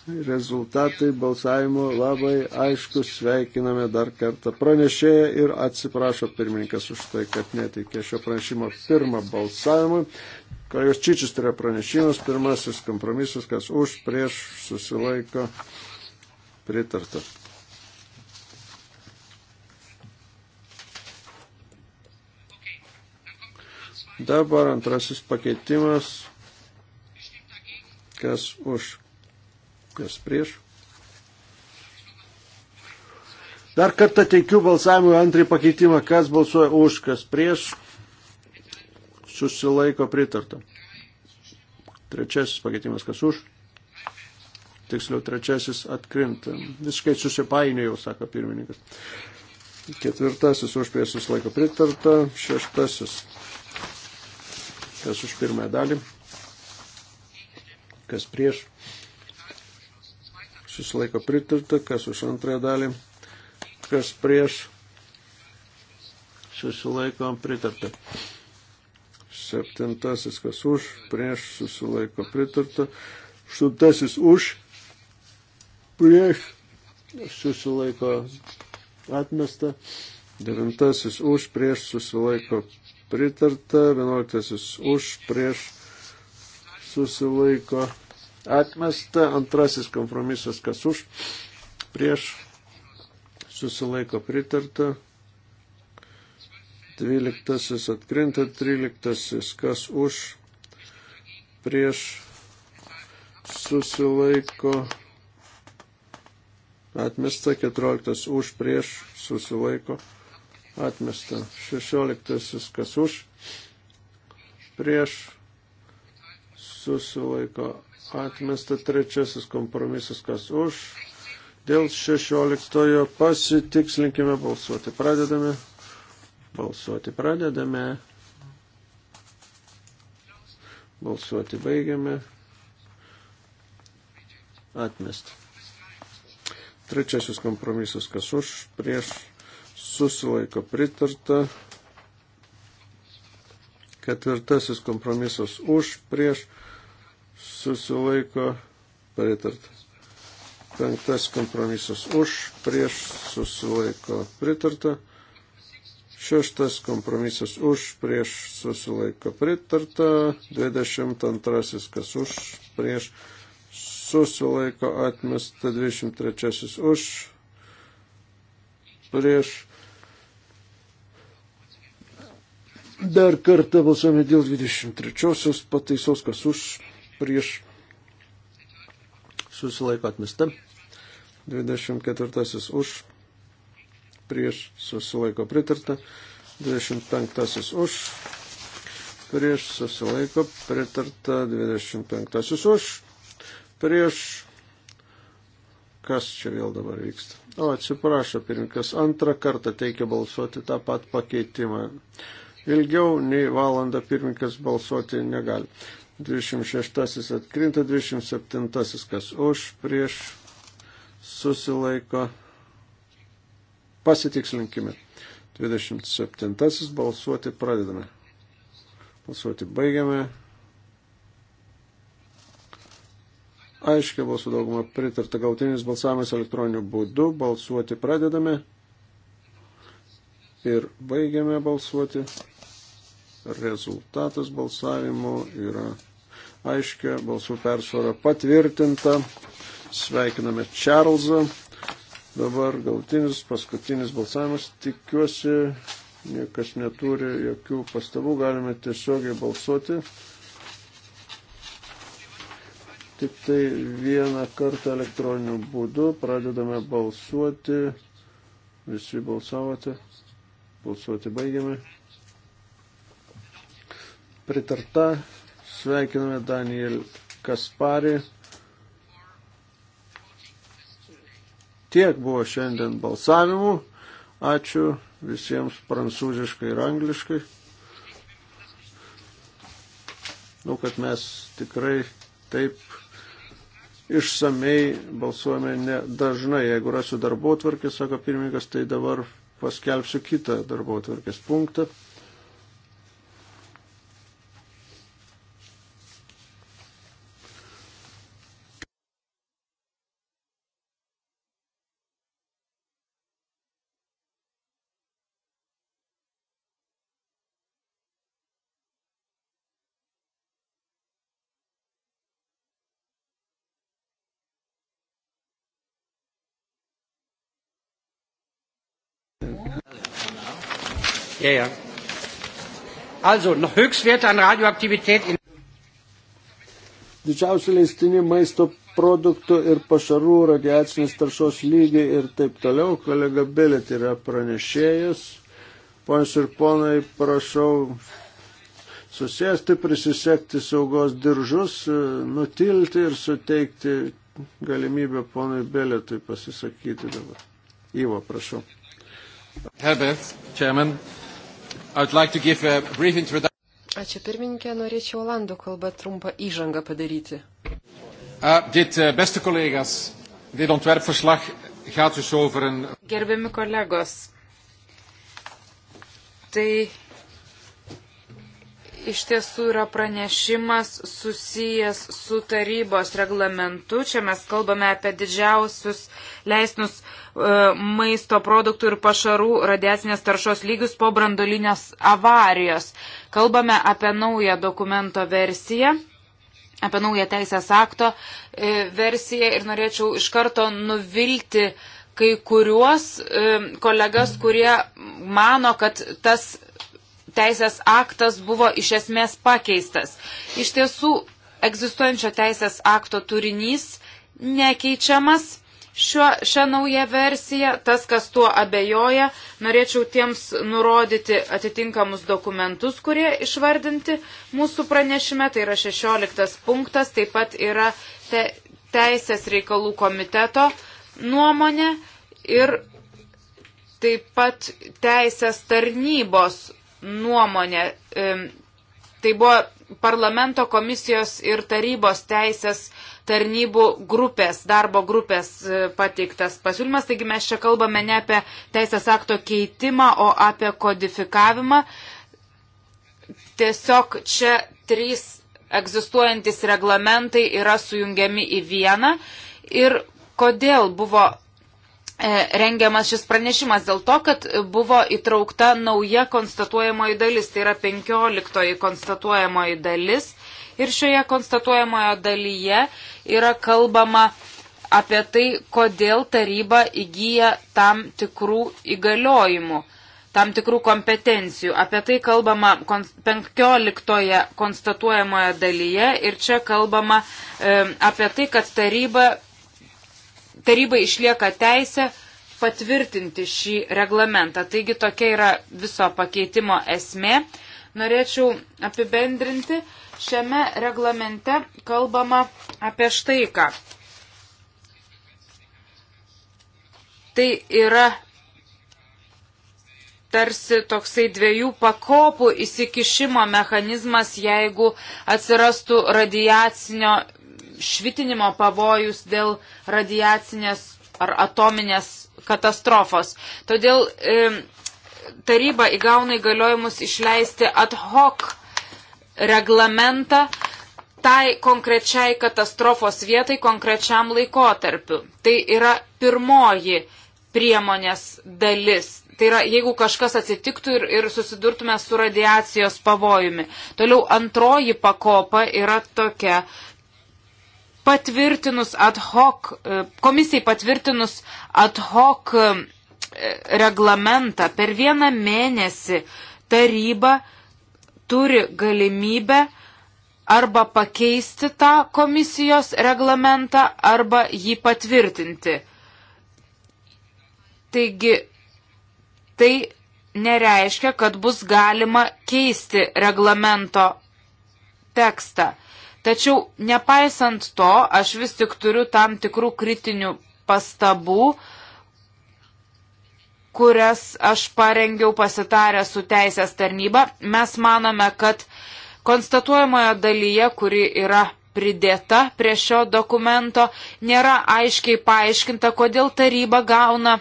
Rezultatai balsavimo labai aiškus, sveikiname dar kartą pranešėją ir atsiprašo pirmininkas už tai, kad neteikė šio pranešimo pirmą balsavimą. Kolegos Čičis tai yra pranešimas, pirmasis kompromisas, kas už, prieš, susilaiko, pritarta. Dabar antrasis pakeitimas, kas už kas prieš. Dar kartą teikiu balsavimui antrį pakeitimą, kas balsuoja už, kas prieš. Susilaiko pritarta. Trečiasis pakeitimas, kas už. Tiksliau, trečiasis atkrinta. Visiškai susipainėjau, sako pirmininkas. Ketvirtasis už prieš susilaiko pritarta. Šeštasis. Kas už pirmąją dalį. Kas prieš susilaiko pritarta, kas už antrąją dalį, kas prieš, susilaiko pritarta. Septintasis, kas už, prieš, susilaiko pritarta. Aštuntasis už, prieš, susilaiko atmesta. Devintasis už, prieš, susilaiko pritarta. Vienuoliktasis už, prieš, susilaiko pritarta atmesta, antrasis kompromisas kas už, prieš, susilaiko pritarta, dvyliktasis atkrinta, tryliktasis kas už, prieš, susilaiko atmesta, keturioliktas už, prieš, susilaiko atmesta, šešioliktasis kas už, prieš, susilaiko atmesta trečiasis kompromisas, kas už. Dėl šešioliktojo pasitikslinkime balsuoti. Pradedame. Balsuoti pradedame. Balsuoti baigiame. Atmesta. Trečiasis kompromisas, kas už, prieš, susilaiko pritarta. Ketvirtasis kompromisas už, prieš, susilaiko pritarta susilaiko pritartas. Penktas kompromisas už, prieš susilaiko pritarta. Šeštas kompromisas už, prieš susilaiko pritarta. Dvidešimt antrasis kas už, prieš susilaiko atmesta. Dvidešimt trečiasis už, prieš. Dar kartą balsuojame dėl 23 pataisos, kas už prieš susilaiko atmesta. 24 už prieš susilaiko pritarta. 25 už prieš susilaiko pritarta. 25 už prieš. Kas čia vėl dabar vyksta? O, atsiprašo, pirmininkas antrą kartą teikia balsuoti tą pat pakeitimą. Ilgiau nei valandą pirmininkas balsuoti negali. 26 atkrinta, 27 kas už, prieš susilaiko. Pasitikslinkime. 27 balsuoti pradedame. Balsuoti baigiame. Aiškiai balsų daugumą pritarta gautinis balsavimas elektroniniu būdu. Balsuoti pradedame. Ir baigiame balsuoti. Rezultatas balsavimo yra aiškia balsų persvara patvirtinta. Sveikiname Čarlzą. Dabar galtinis, paskutinis balsavimas. Tikiuosi, niekas neturi jokių pastabų, galime tiesiogiai balsuoti. Tik tai vieną kartą elektroniniu būdu pradedame balsuoti. Visi balsavote. Balsuoti baigiame. Pritarta Sveikiname Daniel Kasparį. Tiek buvo šiandien balsavimų. Ačiū visiems prancūziškai ir angliškai. Nu, kad mes tikrai taip išsamei balsuojame nedažnai. Jeigu rasiu darbo tvarkį, sako pirmininkas, tai dabar paskelbsiu kitą darbo tvarkės punktą. Ja, ja. Also, noch Höchstwerte an Radioaktivität in. Didžiausi leistini maisto produktų ir pašarų radiacinės taršos lygiai ir taip toliau. Kolega Belet yra pranešėjas. Ponas ir ponai, prašau susėsti, prisisekti saugos diržus, nutilti ir suteikti galimybę ponui Beletui pasisakyti dabar. Ivo, prašau. Herbert, Chairman like Ačiū pirmininkė, norėčiau Olandų kalbą trumpą įžangą padaryti. Uh, dit, uh, beste kolegas, dit ontwerpverslag gaat dus over een. Gerbiami kolegos, tai iš tiesų yra pranešimas susijęs su tarybos reglamentu. Čia mes kalbame apie didžiausius leisnus e, maisto produktų ir pašarų radiacinės taršos lygius po brandolinės avarijos. Kalbame apie naują dokumento versiją apie naują teisės akto e, versiją ir norėčiau iš karto nuvilti kai kuriuos e, kolegas, kurie mano, kad tas teisės aktas buvo iš esmės pakeistas. Iš tiesų, egzistuojančio teisės akto turinys nekeičiamas. Šio, šią naują versiją, tas, kas tuo abejoja, norėčiau tiems nurodyti atitinkamus dokumentus, kurie išvardinti mūsų pranešime, tai yra 16 punktas, taip pat yra te, Teisės reikalų komiteto nuomonė ir taip pat Teisės tarnybos nuomonė. Tai buvo parlamento komisijos ir tarybos teisės tarnybų grupės, darbo grupės e, pateiktas pasiūlymas. Taigi mes čia kalbame ne apie teisės akto keitimą, o apie kodifikavimą. Tiesiog čia trys egzistuojantis reglamentai yra sujungiami į vieną. Ir kodėl buvo E, rengiamas šis pranešimas dėl to, kad buvo įtraukta nauja konstatuojamoji dalis, tai yra 15 konstatuojamoji dalis. Ir šioje konstatuojamojo dalyje yra kalbama apie tai, kodėl taryba įgyja tam tikrų įgaliojimų, tam tikrų kompetencijų. Apie tai kalbama 15 konstatuojamoje dalyje ir čia kalbama e, apie tai, kad taryba tarybai išlieka teisė patvirtinti šį reglamentą. Taigi tokia yra viso pakeitimo esmė. Norėčiau apibendrinti, šiame reglamente kalbama apie štai ką. Tai yra tarsi toksai dviejų pakopų įsikišimo mechanizmas, jeigu atsirastų radiacinio švitinimo pavojus dėl radiacinės ar atominės katastrofos. Todėl e, taryba įgauna įgaliojimus išleisti ad hoc reglamentą tai konkrečiai katastrofos vietai konkrečiam laikotarpiu. Tai yra pirmoji priemonės dalis. Tai yra, jeigu kažkas atsitiktų ir, ir susidurtume su radiacijos pavojumi. Toliau antroji pakopa yra tokia, patvirtinus ad hoc, e, komisijai patvirtinus ad hoc e, reglamentą per vieną mėnesį taryba turi galimybę arba pakeisti tą komisijos reglamentą, arba jį patvirtinti. Taigi, tai nereiškia, kad bus galima keisti reglamento tekstą. Tačiau nepaisant to, aš vis tik turiu tam tikrų kritinių pastabų, kurias aš parengiau pasitarę su teisės tarnyba. Mes manome, kad konstatuojamoje dalyje, kuri yra pridėta prie šio dokumento, nėra aiškiai paaiškinta, kodėl taryba gauna,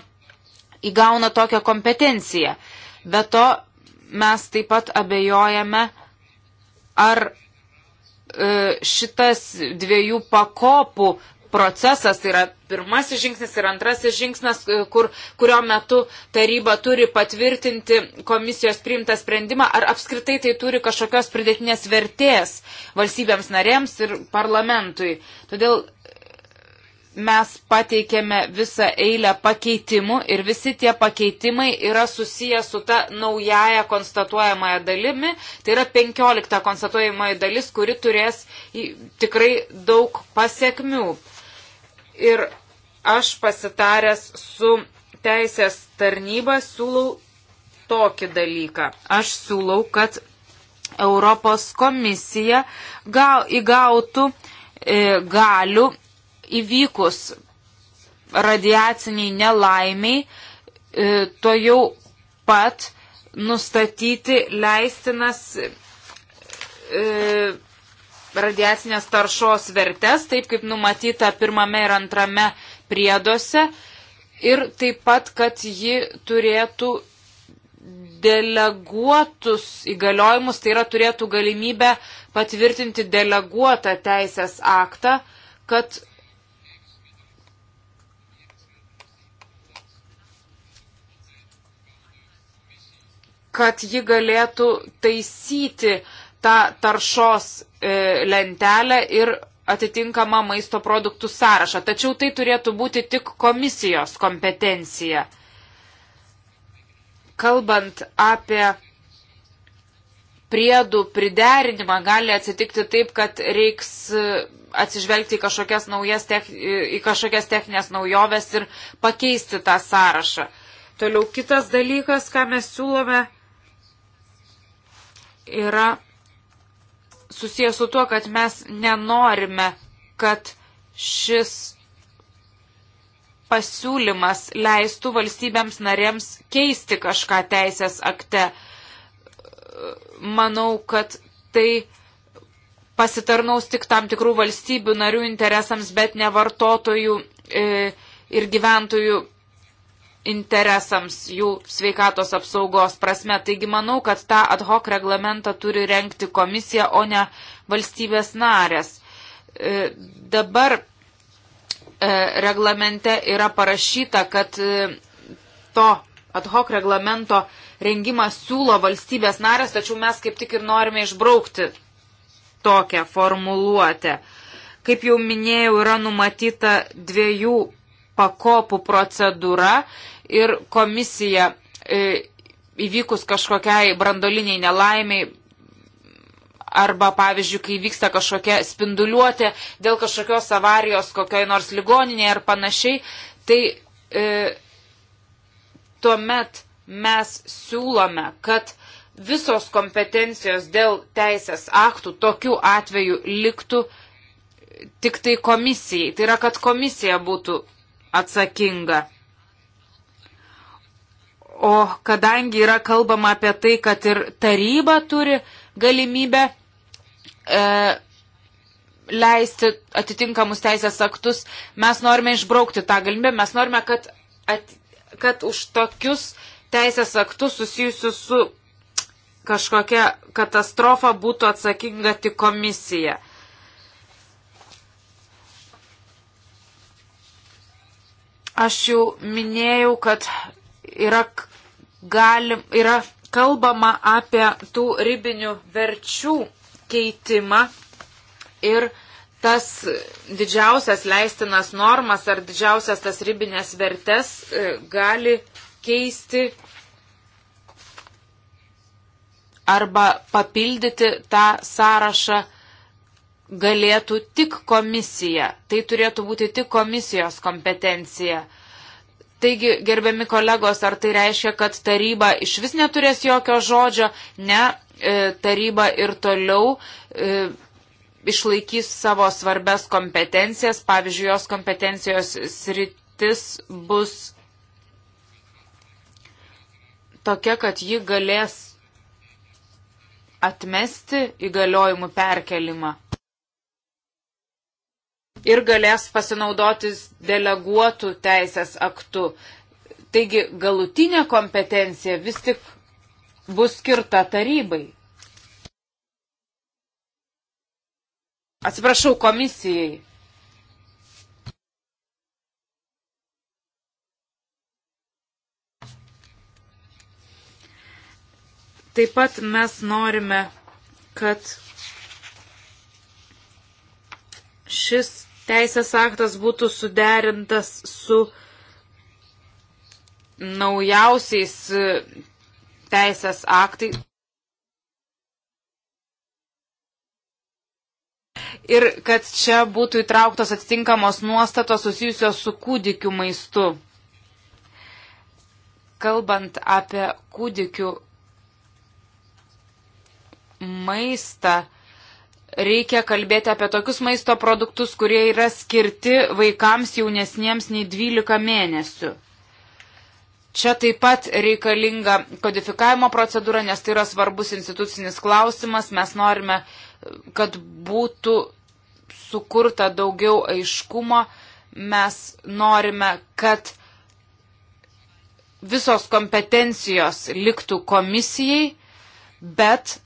įgauna tokią kompetenciją. Be to, mes taip pat abejojame, ar E, šitas dviejų pakopų procesas, tai yra pirmasis žingsnis ir antrasis žingsnis, e, kur, kurio metu taryba turi patvirtinti komisijos priimtą sprendimą, ar apskritai tai turi kažkokios pridėtinės vertės valstybėms narėms ir parlamentui. Todėl mes pateikėme visą eilę pakeitimų ir visi tie pakeitimai yra susiję su ta naujaja konstatuojamąją dalimi. Tai yra 15 konstatuojamoji dalis, kuri turės tikrai daug pasiekmių. Ir aš pasitaręs su teisės tarnyba siūlau tokį dalyką. Aš siūlau, kad Europos komisija gau, įgautų e, galių įvykus radiaciniai nelaimiai, e, to jau pat nustatyti leistinas e, radiacinės taršos vertes, taip kaip numatyta pirmame ir antrame prieduose, ir taip pat, kad ji turėtų deleguotus įgaliojimus, tai yra turėtų galimybę patvirtinti deleguotą teisės aktą, kad kad ji galėtų taisyti tą taršos e, lentelę ir atitinkamą maisto produktų sąrašą. Tačiau tai turėtų būti tik komisijos kompetencija. Kalbant apie priedų priderinimą, gali atsitikti taip, kad reiks e, atsižvelgti į kažkokias, naujas, e, į kažkokias techninės naujoves ir pakeisti tą sąrašą. Toliau kitas dalykas, ką mes siūlome yra susijęs su tuo, kad mes nenorime, kad šis pasiūlymas leistų valstybėms narėms keisti kažką teisės akte. Manau, kad tai pasitarnaus tik tam tikrų valstybių narių interesams, bet ne vartotojų e, ir gyventojų interesams jų sveikatos apsaugos prasme. Taigi manau, kad tą ad hoc reglamentą turi renkti komisija, o ne valstybės narės. E, dabar e, reglamente yra parašyta, kad e, to ad hoc reglamento rengimą siūlo valstybės narės, tačiau mes kaip tik ir norime išbraukti tokią formuluotę. Kaip jau minėjau, yra numatyta dviejų pakopų procedūra ir komisija e, įvykus kažkokiai brandoliniai nelaimiai arba, pavyzdžiui, kai vyksta kažkokia spinduliuotė dėl kažkokios avarijos kokioj nors ligoninėje ar panašiai, tai e, tuomet mes siūlome, kad visos kompetencijos dėl teisės aktų tokiu atveju liktų tik tai komisijai. Tai yra, kad komisija būtų atsakinga. O kadangi yra kalbama apie tai, kad ir taryba turi galimybę e, leisti atitinkamus teisės aktus, mes norime išbraukti tą galimybę, mes norime, kad, at, kad už tokius teisės aktus susijusius su kažkokia katastrofa būtų atsakinga tik komisija. Aš jau minėjau, kad yra, galim, yra kalbama apie tų ribinių verčių keitimą ir tas didžiausias leistinas normas ar didžiausias tas ribinės vertes e, gali keisti arba papildyti tą sąrašą galėtų tik komisija. Tai turėtų būti tik komisijos kompetencija. Taigi, gerbiami kolegos, ar tai reiškia, kad taryba iš vis neturės jokio žodžio? Ne, e, taryba ir toliau e, išlaikys savo svarbes kompetencijas, pavyzdžiui, jos kompetencijos sritis bus tokia, kad ji galės atmesti įgaliojimų perkelimą ir galės pasinaudotis deleguotų teisės aktų. Taigi galutinė kompetencija vis tik bus skirta tarybai. Atsiprašau, komisijai. Taip pat mes norime, kad šis teisės aktas būtų suderintas su naujausiais e, teisės aktai. Ir kad čia būtų įtrauktos atitinkamos nuostatos susijusios su kūdikiu maistu. Kalbant apie kūdikių maistą, reikia kalbėti apie tokius maisto produktus, kurie yra skirti vaikams jaunesniems nei 12 mėnesių. Čia taip pat reikalinga kodifikavimo procedūra, nes tai yra svarbus institucinis klausimas. Mes norime, kad būtų sukurta daugiau aiškumo. Mes norime, kad visos kompetencijos liktų komisijai, bet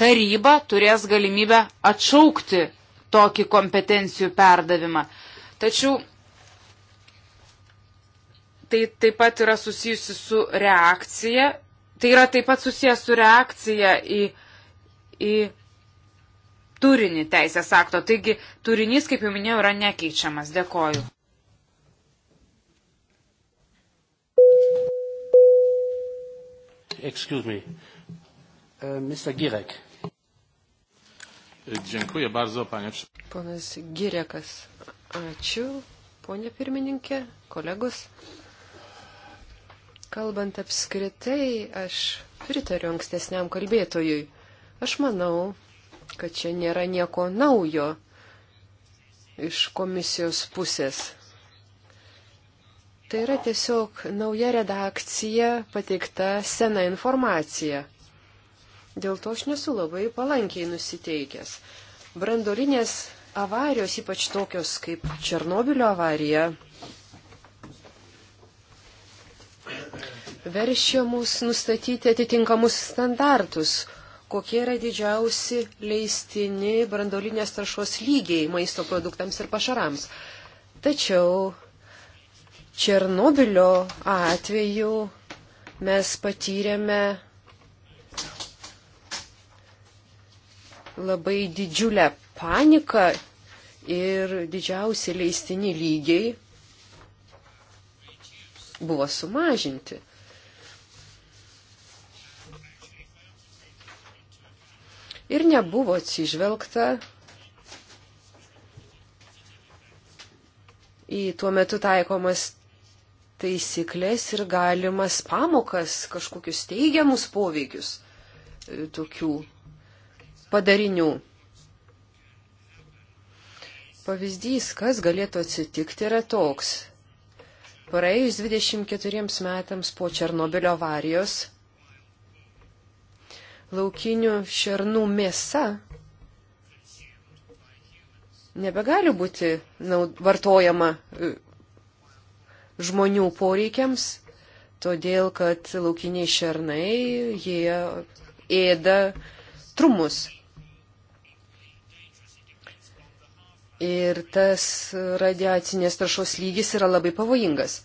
taryba turės galimybę atšaukti tokį kompetencijų perdavimą. Tačiau tai taip pat yra susijusi su reakcija, tai yra taip pat susijęs su reakcija į, į turinį teisės akto. Taigi turinys, kaip jau minėjau, yra nekeičiamas. Dėkoju. Excuse me. Uh, Mr. Girek. Dziękuję bardzo, panie przewodniczący. Ponas Girekas, ačiū, ponė pirmininkė, kolegos. Kalbant apskritai, aš pritariu ankstesniam kalbėtojui. Aš manau, kad čia nėra nieko naujo iš komisijos pusės. Tai yra tiesiog nauja redakcija pateikta sena informacija. Dėl to aš nesu labai palankiai nusiteikęs. Brandolinės avarijos, ypač tokios kaip Černobilio avarija, veršia mus nustatyti atitinkamus standartus, kokie yra didžiausi leistini brandolinės taršos lygiai maisto produktams ir pašarams. Tačiau Černobilio atveju mes patyrėme labai didžiulę paniką ir didžiausi leistini lygiai buvo sumažinti. Ir nebuvo atsižvelgta į tuo metu taikomas taisyklės ir galimas pamokas, kažkokius teigiamus poveikius e, tokių padarinių. Pavyzdys, kas galėtų atsitikti, yra toks. Praėjus 24 metams po Černobilio avarijos, laukinių šernų mėsa nebegali būti vartojama e, žmonių poreikiams, todėl kad laukiniai šernai, jie ėda trumus. Ir tas radiacinės taršos lygis yra labai pavojingas.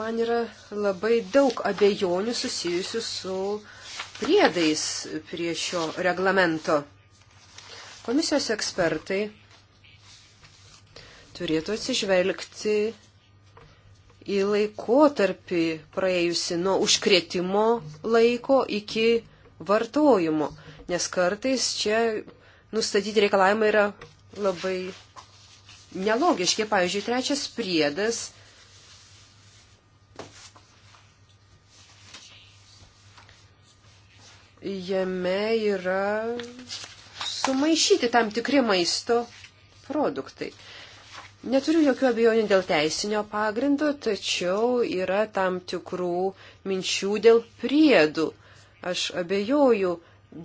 Man yra labai daug abejonių susijusių su priedais prie šio reglamento. Komisijos ekspertai turėtų atsižvelgti į laikotarpį praėjusi nuo užkrėtimo laiko iki vartojimu, nes kartais čia nustatyti reikalavimai yra labai nelogiški. Pavyzdžiui, trečias priedas. Jame yra sumaišyti tam tikri maisto produktai. Neturiu jokių abejonių dėl teisinio pagrindo, tačiau yra tam tikrų minčių dėl priedų. Aš abejoju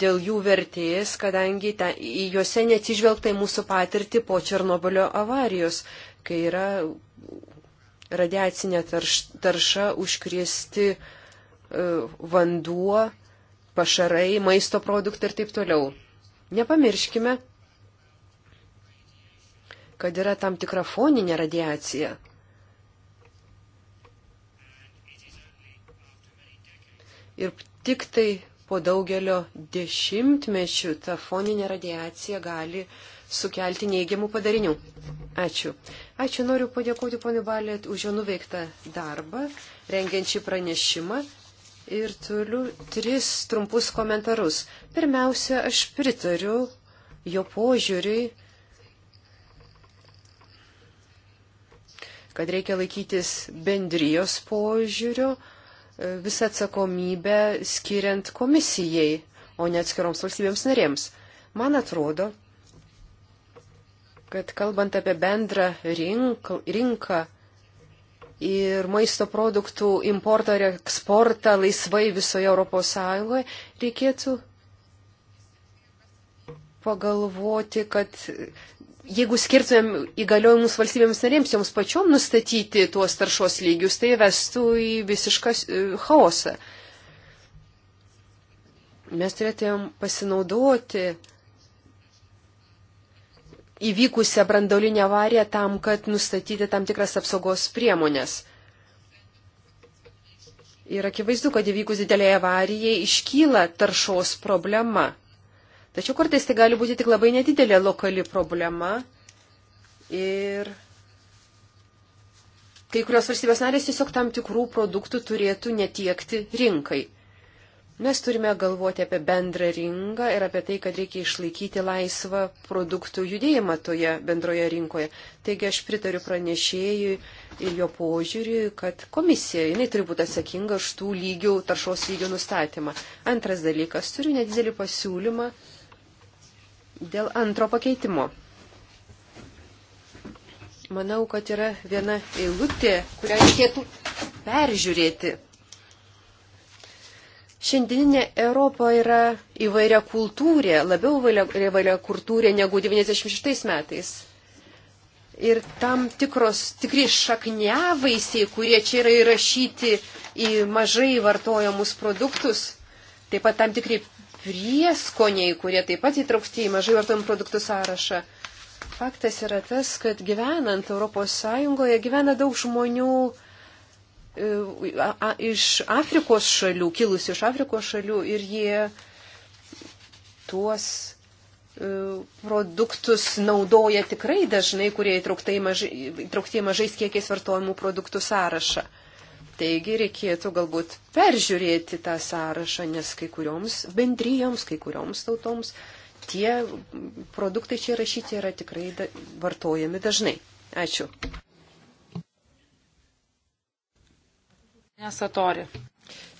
dėl jų vertės, kadangi ta, juose neatsižvelgta į mūsų patirtį po Černobilio avarijos, kai yra radiacinė tarš, tarša užkriesti e, vanduo, pašarai, maisto produktai ir taip toliau. Nepamirškime, kad yra tam tikra foninė radiacija. Ir tik tai po daugelio dešimtmečių ta foninė radiacija gali sukelti neigiamų padarinių. Ačiū. Ačiū, noriu padėkoti poniu Balėt už jo nuveiktą darbą, rengiant šį pranešimą. Ir turiu tris trumpus komentarus. Pirmiausia, aš pritariu jo požiūriui, kad reikia laikytis bendrijos požiūrio visą atsakomybę skiriant komisijai, o ne atskiroms valstybėms narėms. Man atrodo, kad kalbant apie bendrą rink, rinką ir maisto produktų importą ir eksportą laisvai visoje ES, reikėtų pagalvoti, kad jeigu skirtumėm įgaliojimus valstybėms narėms joms pačiom nustatyti tuos taršos lygius, tai vestų į visišką e, chaosą. Mes turėtumėm pasinaudoti įvykusią brandolinę avariją tam, kad nustatyti tam tikras apsaugos priemonės. Ir akivaizdu, kad įvykus didelėje avarijai iškyla taršos problema. Tačiau kartais tai gali būti tik labai nedidelė lokali problema ir kai kurios valstybės narės tiesiog tam tikrų produktų turėtų netiekti rinkai. Mes turime galvoti apie bendrą rinką ir apie tai, kad reikia išlaikyti laisvą produktų judėjimą toje bendroje rinkoje. Taigi aš pritariu pranešėjui ir jo požiūriui, kad komisija, jinai turi būti atsakinga už tų lygių, taršos lygių nustatymą. Antras dalykas, turiu nedidelį pasiūlymą Dėl antro pakeitimo. Manau, kad yra viena eilutė, kurią reikėtų peržiūrėti. Šiandieninė Europa yra įvairia kultūrė, labiau įvairia kultūrė negu 96 metais. Ir tam tikros, tikri šakniavaisiai, kurie čia yra įrašyti į mažai vartojamus produktus, taip pat tam tikri prieskoniai, kurie taip pat įtraukti į mažai vartojimų produktų sąrašą. Faktas yra tas, kad gyvenant Europos Sąjungoje gyvena daug žmonių e, iš Afrikos šalių, kilusių iš Afrikos šalių ir jie tuos e, produktus naudoja tikrai dažnai, kurie įtraukti į mažais kiekiais vartojimų produktų sąrašą. Taigi reikėtų galbūt peržiūrėti tą sąrašą, nes kai kurioms bendryjoms, kai kurioms tautoms tie produktai čia rašyti yra tikrai da, vartojami dažnai. Ačiū. Nesatori.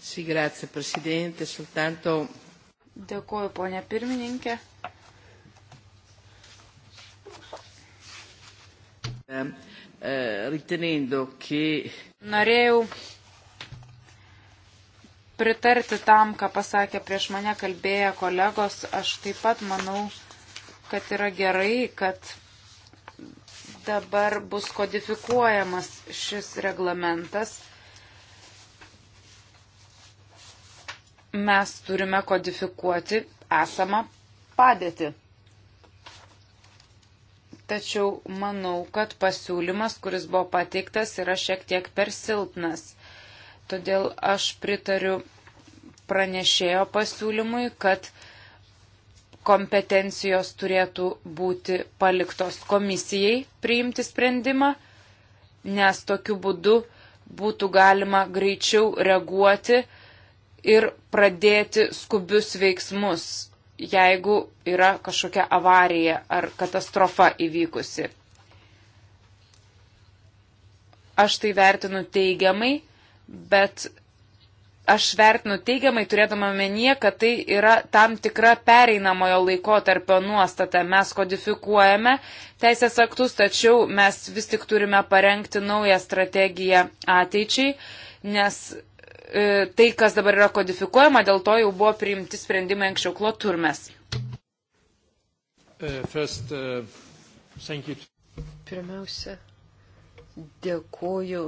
Sì, grazie Presidente, soltanto. Dėkuoju, ponė pirmininkė. Eh, eh, ritenendo che. Norėjau pritarti tam, ką pasakė prieš mane kalbėję kolegos. Aš taip pat manau, kad yra gerai, kad dabar bus kodifikuojamas šis reglamentas. Mes turime kodifikuoti esamą padėtį tačiau manau, kad pasiūlymas, kuris buvo pateiktas, yra šiek tiek per silpnas. Todėl aš pritariu pranešėjo pasiūlymui, kad kompetencijos turėtų būti paliktos komisijai priimti sprendimą, nes tokiu būdu būtų galima greičiau reaguoti ir pradėti skubius veiksmus jeigu yra kažkokia avarija ar katastrofa įvykusi. Aš tai vertinu teigiamai, bet aš vertinu teigiamai, turėdama menyje, kad tai yra tam tikra pereinamojo laiko tarpio nuostata. Mes kodifikuojame teisės aktus, tačiau mes vis tik turime parengti naują strategiją ateičiai, nes E, tai, kas dabar yra kodifikuojama, dėl to jau buvo priimti sprendimai anksčiau kloturmes. Uh, first, uh, Pirmiausia, dėkuoju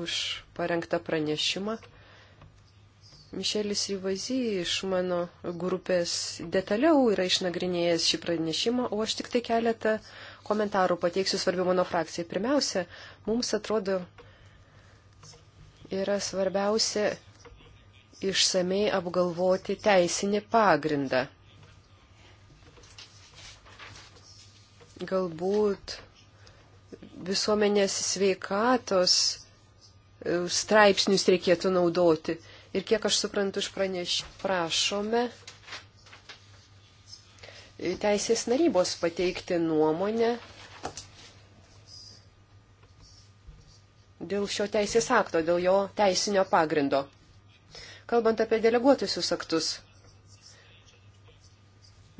už parengtą pranešimą. Mišelis Rivazy iš mano grupės detaliau yra išnagrinėjęs šį pranešimą, o aš tik tai keletą komentarų pateiksiu svarbių mano frakcijai. Pirmiausia, mums atrodo yra svarbiausia išsamei apgalvoti teisinį pagrindą. Galbūt visuomenės sveikatos e, straipsnius reikėtų naudoti. Ir kiek aš suprantu iš praneš, prašome e, teisės narybos pateikti nuomonę dėl šio teisės akto, dėl jo teisinio pagrindo. Kalbant apie deleguotusius aktus,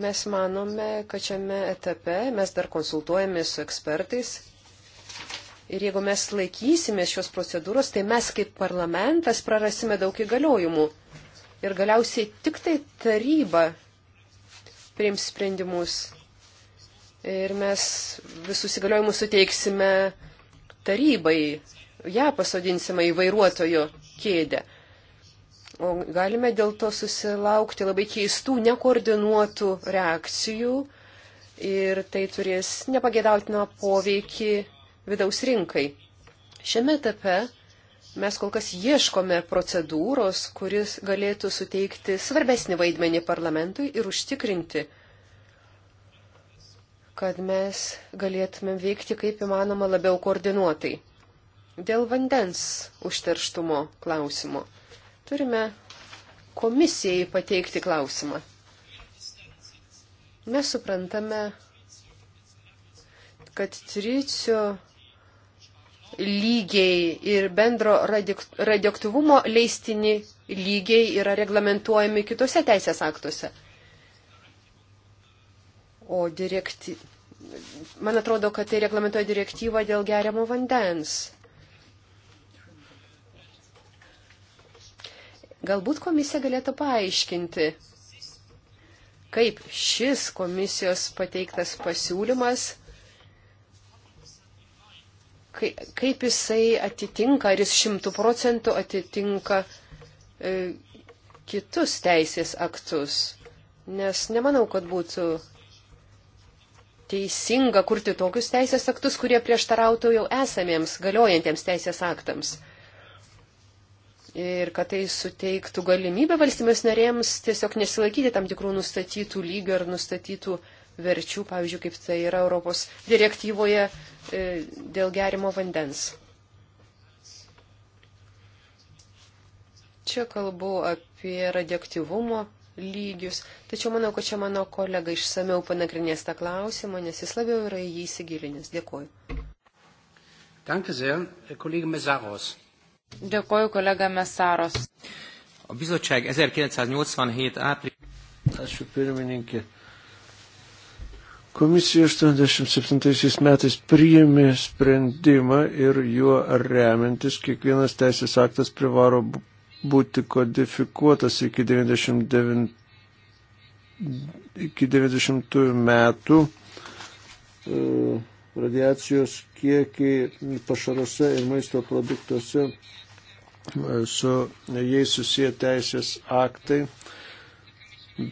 mes manome, kad šiame etape mes dar konsultuojame su ekspertais. Ir jeigu mes laikysimės šios procedūros, tai mes kaip parlamentas prarasime daug įgaliojimų. Ir galiausiai tik tai taryba priims sprendimus. Ir mes visus įgaliojimus suteiksime tarybai, ją pasodinsime į vairuotojo kėdę. O galime dėl to susilaukti labai keistų, nekoordinuotų reakcijų ir tai turės nepagėdautiną poveikį vidaus rinkai. Šiame etape mes kol kas ieškome procedūros, kuris galėtų suteikti svarbesnį vaidmenį parlamentui ir užtikrinti, kad mes galėtumėm veikti kaip įmanoma labiau koordinuotai. Dėl vandens užterštumo klausimo turime komisijai pateikti klausimą. Mes suprantame, kad tricio lygiai ir bendro radioaktyvumo leistini lygiai yra reglamentuojami kitose teisės aktuose. O direkti... man atrodo, kad tai reglamentoja direktyva dėl geriamo vandens. Galbūt komisija galėtų paaiškinti, kaip šis komisijos pateiktas pasiūlymas, kaip jisai atitinka, ar jis šimtų procentų atitinka e, kitus teisės aktus. Nes nemanau, kad būtų teisinga kurti tokius teisės aktus, kurie prieštarautų jau esamiems galiojantiems teisės aktams ir kad tai suteiktų galimybę valstybės narėms tiesiog nesilaikyti tam tikrų nustatytų lygių ar nustatytų verčių, pavyzdžiui, kaip tai yra Europos direktyvoje e, dėl gerimo vandens. Čia kalbu apie radioaktyvumo lygius, tačiau manau, kad čia mano kolega išsameu panagrinės tą klausimą, nes jis labiau yra į jį įsigilinęs. Dėkuoju. Danke sehr, Kollege Mesaros. Dėkoju kolega Mesaros. A bizottság 1987 április. Ačiū pirmininkė. Komisija 87 metais priėmė sprendimą ir juo remiantis kiekvienas teisės aktas privaro būti kodifikuotas iki 99 iki 90 metų. E, radiacijos kiekiai pašaruose ir maisto produktuose e, su jais susiję teisės aktai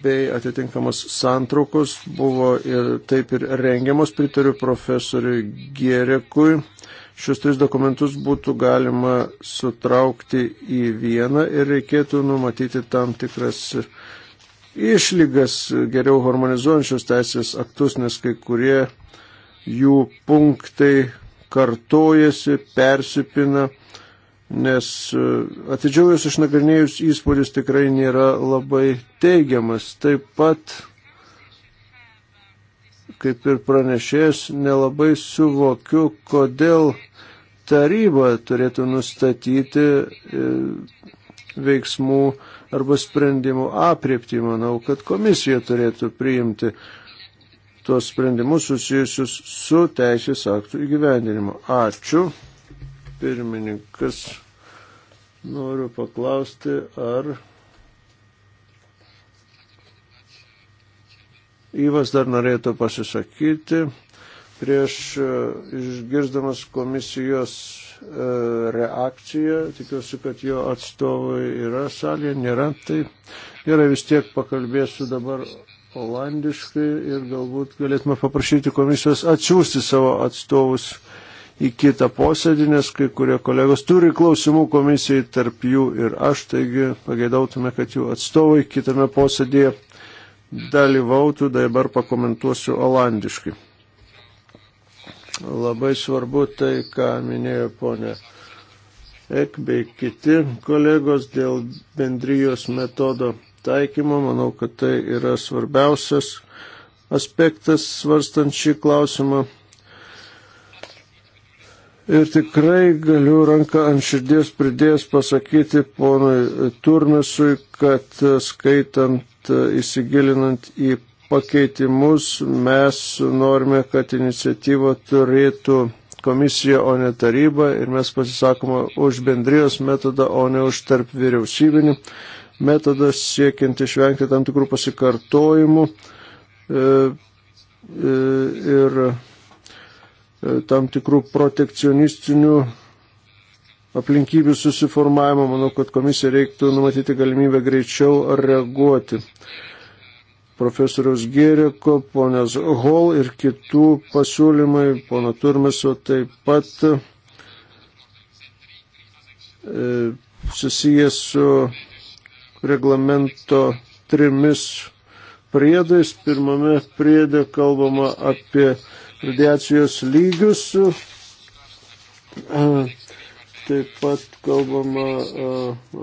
bei atitinkamos santraukos buvo ir taip ir rengiamos, pritariu profesoriui Gierekui. Šios tris dokumentus būtų galima sutraukti į vieną ir reikėtų numatyti tam tikras išlygas geriau harmonizuojančios teisės aktus, nes kai kurie jų punktai kartojasi, persipina, nes e, atidžiau jūs išnagrinėjus įspūdis tikrai nėra labai teigiamas. Taip pat, kaip ir pranešės, nelabai suvokiu, kodėl taryba turėtų nustatyti e, veiksmų arba sprendimų apriepti. Manau, kad komisija turėtų priimti tuos sprendimus susijusius su teisės aktų įgyvendinimu. Ačiū. Pirmininkas, noriu paklausti, ar Įvas dar norėtų pasisakyti prieš e, išgirdamas komisijos e, reakciją. Tikiuosi, kad jo atstovai yra salėje, nėra. Tai gerai, vis tiek pakalbėsiu dabar olandiškai ir galbūt galėtume paprašyti komisijos atsiųsti savo atstovus į kitą posėdį, nes kai kurie kolegos turi klausimų komisijai, tarp jų ir aš, taigi pageidautume, kad jų atstovai kitame posėdėje dalyvautų, dabar pakomentuosiu olandiškai. Labai svarbu tai, ką minėjo ponė Ek bei kiti kolegos dėl bendrijos metodo taikymo. Manau, kad tai yra svarbiausias aspektas svarstant šį klausimą. Ir tikrai galiu ranką ant širdies pridėjęs pasakyti ponui Turmesui, kad skaitant, įsigilinant į pakeitimus, mes norime, kad iniciatyva turėtų komisija, o ne taryba ir mes pasisakome už bendrijos metodą, o ne už tarp vyriausybinį metodas siekiant išvengti tam tikrų pasikartojimų e, e, ir e, tam tikrų protekcionistinių aplinkybių susiformavimo. Manau, kad komisija reiktų numatyti galimybę greičiau reaguoti. Profesoriaus Geriko, ponas Hall ir kitų pasiūlymai, pono Turmeso taip pat susijęs su reglamento trimis priedais. Pirmame priedė kalbama apie radiacijos lygius. Taip pat kalbama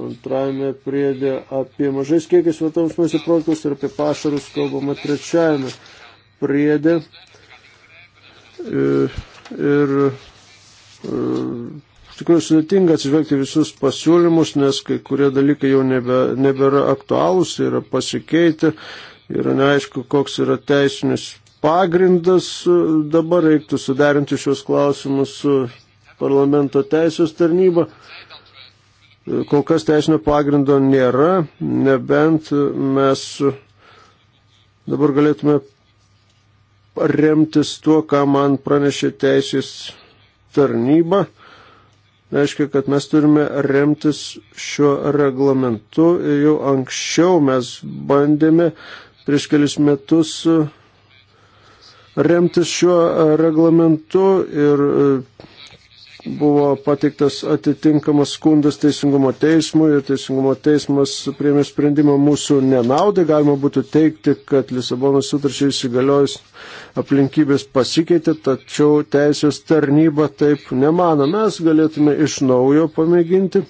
antrajame priedė apie mažais kiekis vietoms maisto produktus ir apie pašarus kalbama trečiajame priedė. E, ir, ir e, Iš tikrųjų sudėtinga atsižvelgti visus pasiūlymus, nes kai kurie dalykai jau nebe, nebėra aktualūs, yra pasikeitę, yra neaišku, koks yra teisinis pagrindas. Dabar reiktų suderinti šios klausimus su parlamento teisės tarnyba. Kol kas teisinio pagrindo nėra, nebent mes dabar galėtume remtis tuo, ką man pranešė teisės tarnyba reiškia, kad mes turime remtis šiuo reglamentu. Jau anksčiau mes bandėme prieš kelis metus e, remtis šiuo reglamentu ir e, buvo pateiktas atitinkamas skundas Teisingumo teismui ir Teisingumo teismas priėmė sprendimą mūsų nenaudai. Galima būtų teikti, kad Lisabonos sutarčiai įsigaliojus aplinkybės pasikeitė, tačiau teisės tarnyba taip nemano. Mes galėtume iš naujo pamėginti,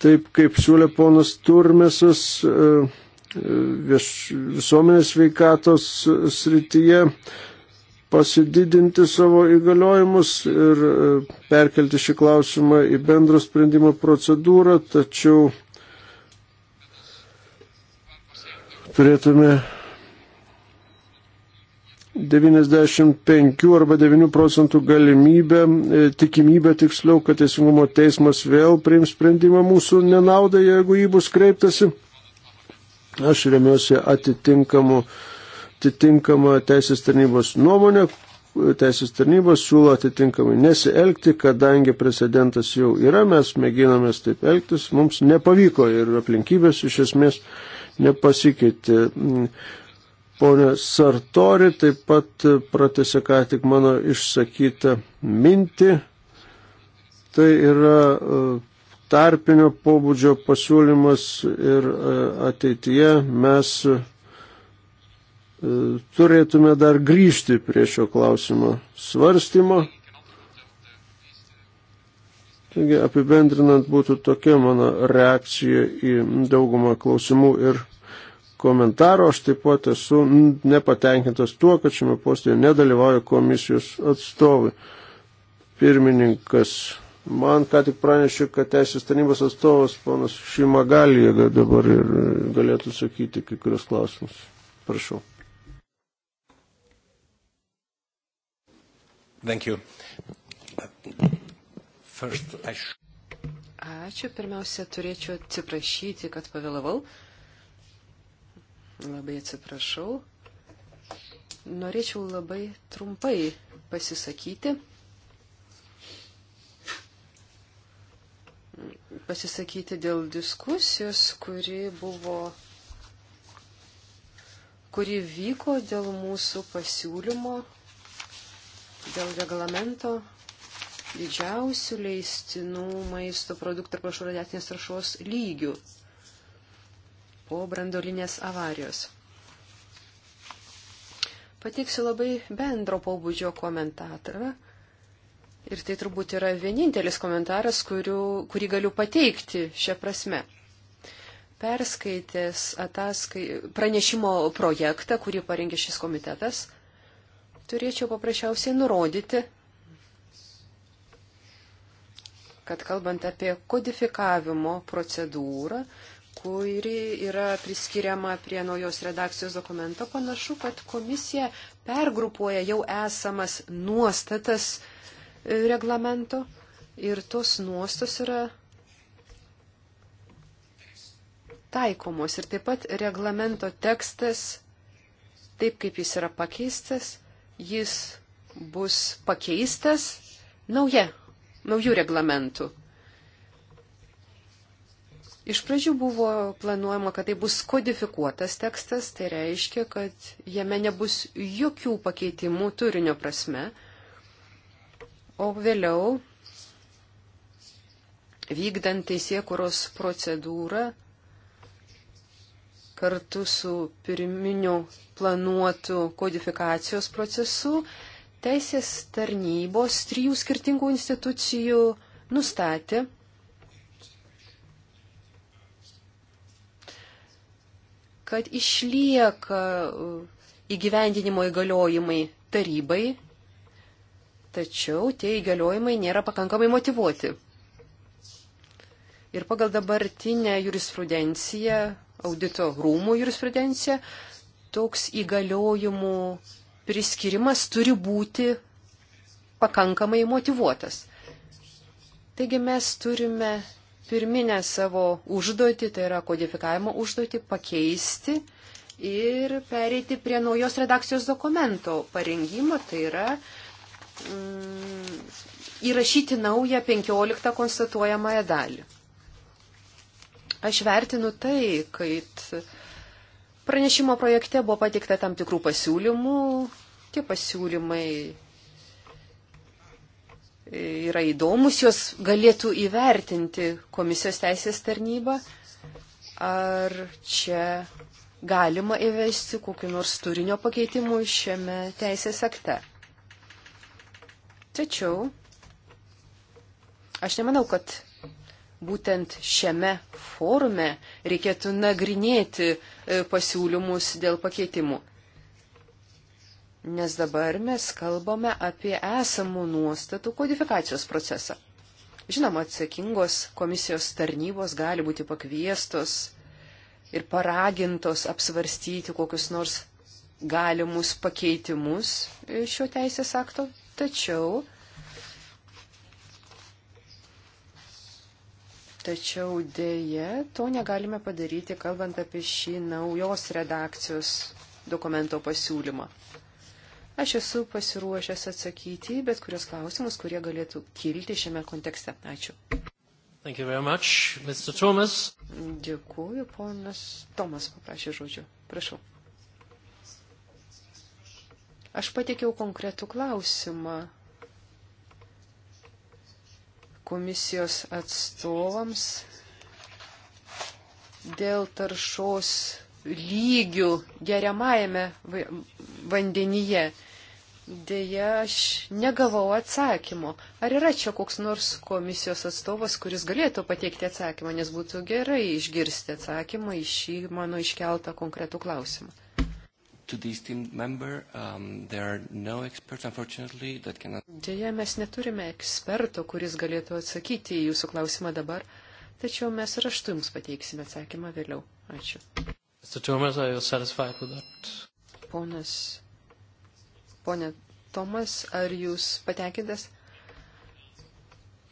taip kaip siūlė ponas Turmesas e, e, vieš, visuomenės veikatos srityje pasididinti savo įgaliojimus ir e, perkelti šį klausimą į bendro sprendimo procedūrą, tačiau turėtume 95 arba 9 procentų galimybę, e, tikimybę tiksliau, kad Teisingumo teismas vėl priims sprendimą mūsų nenaudą, jeigu jį bus kreiptasi. Aš remiuosi atitinkamu uh, atitinkamą teisės tarnybos nuomonę. Teisės tarnybos siūlo atitinkamai nesielgti, kadangi precedentas jau yra, mes mėginamės taip elgtis, mums nepavyko ir aplinkybės iš esmės nepasikeitė. Pone Sartori taip pat pratėse ką tik mano išsakytą mintį. Tai yra e, tarpinio pobūdžio pasiūlymas ir e, ateityje mes E, turėtume dar grįžti prie šio klausimo svarstymo. Taigi apibendrinant būtų tokia mano reakcija į daugumą klausimų ir komentaro, aš taip pat esu nepatenkintas tuo, kad šiame postėje nedalyvauja komisijos atstovai. Pirmininkas man ką tik pranešė, kad teisės tarnybos atstovas ponas Šimagalija dabar ir galėtų sakyti kai kurios klausimus. Prašau. Thank you. First, I sh... Ačiū. Pirmiausia, turėčiau atsiprašyti, kad pavėlavau. Labai atsiprašau. Norėčiau labai trumpai pasisakyti. Pasisakyti dėl diskusijos, kuri buvo kuri vyko dėl mūsų pasiūlymo dėl reglamento didžiausių leistinų maisto produktų arba šradėtinės taršos lygių po brandolinės avarijos. Pateiksiu labai bendro pobūdžio komentatorą. Ir tai turbūt yra vienintelis komentaras, kuriu, kurį galiu pateikti šią prasme. Perskaitęs ataskai, pranešimo projektą, kurį parengė šis komitetas, turėčiau paprasčiausiai nurodyti, kad kalbant apie kodifikavimo procedūrą, kuri yra priskiriama prie naujos redakcijos dokumento, panašu, kad komisija pergrupuoja jau esamas nuostatas e, reglamento ir tos nuostos yra taikomos. Ir taip pat reglamento tekstas, taip kaip jis yra pakeistas, jis bus pakeistas nauja, naujų reglamentų. Iš pradžių buvo planuojama, kad tai bus kodifikuotas tekstas, tai reiškia, kad jame nebus jokių pakeitimų turinio prasme, o vėliau, vykdant teisėkuros procedūrą, kartu su pirminiu planuotu kodifikacijos procesu teisės tarnybos trijų skirtingų institucijų nustatė, kad išlieka įgyvendinimo įgaliojimai tarybai, tačiau tie įgaliojimai nėra pakankamai motivuoti. Ir pagal dabartinę jurisprudenciją audito rūmų jurisprudencija, toks įgaliojimų priskirimas turi būti pakankamai motivuotas. Taigi mes turime pirminę savo užduotį, tai yra kodifikavimo užduotį, pakeisti ir pereiti prie naujos redakcijos dokumento parengimo, tai yra mm, įrašyti naują 15 konstatuojamąją dalį. Aš vertinu tai, kad pranešimo projekte buvo pateikta tam tikrų pasiūlymų. Tie pasiūlymai yra įdomus, juos galėtų įvertinti komisijos teisės tarnyba. Ar čia galima įvesti kokiu nors turinio pakeitimu šiame teisės akte? Tačiau aš nemanau, kad būtent šiame forume reikėtų nagrinėti e, pasiūlymus dėl pakeitimų. Nes dabar mes kalbame apie esamų nuostatų kodifikacijos procesą. Žinoma, atsakingos komisijos tarnybos gali būti pakviestos ir paragintos apsvarstyti kokius nors galimus pakeitimus e, šio teisės akto, tačiau Tačiau dėje to negalime padaryti, kalbant apie šį naujos redakcijos dokumento pasiūlymą. Aš esu pasiruošęs atsakyti bet kurios klausimus, kurie galėtų kilti šiame kontekste. Ačiū. Much, Dėkuoju, ponas Tomas paprašė žodžių. Prašau. Aš pateikiau konkretų klausimą komisijos atstovams dėl taršos lygių geriamajame vandenyje. Deja, aš negavau atsakymo. Ar yra čia koks nors komisijos atstovas, kuris galėtų pateikti atsakymą, nes būtų gerai išgirsti atsakymą į šį mano iškeltą konkretų klausimą to this team member. Um, there are no experts, unfortunately, that can... Deja, mes neturime eksperto, kuris galėtų atsakyti į jūsų klausimą dabar, tačiau mes raštu jums pateiksime atsakymą vėliau. Ačiū. Mr. Thomas, are you satisfied with that? Ponas, ponė Tomas, ar jūs patenkintas?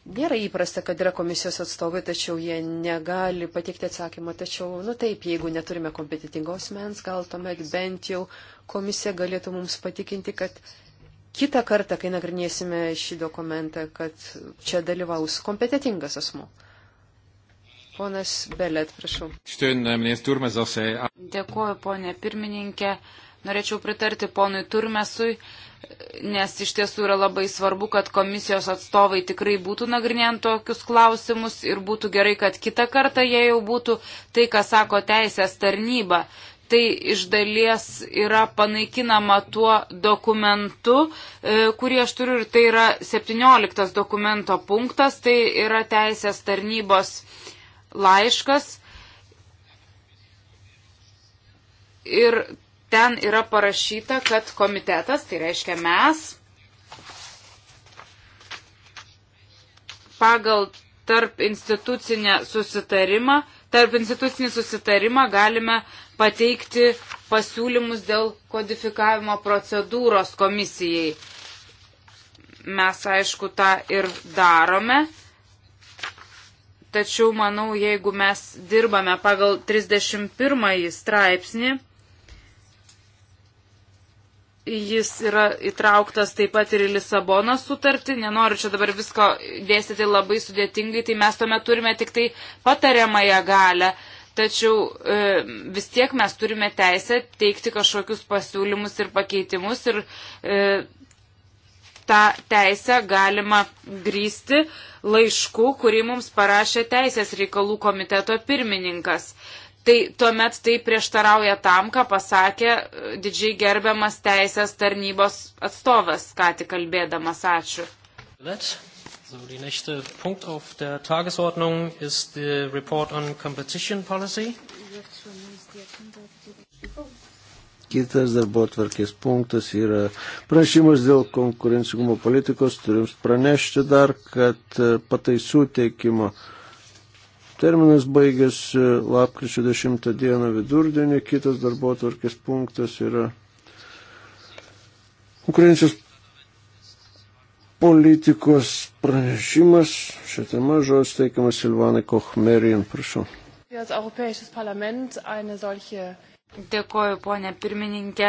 Nėra įprasta, kad yra komisijos atstovai, tačiau jie negali patikti atsakymą. Tačiau, nu taip, jeigu neturime kompetitingos mens, gal tuomet bent jau komisija galėtų mums patikinti, kad kitą kartą, kai nagrinėsime šį dokumentą, kad čia dalyvaus kompetitingas asmo. Ponas Belet, prašau. Dėkuoju, ponė pirmininkė. Norėčiau pritarti ponui Turmesui nes iš tiesų yra labai svarbu, kad komisijos atstovai tikrai būtų nagrinėjant tokius klausimus ir būtų gerai, kad kitą kartą jie jau būtų tai, ką sako teisės tarnyba. Tai iš dalies yra panaikinama tuo dokumentu, e, kurį aš turiu ir tai yra 17 dokumento punktas, tai yra teisės tarnybos laiškas. Ir ten yra parašyta, kad komitetas, tai reiškia mes, pagal tarp institucinę susitarimą, tarp institucinį susitarimą galime pateikti pasiūlymus dėl kodifikavimo procedūros komisijai. Mes, aišku, tą ir darome. Tačiau, manau, jeigu mes dirbame pagal 31 straipsnį, Jis yra įtrauktas taip pat ir į Lisabono sutartį. Nenoriu čia dabar visko dėstyti labai sudėtingai, tai mes tuomet turime tik tai patariamąją galę. Tačiau e, vis tiek mes turime teisę teikti kažkokius pasiūlymus ir pakeitimus ir e, tą teisę galima grįsti laišku, kurį mums parašė Teisės reikalų komiteto pirmininkas. E, tai tuomet tai prieštarauja tam, ką pasakė e, didžiai gerbiamas teisės tarnybos atstovas, ką tik kalbėdamas. Ačiū. That's... So, die nächste uh, Punkt auf der Tagesordnung ist der Report on Competition Policy. Kitas darbo atvarkės punktas yra prašymas dėl konkurencingumo politikos. Turim pranešti dar, kad e, pataisų teikimo Terminas baigėsi lapkričio 10 dieną vidurdienį, kitas darbo tvarkės punktas yra konkurencijos politikos pranešimas. Šią temą žodis teikiamas Silvanai Kochmerin, prašau. Dėkoju, ponė pirmininkė.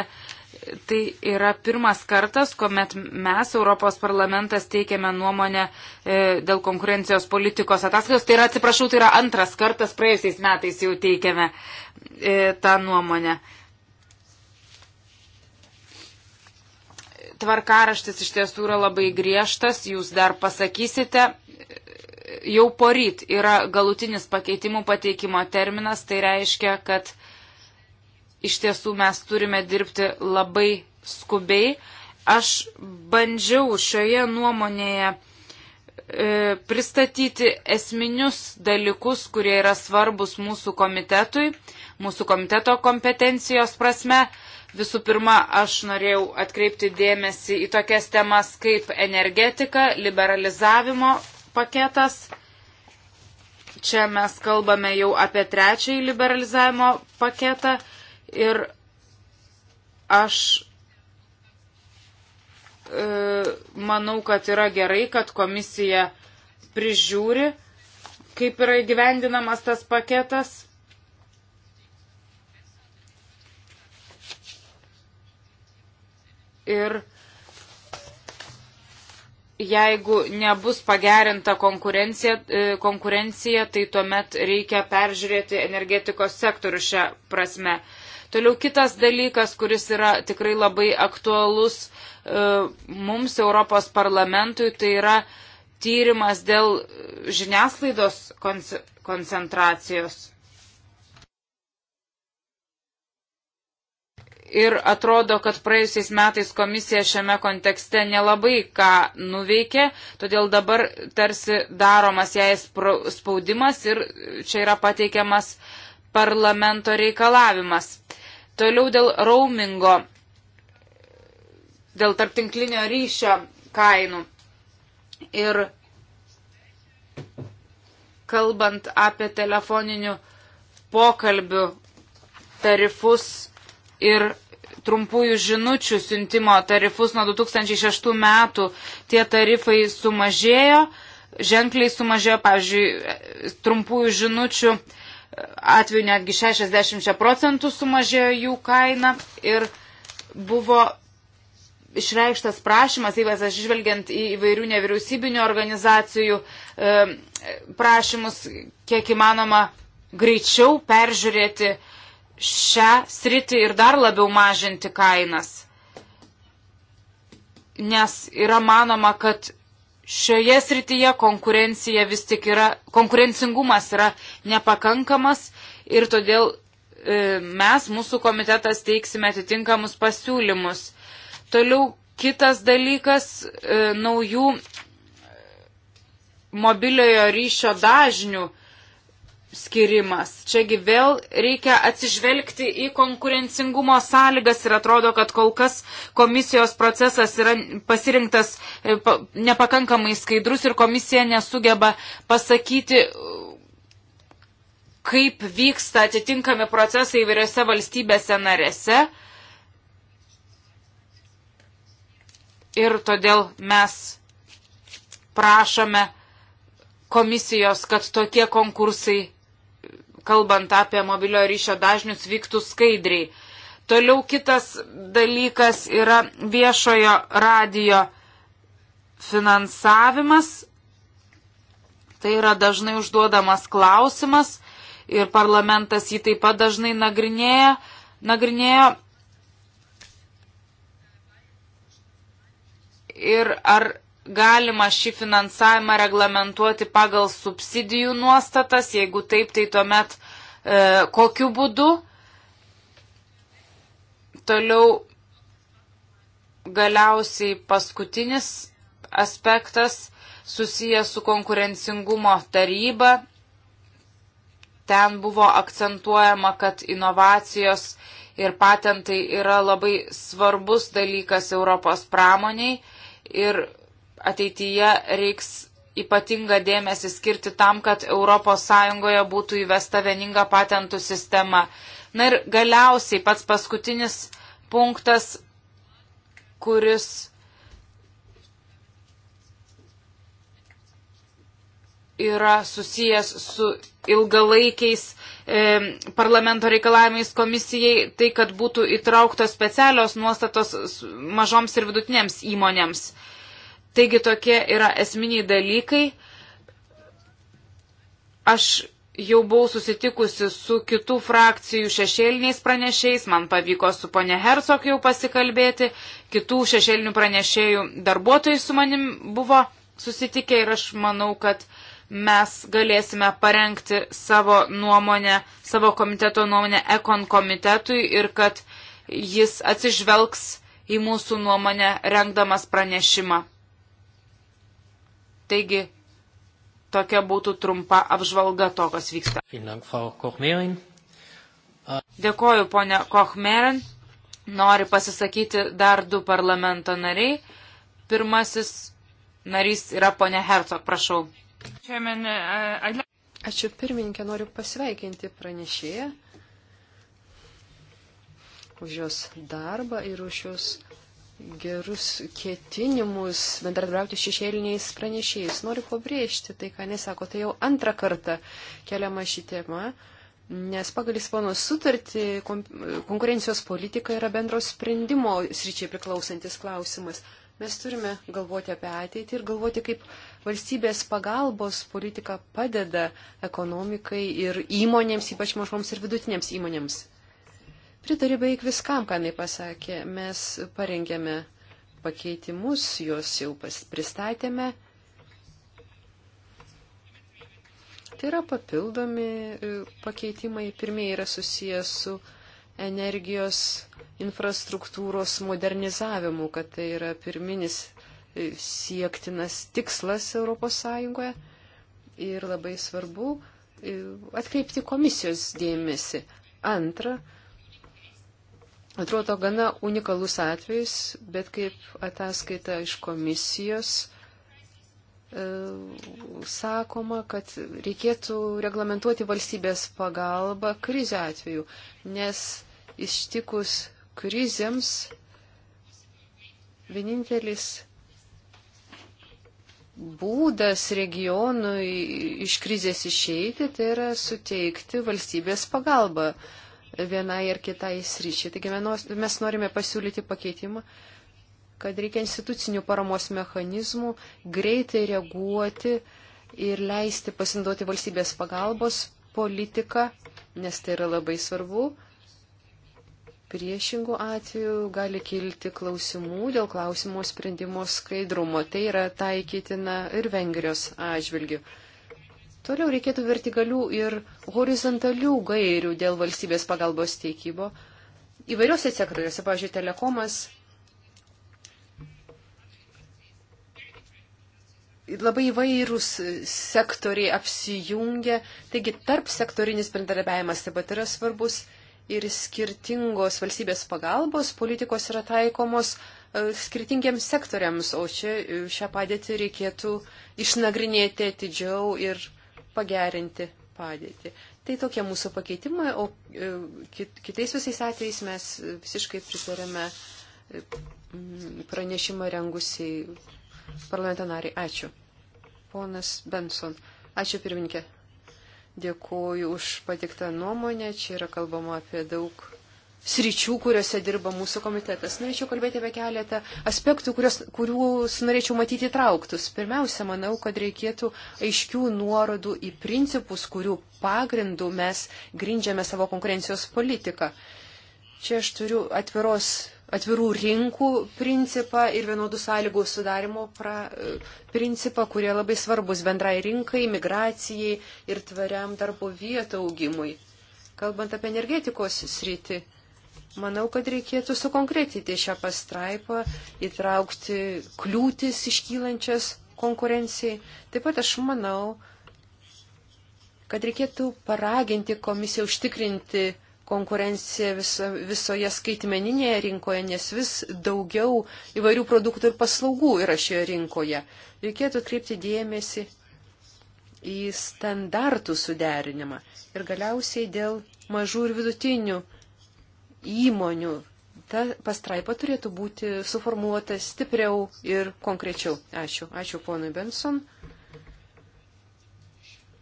Tai yra pirmas kartas, kuomet mes, Europos parlamentas, teikiame nuomonę e, dėl konkurencijos politikos ataskaitos. Tai yra, atsiprašau, tai yra antras kartas, praėjusiais metais jau teikiame e, tą nuomonę. Tvarkaraštis iš tiesų yra labai griežtas, jūs dar pasakysite. Jau poryt yra galutinis pakeitimų pateikimo terminas, tai reiškia, kad iš tiesų mes turime dirbti labai skubiai. Aš bandžiau šioje nuomonėje e, pristatyti esminius dalykus, kurie yra svarbus mūsų komitetui, mūsų komiteto kompetencijos prasme. Visų pirma, aš norėjau atkreipti dėmesį į tokias temas kaip energetika, liberalizavimo paketas. Čia mes kalbame jau apie trečiąjį liberalizavimo paketą. Ir aš e, manau, kad yra gerai, kad komisija prižiūri, kaip yra įgyvendinamas tas paketas. Ir jeigu nebus pagerinta konkurencija, e, konkurencija tai tuomet reikia peržiūrėti energetikos sektorių šią prasme. Toliau kitas dalykas, kuris yra tikrai labai aktualus e, mums Europos parlamentui, tai yra tyrimas dėl žiniasklaidos koncentracijos. Ir atrodo, kad praėjusiais metais komisija šiame kontekste nelabai ką nuveikė, todėl dabar tarsi daromas jai spaudimas ir čia yra pateikiamas parlamento reikalavimas. Toliau dėl roamingo, dėl tarptinklinio ryšio kainų. Ir kalbant apie telefoninių pokalbių tarifus ir trumpųjų žinučių siuntimo tarifus nuo 2006 metų, tie tarifai sumažėjo, ženkliai sumažėjo, pavyzdžiui, trumpųjų žinučių tarifai atveju netgi 60 procentų sumažėjo jų kaina ir buvo išreikštas prašymas, ypač atsižvelgiant į įvairių nevyriausybinio organizacijų e, prašymus, kiek įmanoma greičiau peržiūrėti šią sritį ir dar labiau mažinti kainas. Nes yra manoma, kad šioje srityje konkurencija vis tik yra, konkurencingumas yra nepakankamas ir todėl e, mes, mūsų komitetas, teiksime atitinkamus pasiūlymus. Toliau kitas dalykas e, - naujų mobiliojo ryšio dažnių skirimas. Čiagi vėl reikia atsižvelgti į konkurencingumo sąlygas ir atrodo, kad kol kas komisijos procesas yra pasirinktas e, nepakankamai skaidrus ir komisija nesugeba pasakyti, kaip vyksta atitinkami procesai įvairiose valstybėse narėse. Ir todėl mes prašome komisijos, kad tokie konkursai kalbant apie mobiliojo ryšio dažnius, vyktų skaidriai. Toliau kitas dalykas yra viešojo radio finansavimas. Tai yra dažnai užduodamas klausimas ir parlamentas jį taip pat dažnai nagrinėja. nagrinėjo. Ir ar galima šį finansavimą reglamentuoti pagal subsidijų nuostatas, jeigu taip, tai tuomet e, kokiu būdu. Toliau galiausiai paskutinis aspektas susijęs su konkurencingumo taryba. Ten buvo akcentuojama, kad inovacijos ir patentai yra labai svarbus dalykas Europos pramoniai ir ateityje reiks ypatingą dėmesį skirti tam, kad ES būtų įvesta vieninga patentų sistema. Na ir galiausiai pats paskutinis punktas, kuris yra susijęs su ilgalaikiais e, parlamento reikalavimais komisijai, tai kad būtų įtrauktos specialios nuostatos mažoms ir vidutinėms įmonėms. E, Taigi tokie yra esminiai dalykai. Aš jau buvau susitikusi su kitų frakcijų šešėliniais pranešėjais, man pavyko su ponė Hersok jau pasikalbėti, kitų šešėlinių pranešėjų darbuotojai su manim buvo susitikę ir aš manau, kad mes galėsime parengti savo nuomonę, savo komiteto nuomonę ekon komitetui ir kad jis atsižvelgs į mūsų nuomonę rengdamas pranešimą. Taigi, tokia būtų trumpa apžvalga to, kas vyksta. Äh, Dėkoju, ponė Kochmerin. Nori pasisakyti dar du parlamento nariai. Pirmasis narys yra ponė Hercog, prašau. Uh, uh, Ačiū pirmininkė, noriu pasveikinti pranešėją už jos darbą ir už jos gerus ketinimus bendradarbiauti šešėliniais pranešėjais. Noriu pabrėžti tai, ką nesako, tai jau antrą kartą keliama ši tema, nes pagal Ispanų sutartį konkurencijos politika yra bendro sprendimo sričiai priklausantis klausimas. Mes turime galvoti apie ateitį ir galvoti, kaip valstybės pagalbos politika padeda ekonomikai ir įmonėms, ypač mažoms ir vidutinėms įmonėms. Pritariu beveik viskam, ką jis pasakė. Mes parengėme pakeitimus, juos jau pristatėme. Tai yra papildomi e, pakeitimai. Pirmieji yra susijęs su energijos infrastruktūros modernizavimu, kad tai yra pirminis e, siektinas tikslas ES. Ir labai svarbu e, atkreipti komisijos dėmesį. Antra, Atrodo gana unikalus atvejs, bet kaip ataskaita iš komisijos e, sakoma, kad reikėtų reglamentuoti valstybės pagalbą krizę atveju, nes ištikus krizėms vienintelis būdas regionui iš krizės išeiti, tai yra suteikti valstybės pagalbą vienai ir kitai sryčiai. Taigi mes norime pasiūlyti pakeitimą, kad reikia institucinių paramos mechanizmų greitai reaguoti ir leisti pasinaudoti valstybės pagalbos politiką, nes tai yra labai svarbu. Priešingų atvejų gali kilti klausimų dėl klausimo sprendimo skaidrumo. Tai yra taikytina ir Vengrijos atžvilgių. Toliau reikėtų vertikalių ir horizontalių gairių dėl valstybės pagalbos teikybo. Įvairiuose sektoriuose, pavyzdžiui, telekomas labai įvairūs sektoriai apsijungia, taigi tarp sektorinis bendradarbiavimas taip pat yra svarbus ir skirtingos valstybės pagalbos politikos yra taikomos e, skirtingiems sektoriams, o čia e, šią padėtį reikėtų išnagrinėti atidžiau ir pagerinti padėtį. Tai tokie mūsų pakeitimai, o e, kitais visais atvejais mes visiškai pritarėme e, pranešimą rengusiai parlamentarai. Ačiū. Ponas Benson. Ačiū pirminkė. Dėkuoju už patiktą nuomonę. Čia yra kalbama apie daug sričių, kuriuose dirba mūsų komitetas. Norėčiau kalbėti apie keletą aspektų, kurios, kuriuos norėčiau matyti trauktus. Pirmiausia, manau, kad reikėtų aiškių nuorodų į principus, kurių pagrindų mes grindžiame savo konkurencijos politiką. Čia aš turiu atviros, atvirų rinkų principą ir vienodų sąlygų sudarimo pra, principą, kurie labai svarbus bendrai rinkai, migracijai ir tvariam darbo vietų augimui. Kalbant apie energetikos sritį, Manau, kad reikėtų sukonkretinti šią pastraipą, įtraukti kliūtis iškylančias konkurencijai. Taip pat aš manau, kad reikėtų paraginti komisiją užtikrinti konkurenciją viso, visoje skaitmeninėje rinkoje, nes vis daugiau įvairių produktų ir paslaugų yra šioje rinkoje. Reikėtų kreipti dėmesį į standartų suderinimą ir galiausiai dėl mažų ir vidutinių įmonių. Ta pastraipa turėtų būti suformuota stipriau ir konkrečiau. Ačiū. Ačiū ponui Benson.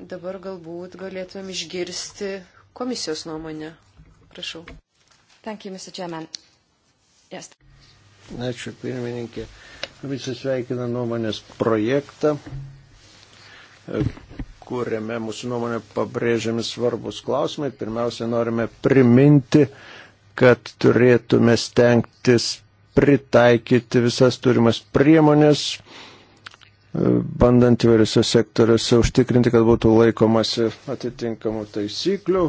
Dabar galbūt galėtumėm išgirsti komisijos nuomonę. Prašau. Thank you, Mr. Chairman. Yes. Ačiū, pirmininkė. Visi sveikina nuomonės projektą e, kuriame mūsų nuomonė pabrėžiami svarbus klausimai. Pirmiausia, norime priminti kad turėtume stengtis pritaikyti visas turimas priemonės, e, bandant įvairiose sektoriuose užtikrinti, kad būtų laikomasi atitinkamų taisyklių.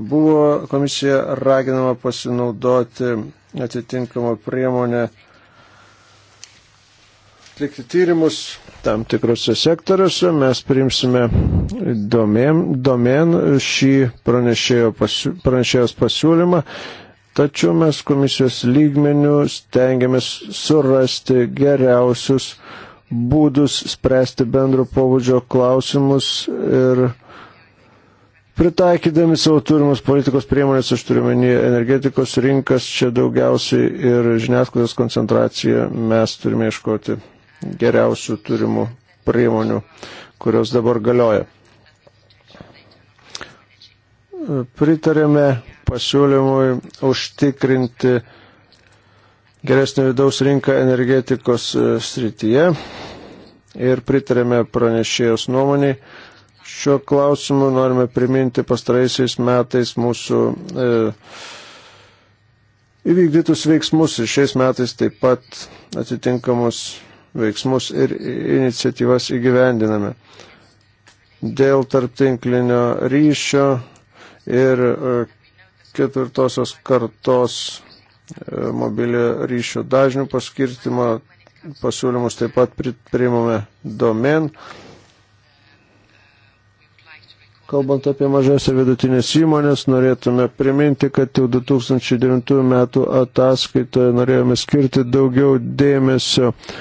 Buvo komisija raginama pasinaudoti atitinkamą priemonę atlikti tyrimus tam tikrose sektoriuose. Mes priimsime domen, domen šį pranešėjo pasi, pranešėjos pasiūlymą, tačiau mes komisijos lygmenių stengiamės surasti geriausius būdus spręsti bendro pobūdžio klausimus ir pritaikydami savo turimus politikos priemonės, aš turiu menį energetikos rinkas, čia daugiausiai ir žiniasklaidos koncentraciją mes turime iškoti geriausių turimų priemonių, kurios dabar galioja. Pritarėme pasiūlymui užtikrinti geresnį vidaus rinką energetikos e, srityje ir pritarėme pranešėjos nuomonį. Šiuo klausimu norime priminti pastaraisiais metais mūsų e, įvykdytus veiksmus ir šiais metais taip pat atitinkamus veiksmus ir iniciatyvas įgyvendiname. Dėl tarptinklinio ryšio ir e, ketvirtosios kartos e, mobilio ryšio dažnių paskirtimo pasiūlymus taip pat priimame domen. Kalbant apie mažas ir vidutinės įmonės, norėtume priminti, kad jau 2009 metų ataskaitoje norėjome skirti daugiau dėmesio uh,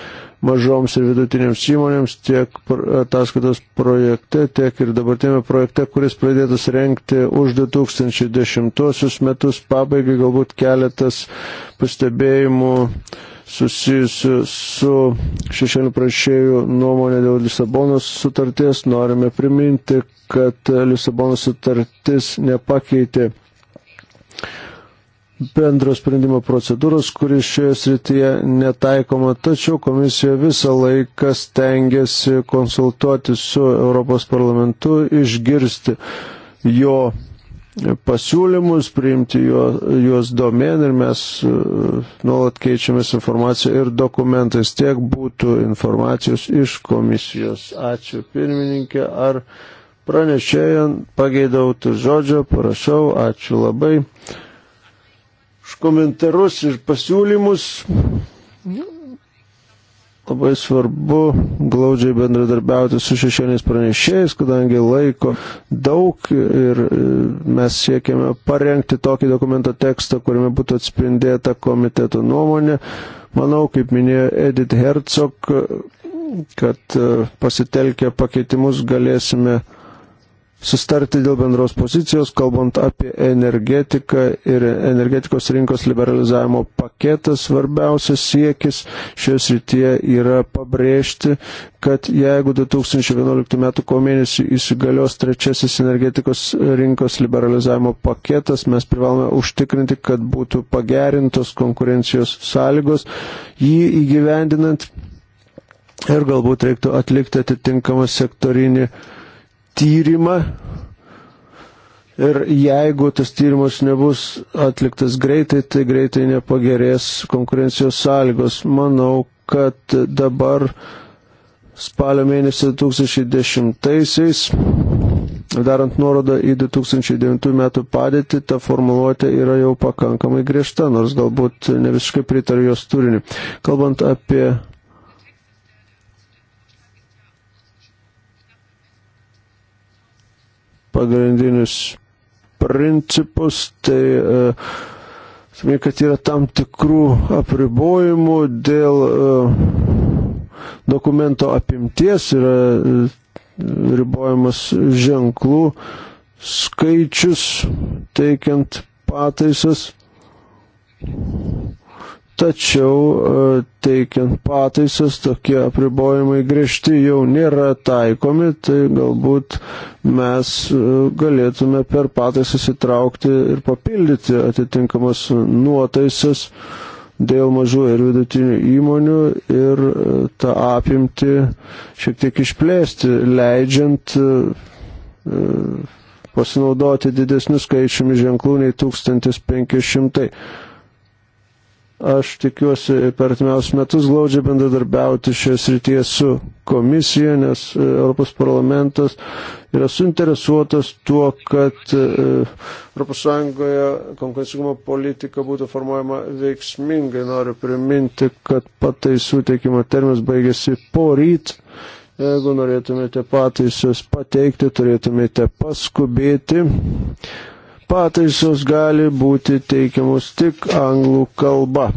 mažoms ir vidutinėms įmonėms tiek ataskaitos projekte, tiek ir dabartėme projekte, kuris pradėtas renkti už 2010 metus. Pabaigai galbūt keletas pastebėjimų susijusių su šešėlių prašėjų nuomonė dėl Lisabonos sutarties. Norime priminti, kad Lisabonos sutartis nepakeitė bendro sprendimo procedūros, kuri šioje srityje netaikoma, tačiau komisija visą laiką stengiasi konsultuoti su Europos parlamentu, išgirsti jo pasiūlymus, priimti juo, juos domen ir mes e, nuolat keičiamės informaciją ir dokumentais. Tiek būtų informacijos iš komisijos. Ačiū pirmininkė. Ar pranešėjant pageidautų žodžio, parašau, ačiū labai už komentarus ir pasiūlymus. Nu. Labai svarbu glaudžiai bendradarbiauti su šešėniais pranešėjais, kadangi laiko daug ir e, mes siekiame parengti tokį dokumento tekstą, kuriame būtų atspindėta komiteto nuomonė. Manau, kaip minėjo Edith Herzog, kad e, pasitelkę pakeitimus galėsime uh, sustarti dėl bendros pozicijos, kalbant apie energetiką ir energetikos rinkos liberalizavimo paketą. Svarbiausias siekis šioje srityje yra pabrėžti, kad jeigu 2011 m. kovo mėnesį įsigalios trečiasis energetikos rinkos liberalizavimo paketas, mes privalome užtikrinti, kad būtų pagerintos konkurencijos sąlygos jį įgyvendinant ir galbūt reiktų atlikti atitinkamą sektorinį tyrimą ir jeigu tas tyrimas nebus atliktas greitai, tai greitai nepagerės konkurencijos sąlygos. Manau, kad dabar spalio mėnesį 2010-aisiais, darant nuorodą į 2009 metų padėtį, ta formuluotė yra jau pakankamai griežta, nors galbūt ne visiškai pritariu jos turiniu. Kalbant apie pagrindinius principus, tai uh, Sakykime, kad yra tam tikrų apribojimų dėl e, dokumento apimties, yra e, ribojamas ženklų skaičius teikiant pataisas tačiau e, teikiant pataisas tokie apribojimai griežti jau nėra taikomi, tai galbūt mes e, galėtume per pataisas įtraukti ir papildyti atitinkamas nuotaisas dėl mažų ir vidutinių įmonių ir e, tą apimti šiek tiek išplėsti, leidžiant pasinaudoti didesnių skaičiumi ženklų nei 1500. Aš tikiuosi per atmiausius metus glaudžiai bendradarbiauti šioje srityje su komisija, nes e, Europos parlamentas yra suinteresuotas tuo, kad ES konkurencingumo politika būtų formuojama veiksmingai. Noriu priminti, kad pataisų teikimo terminas baigėsi poryt. Jeigu norėtumėte pataisas pateikti, turėtumėte paskubėti pataisos gali būti teikiamos tik anglų kalba.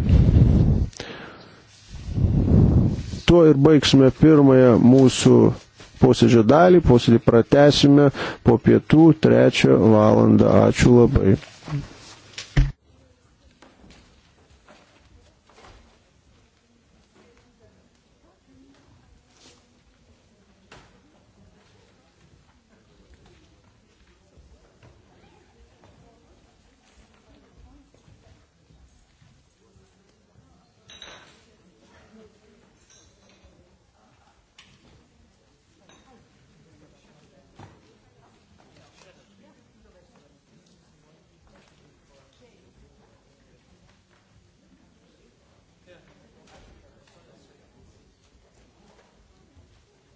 Tuo ir baigsime pirmąją mūsų posėdžio dalį, posėdį pratesime po pietų trečią valandą. Ačiū labai.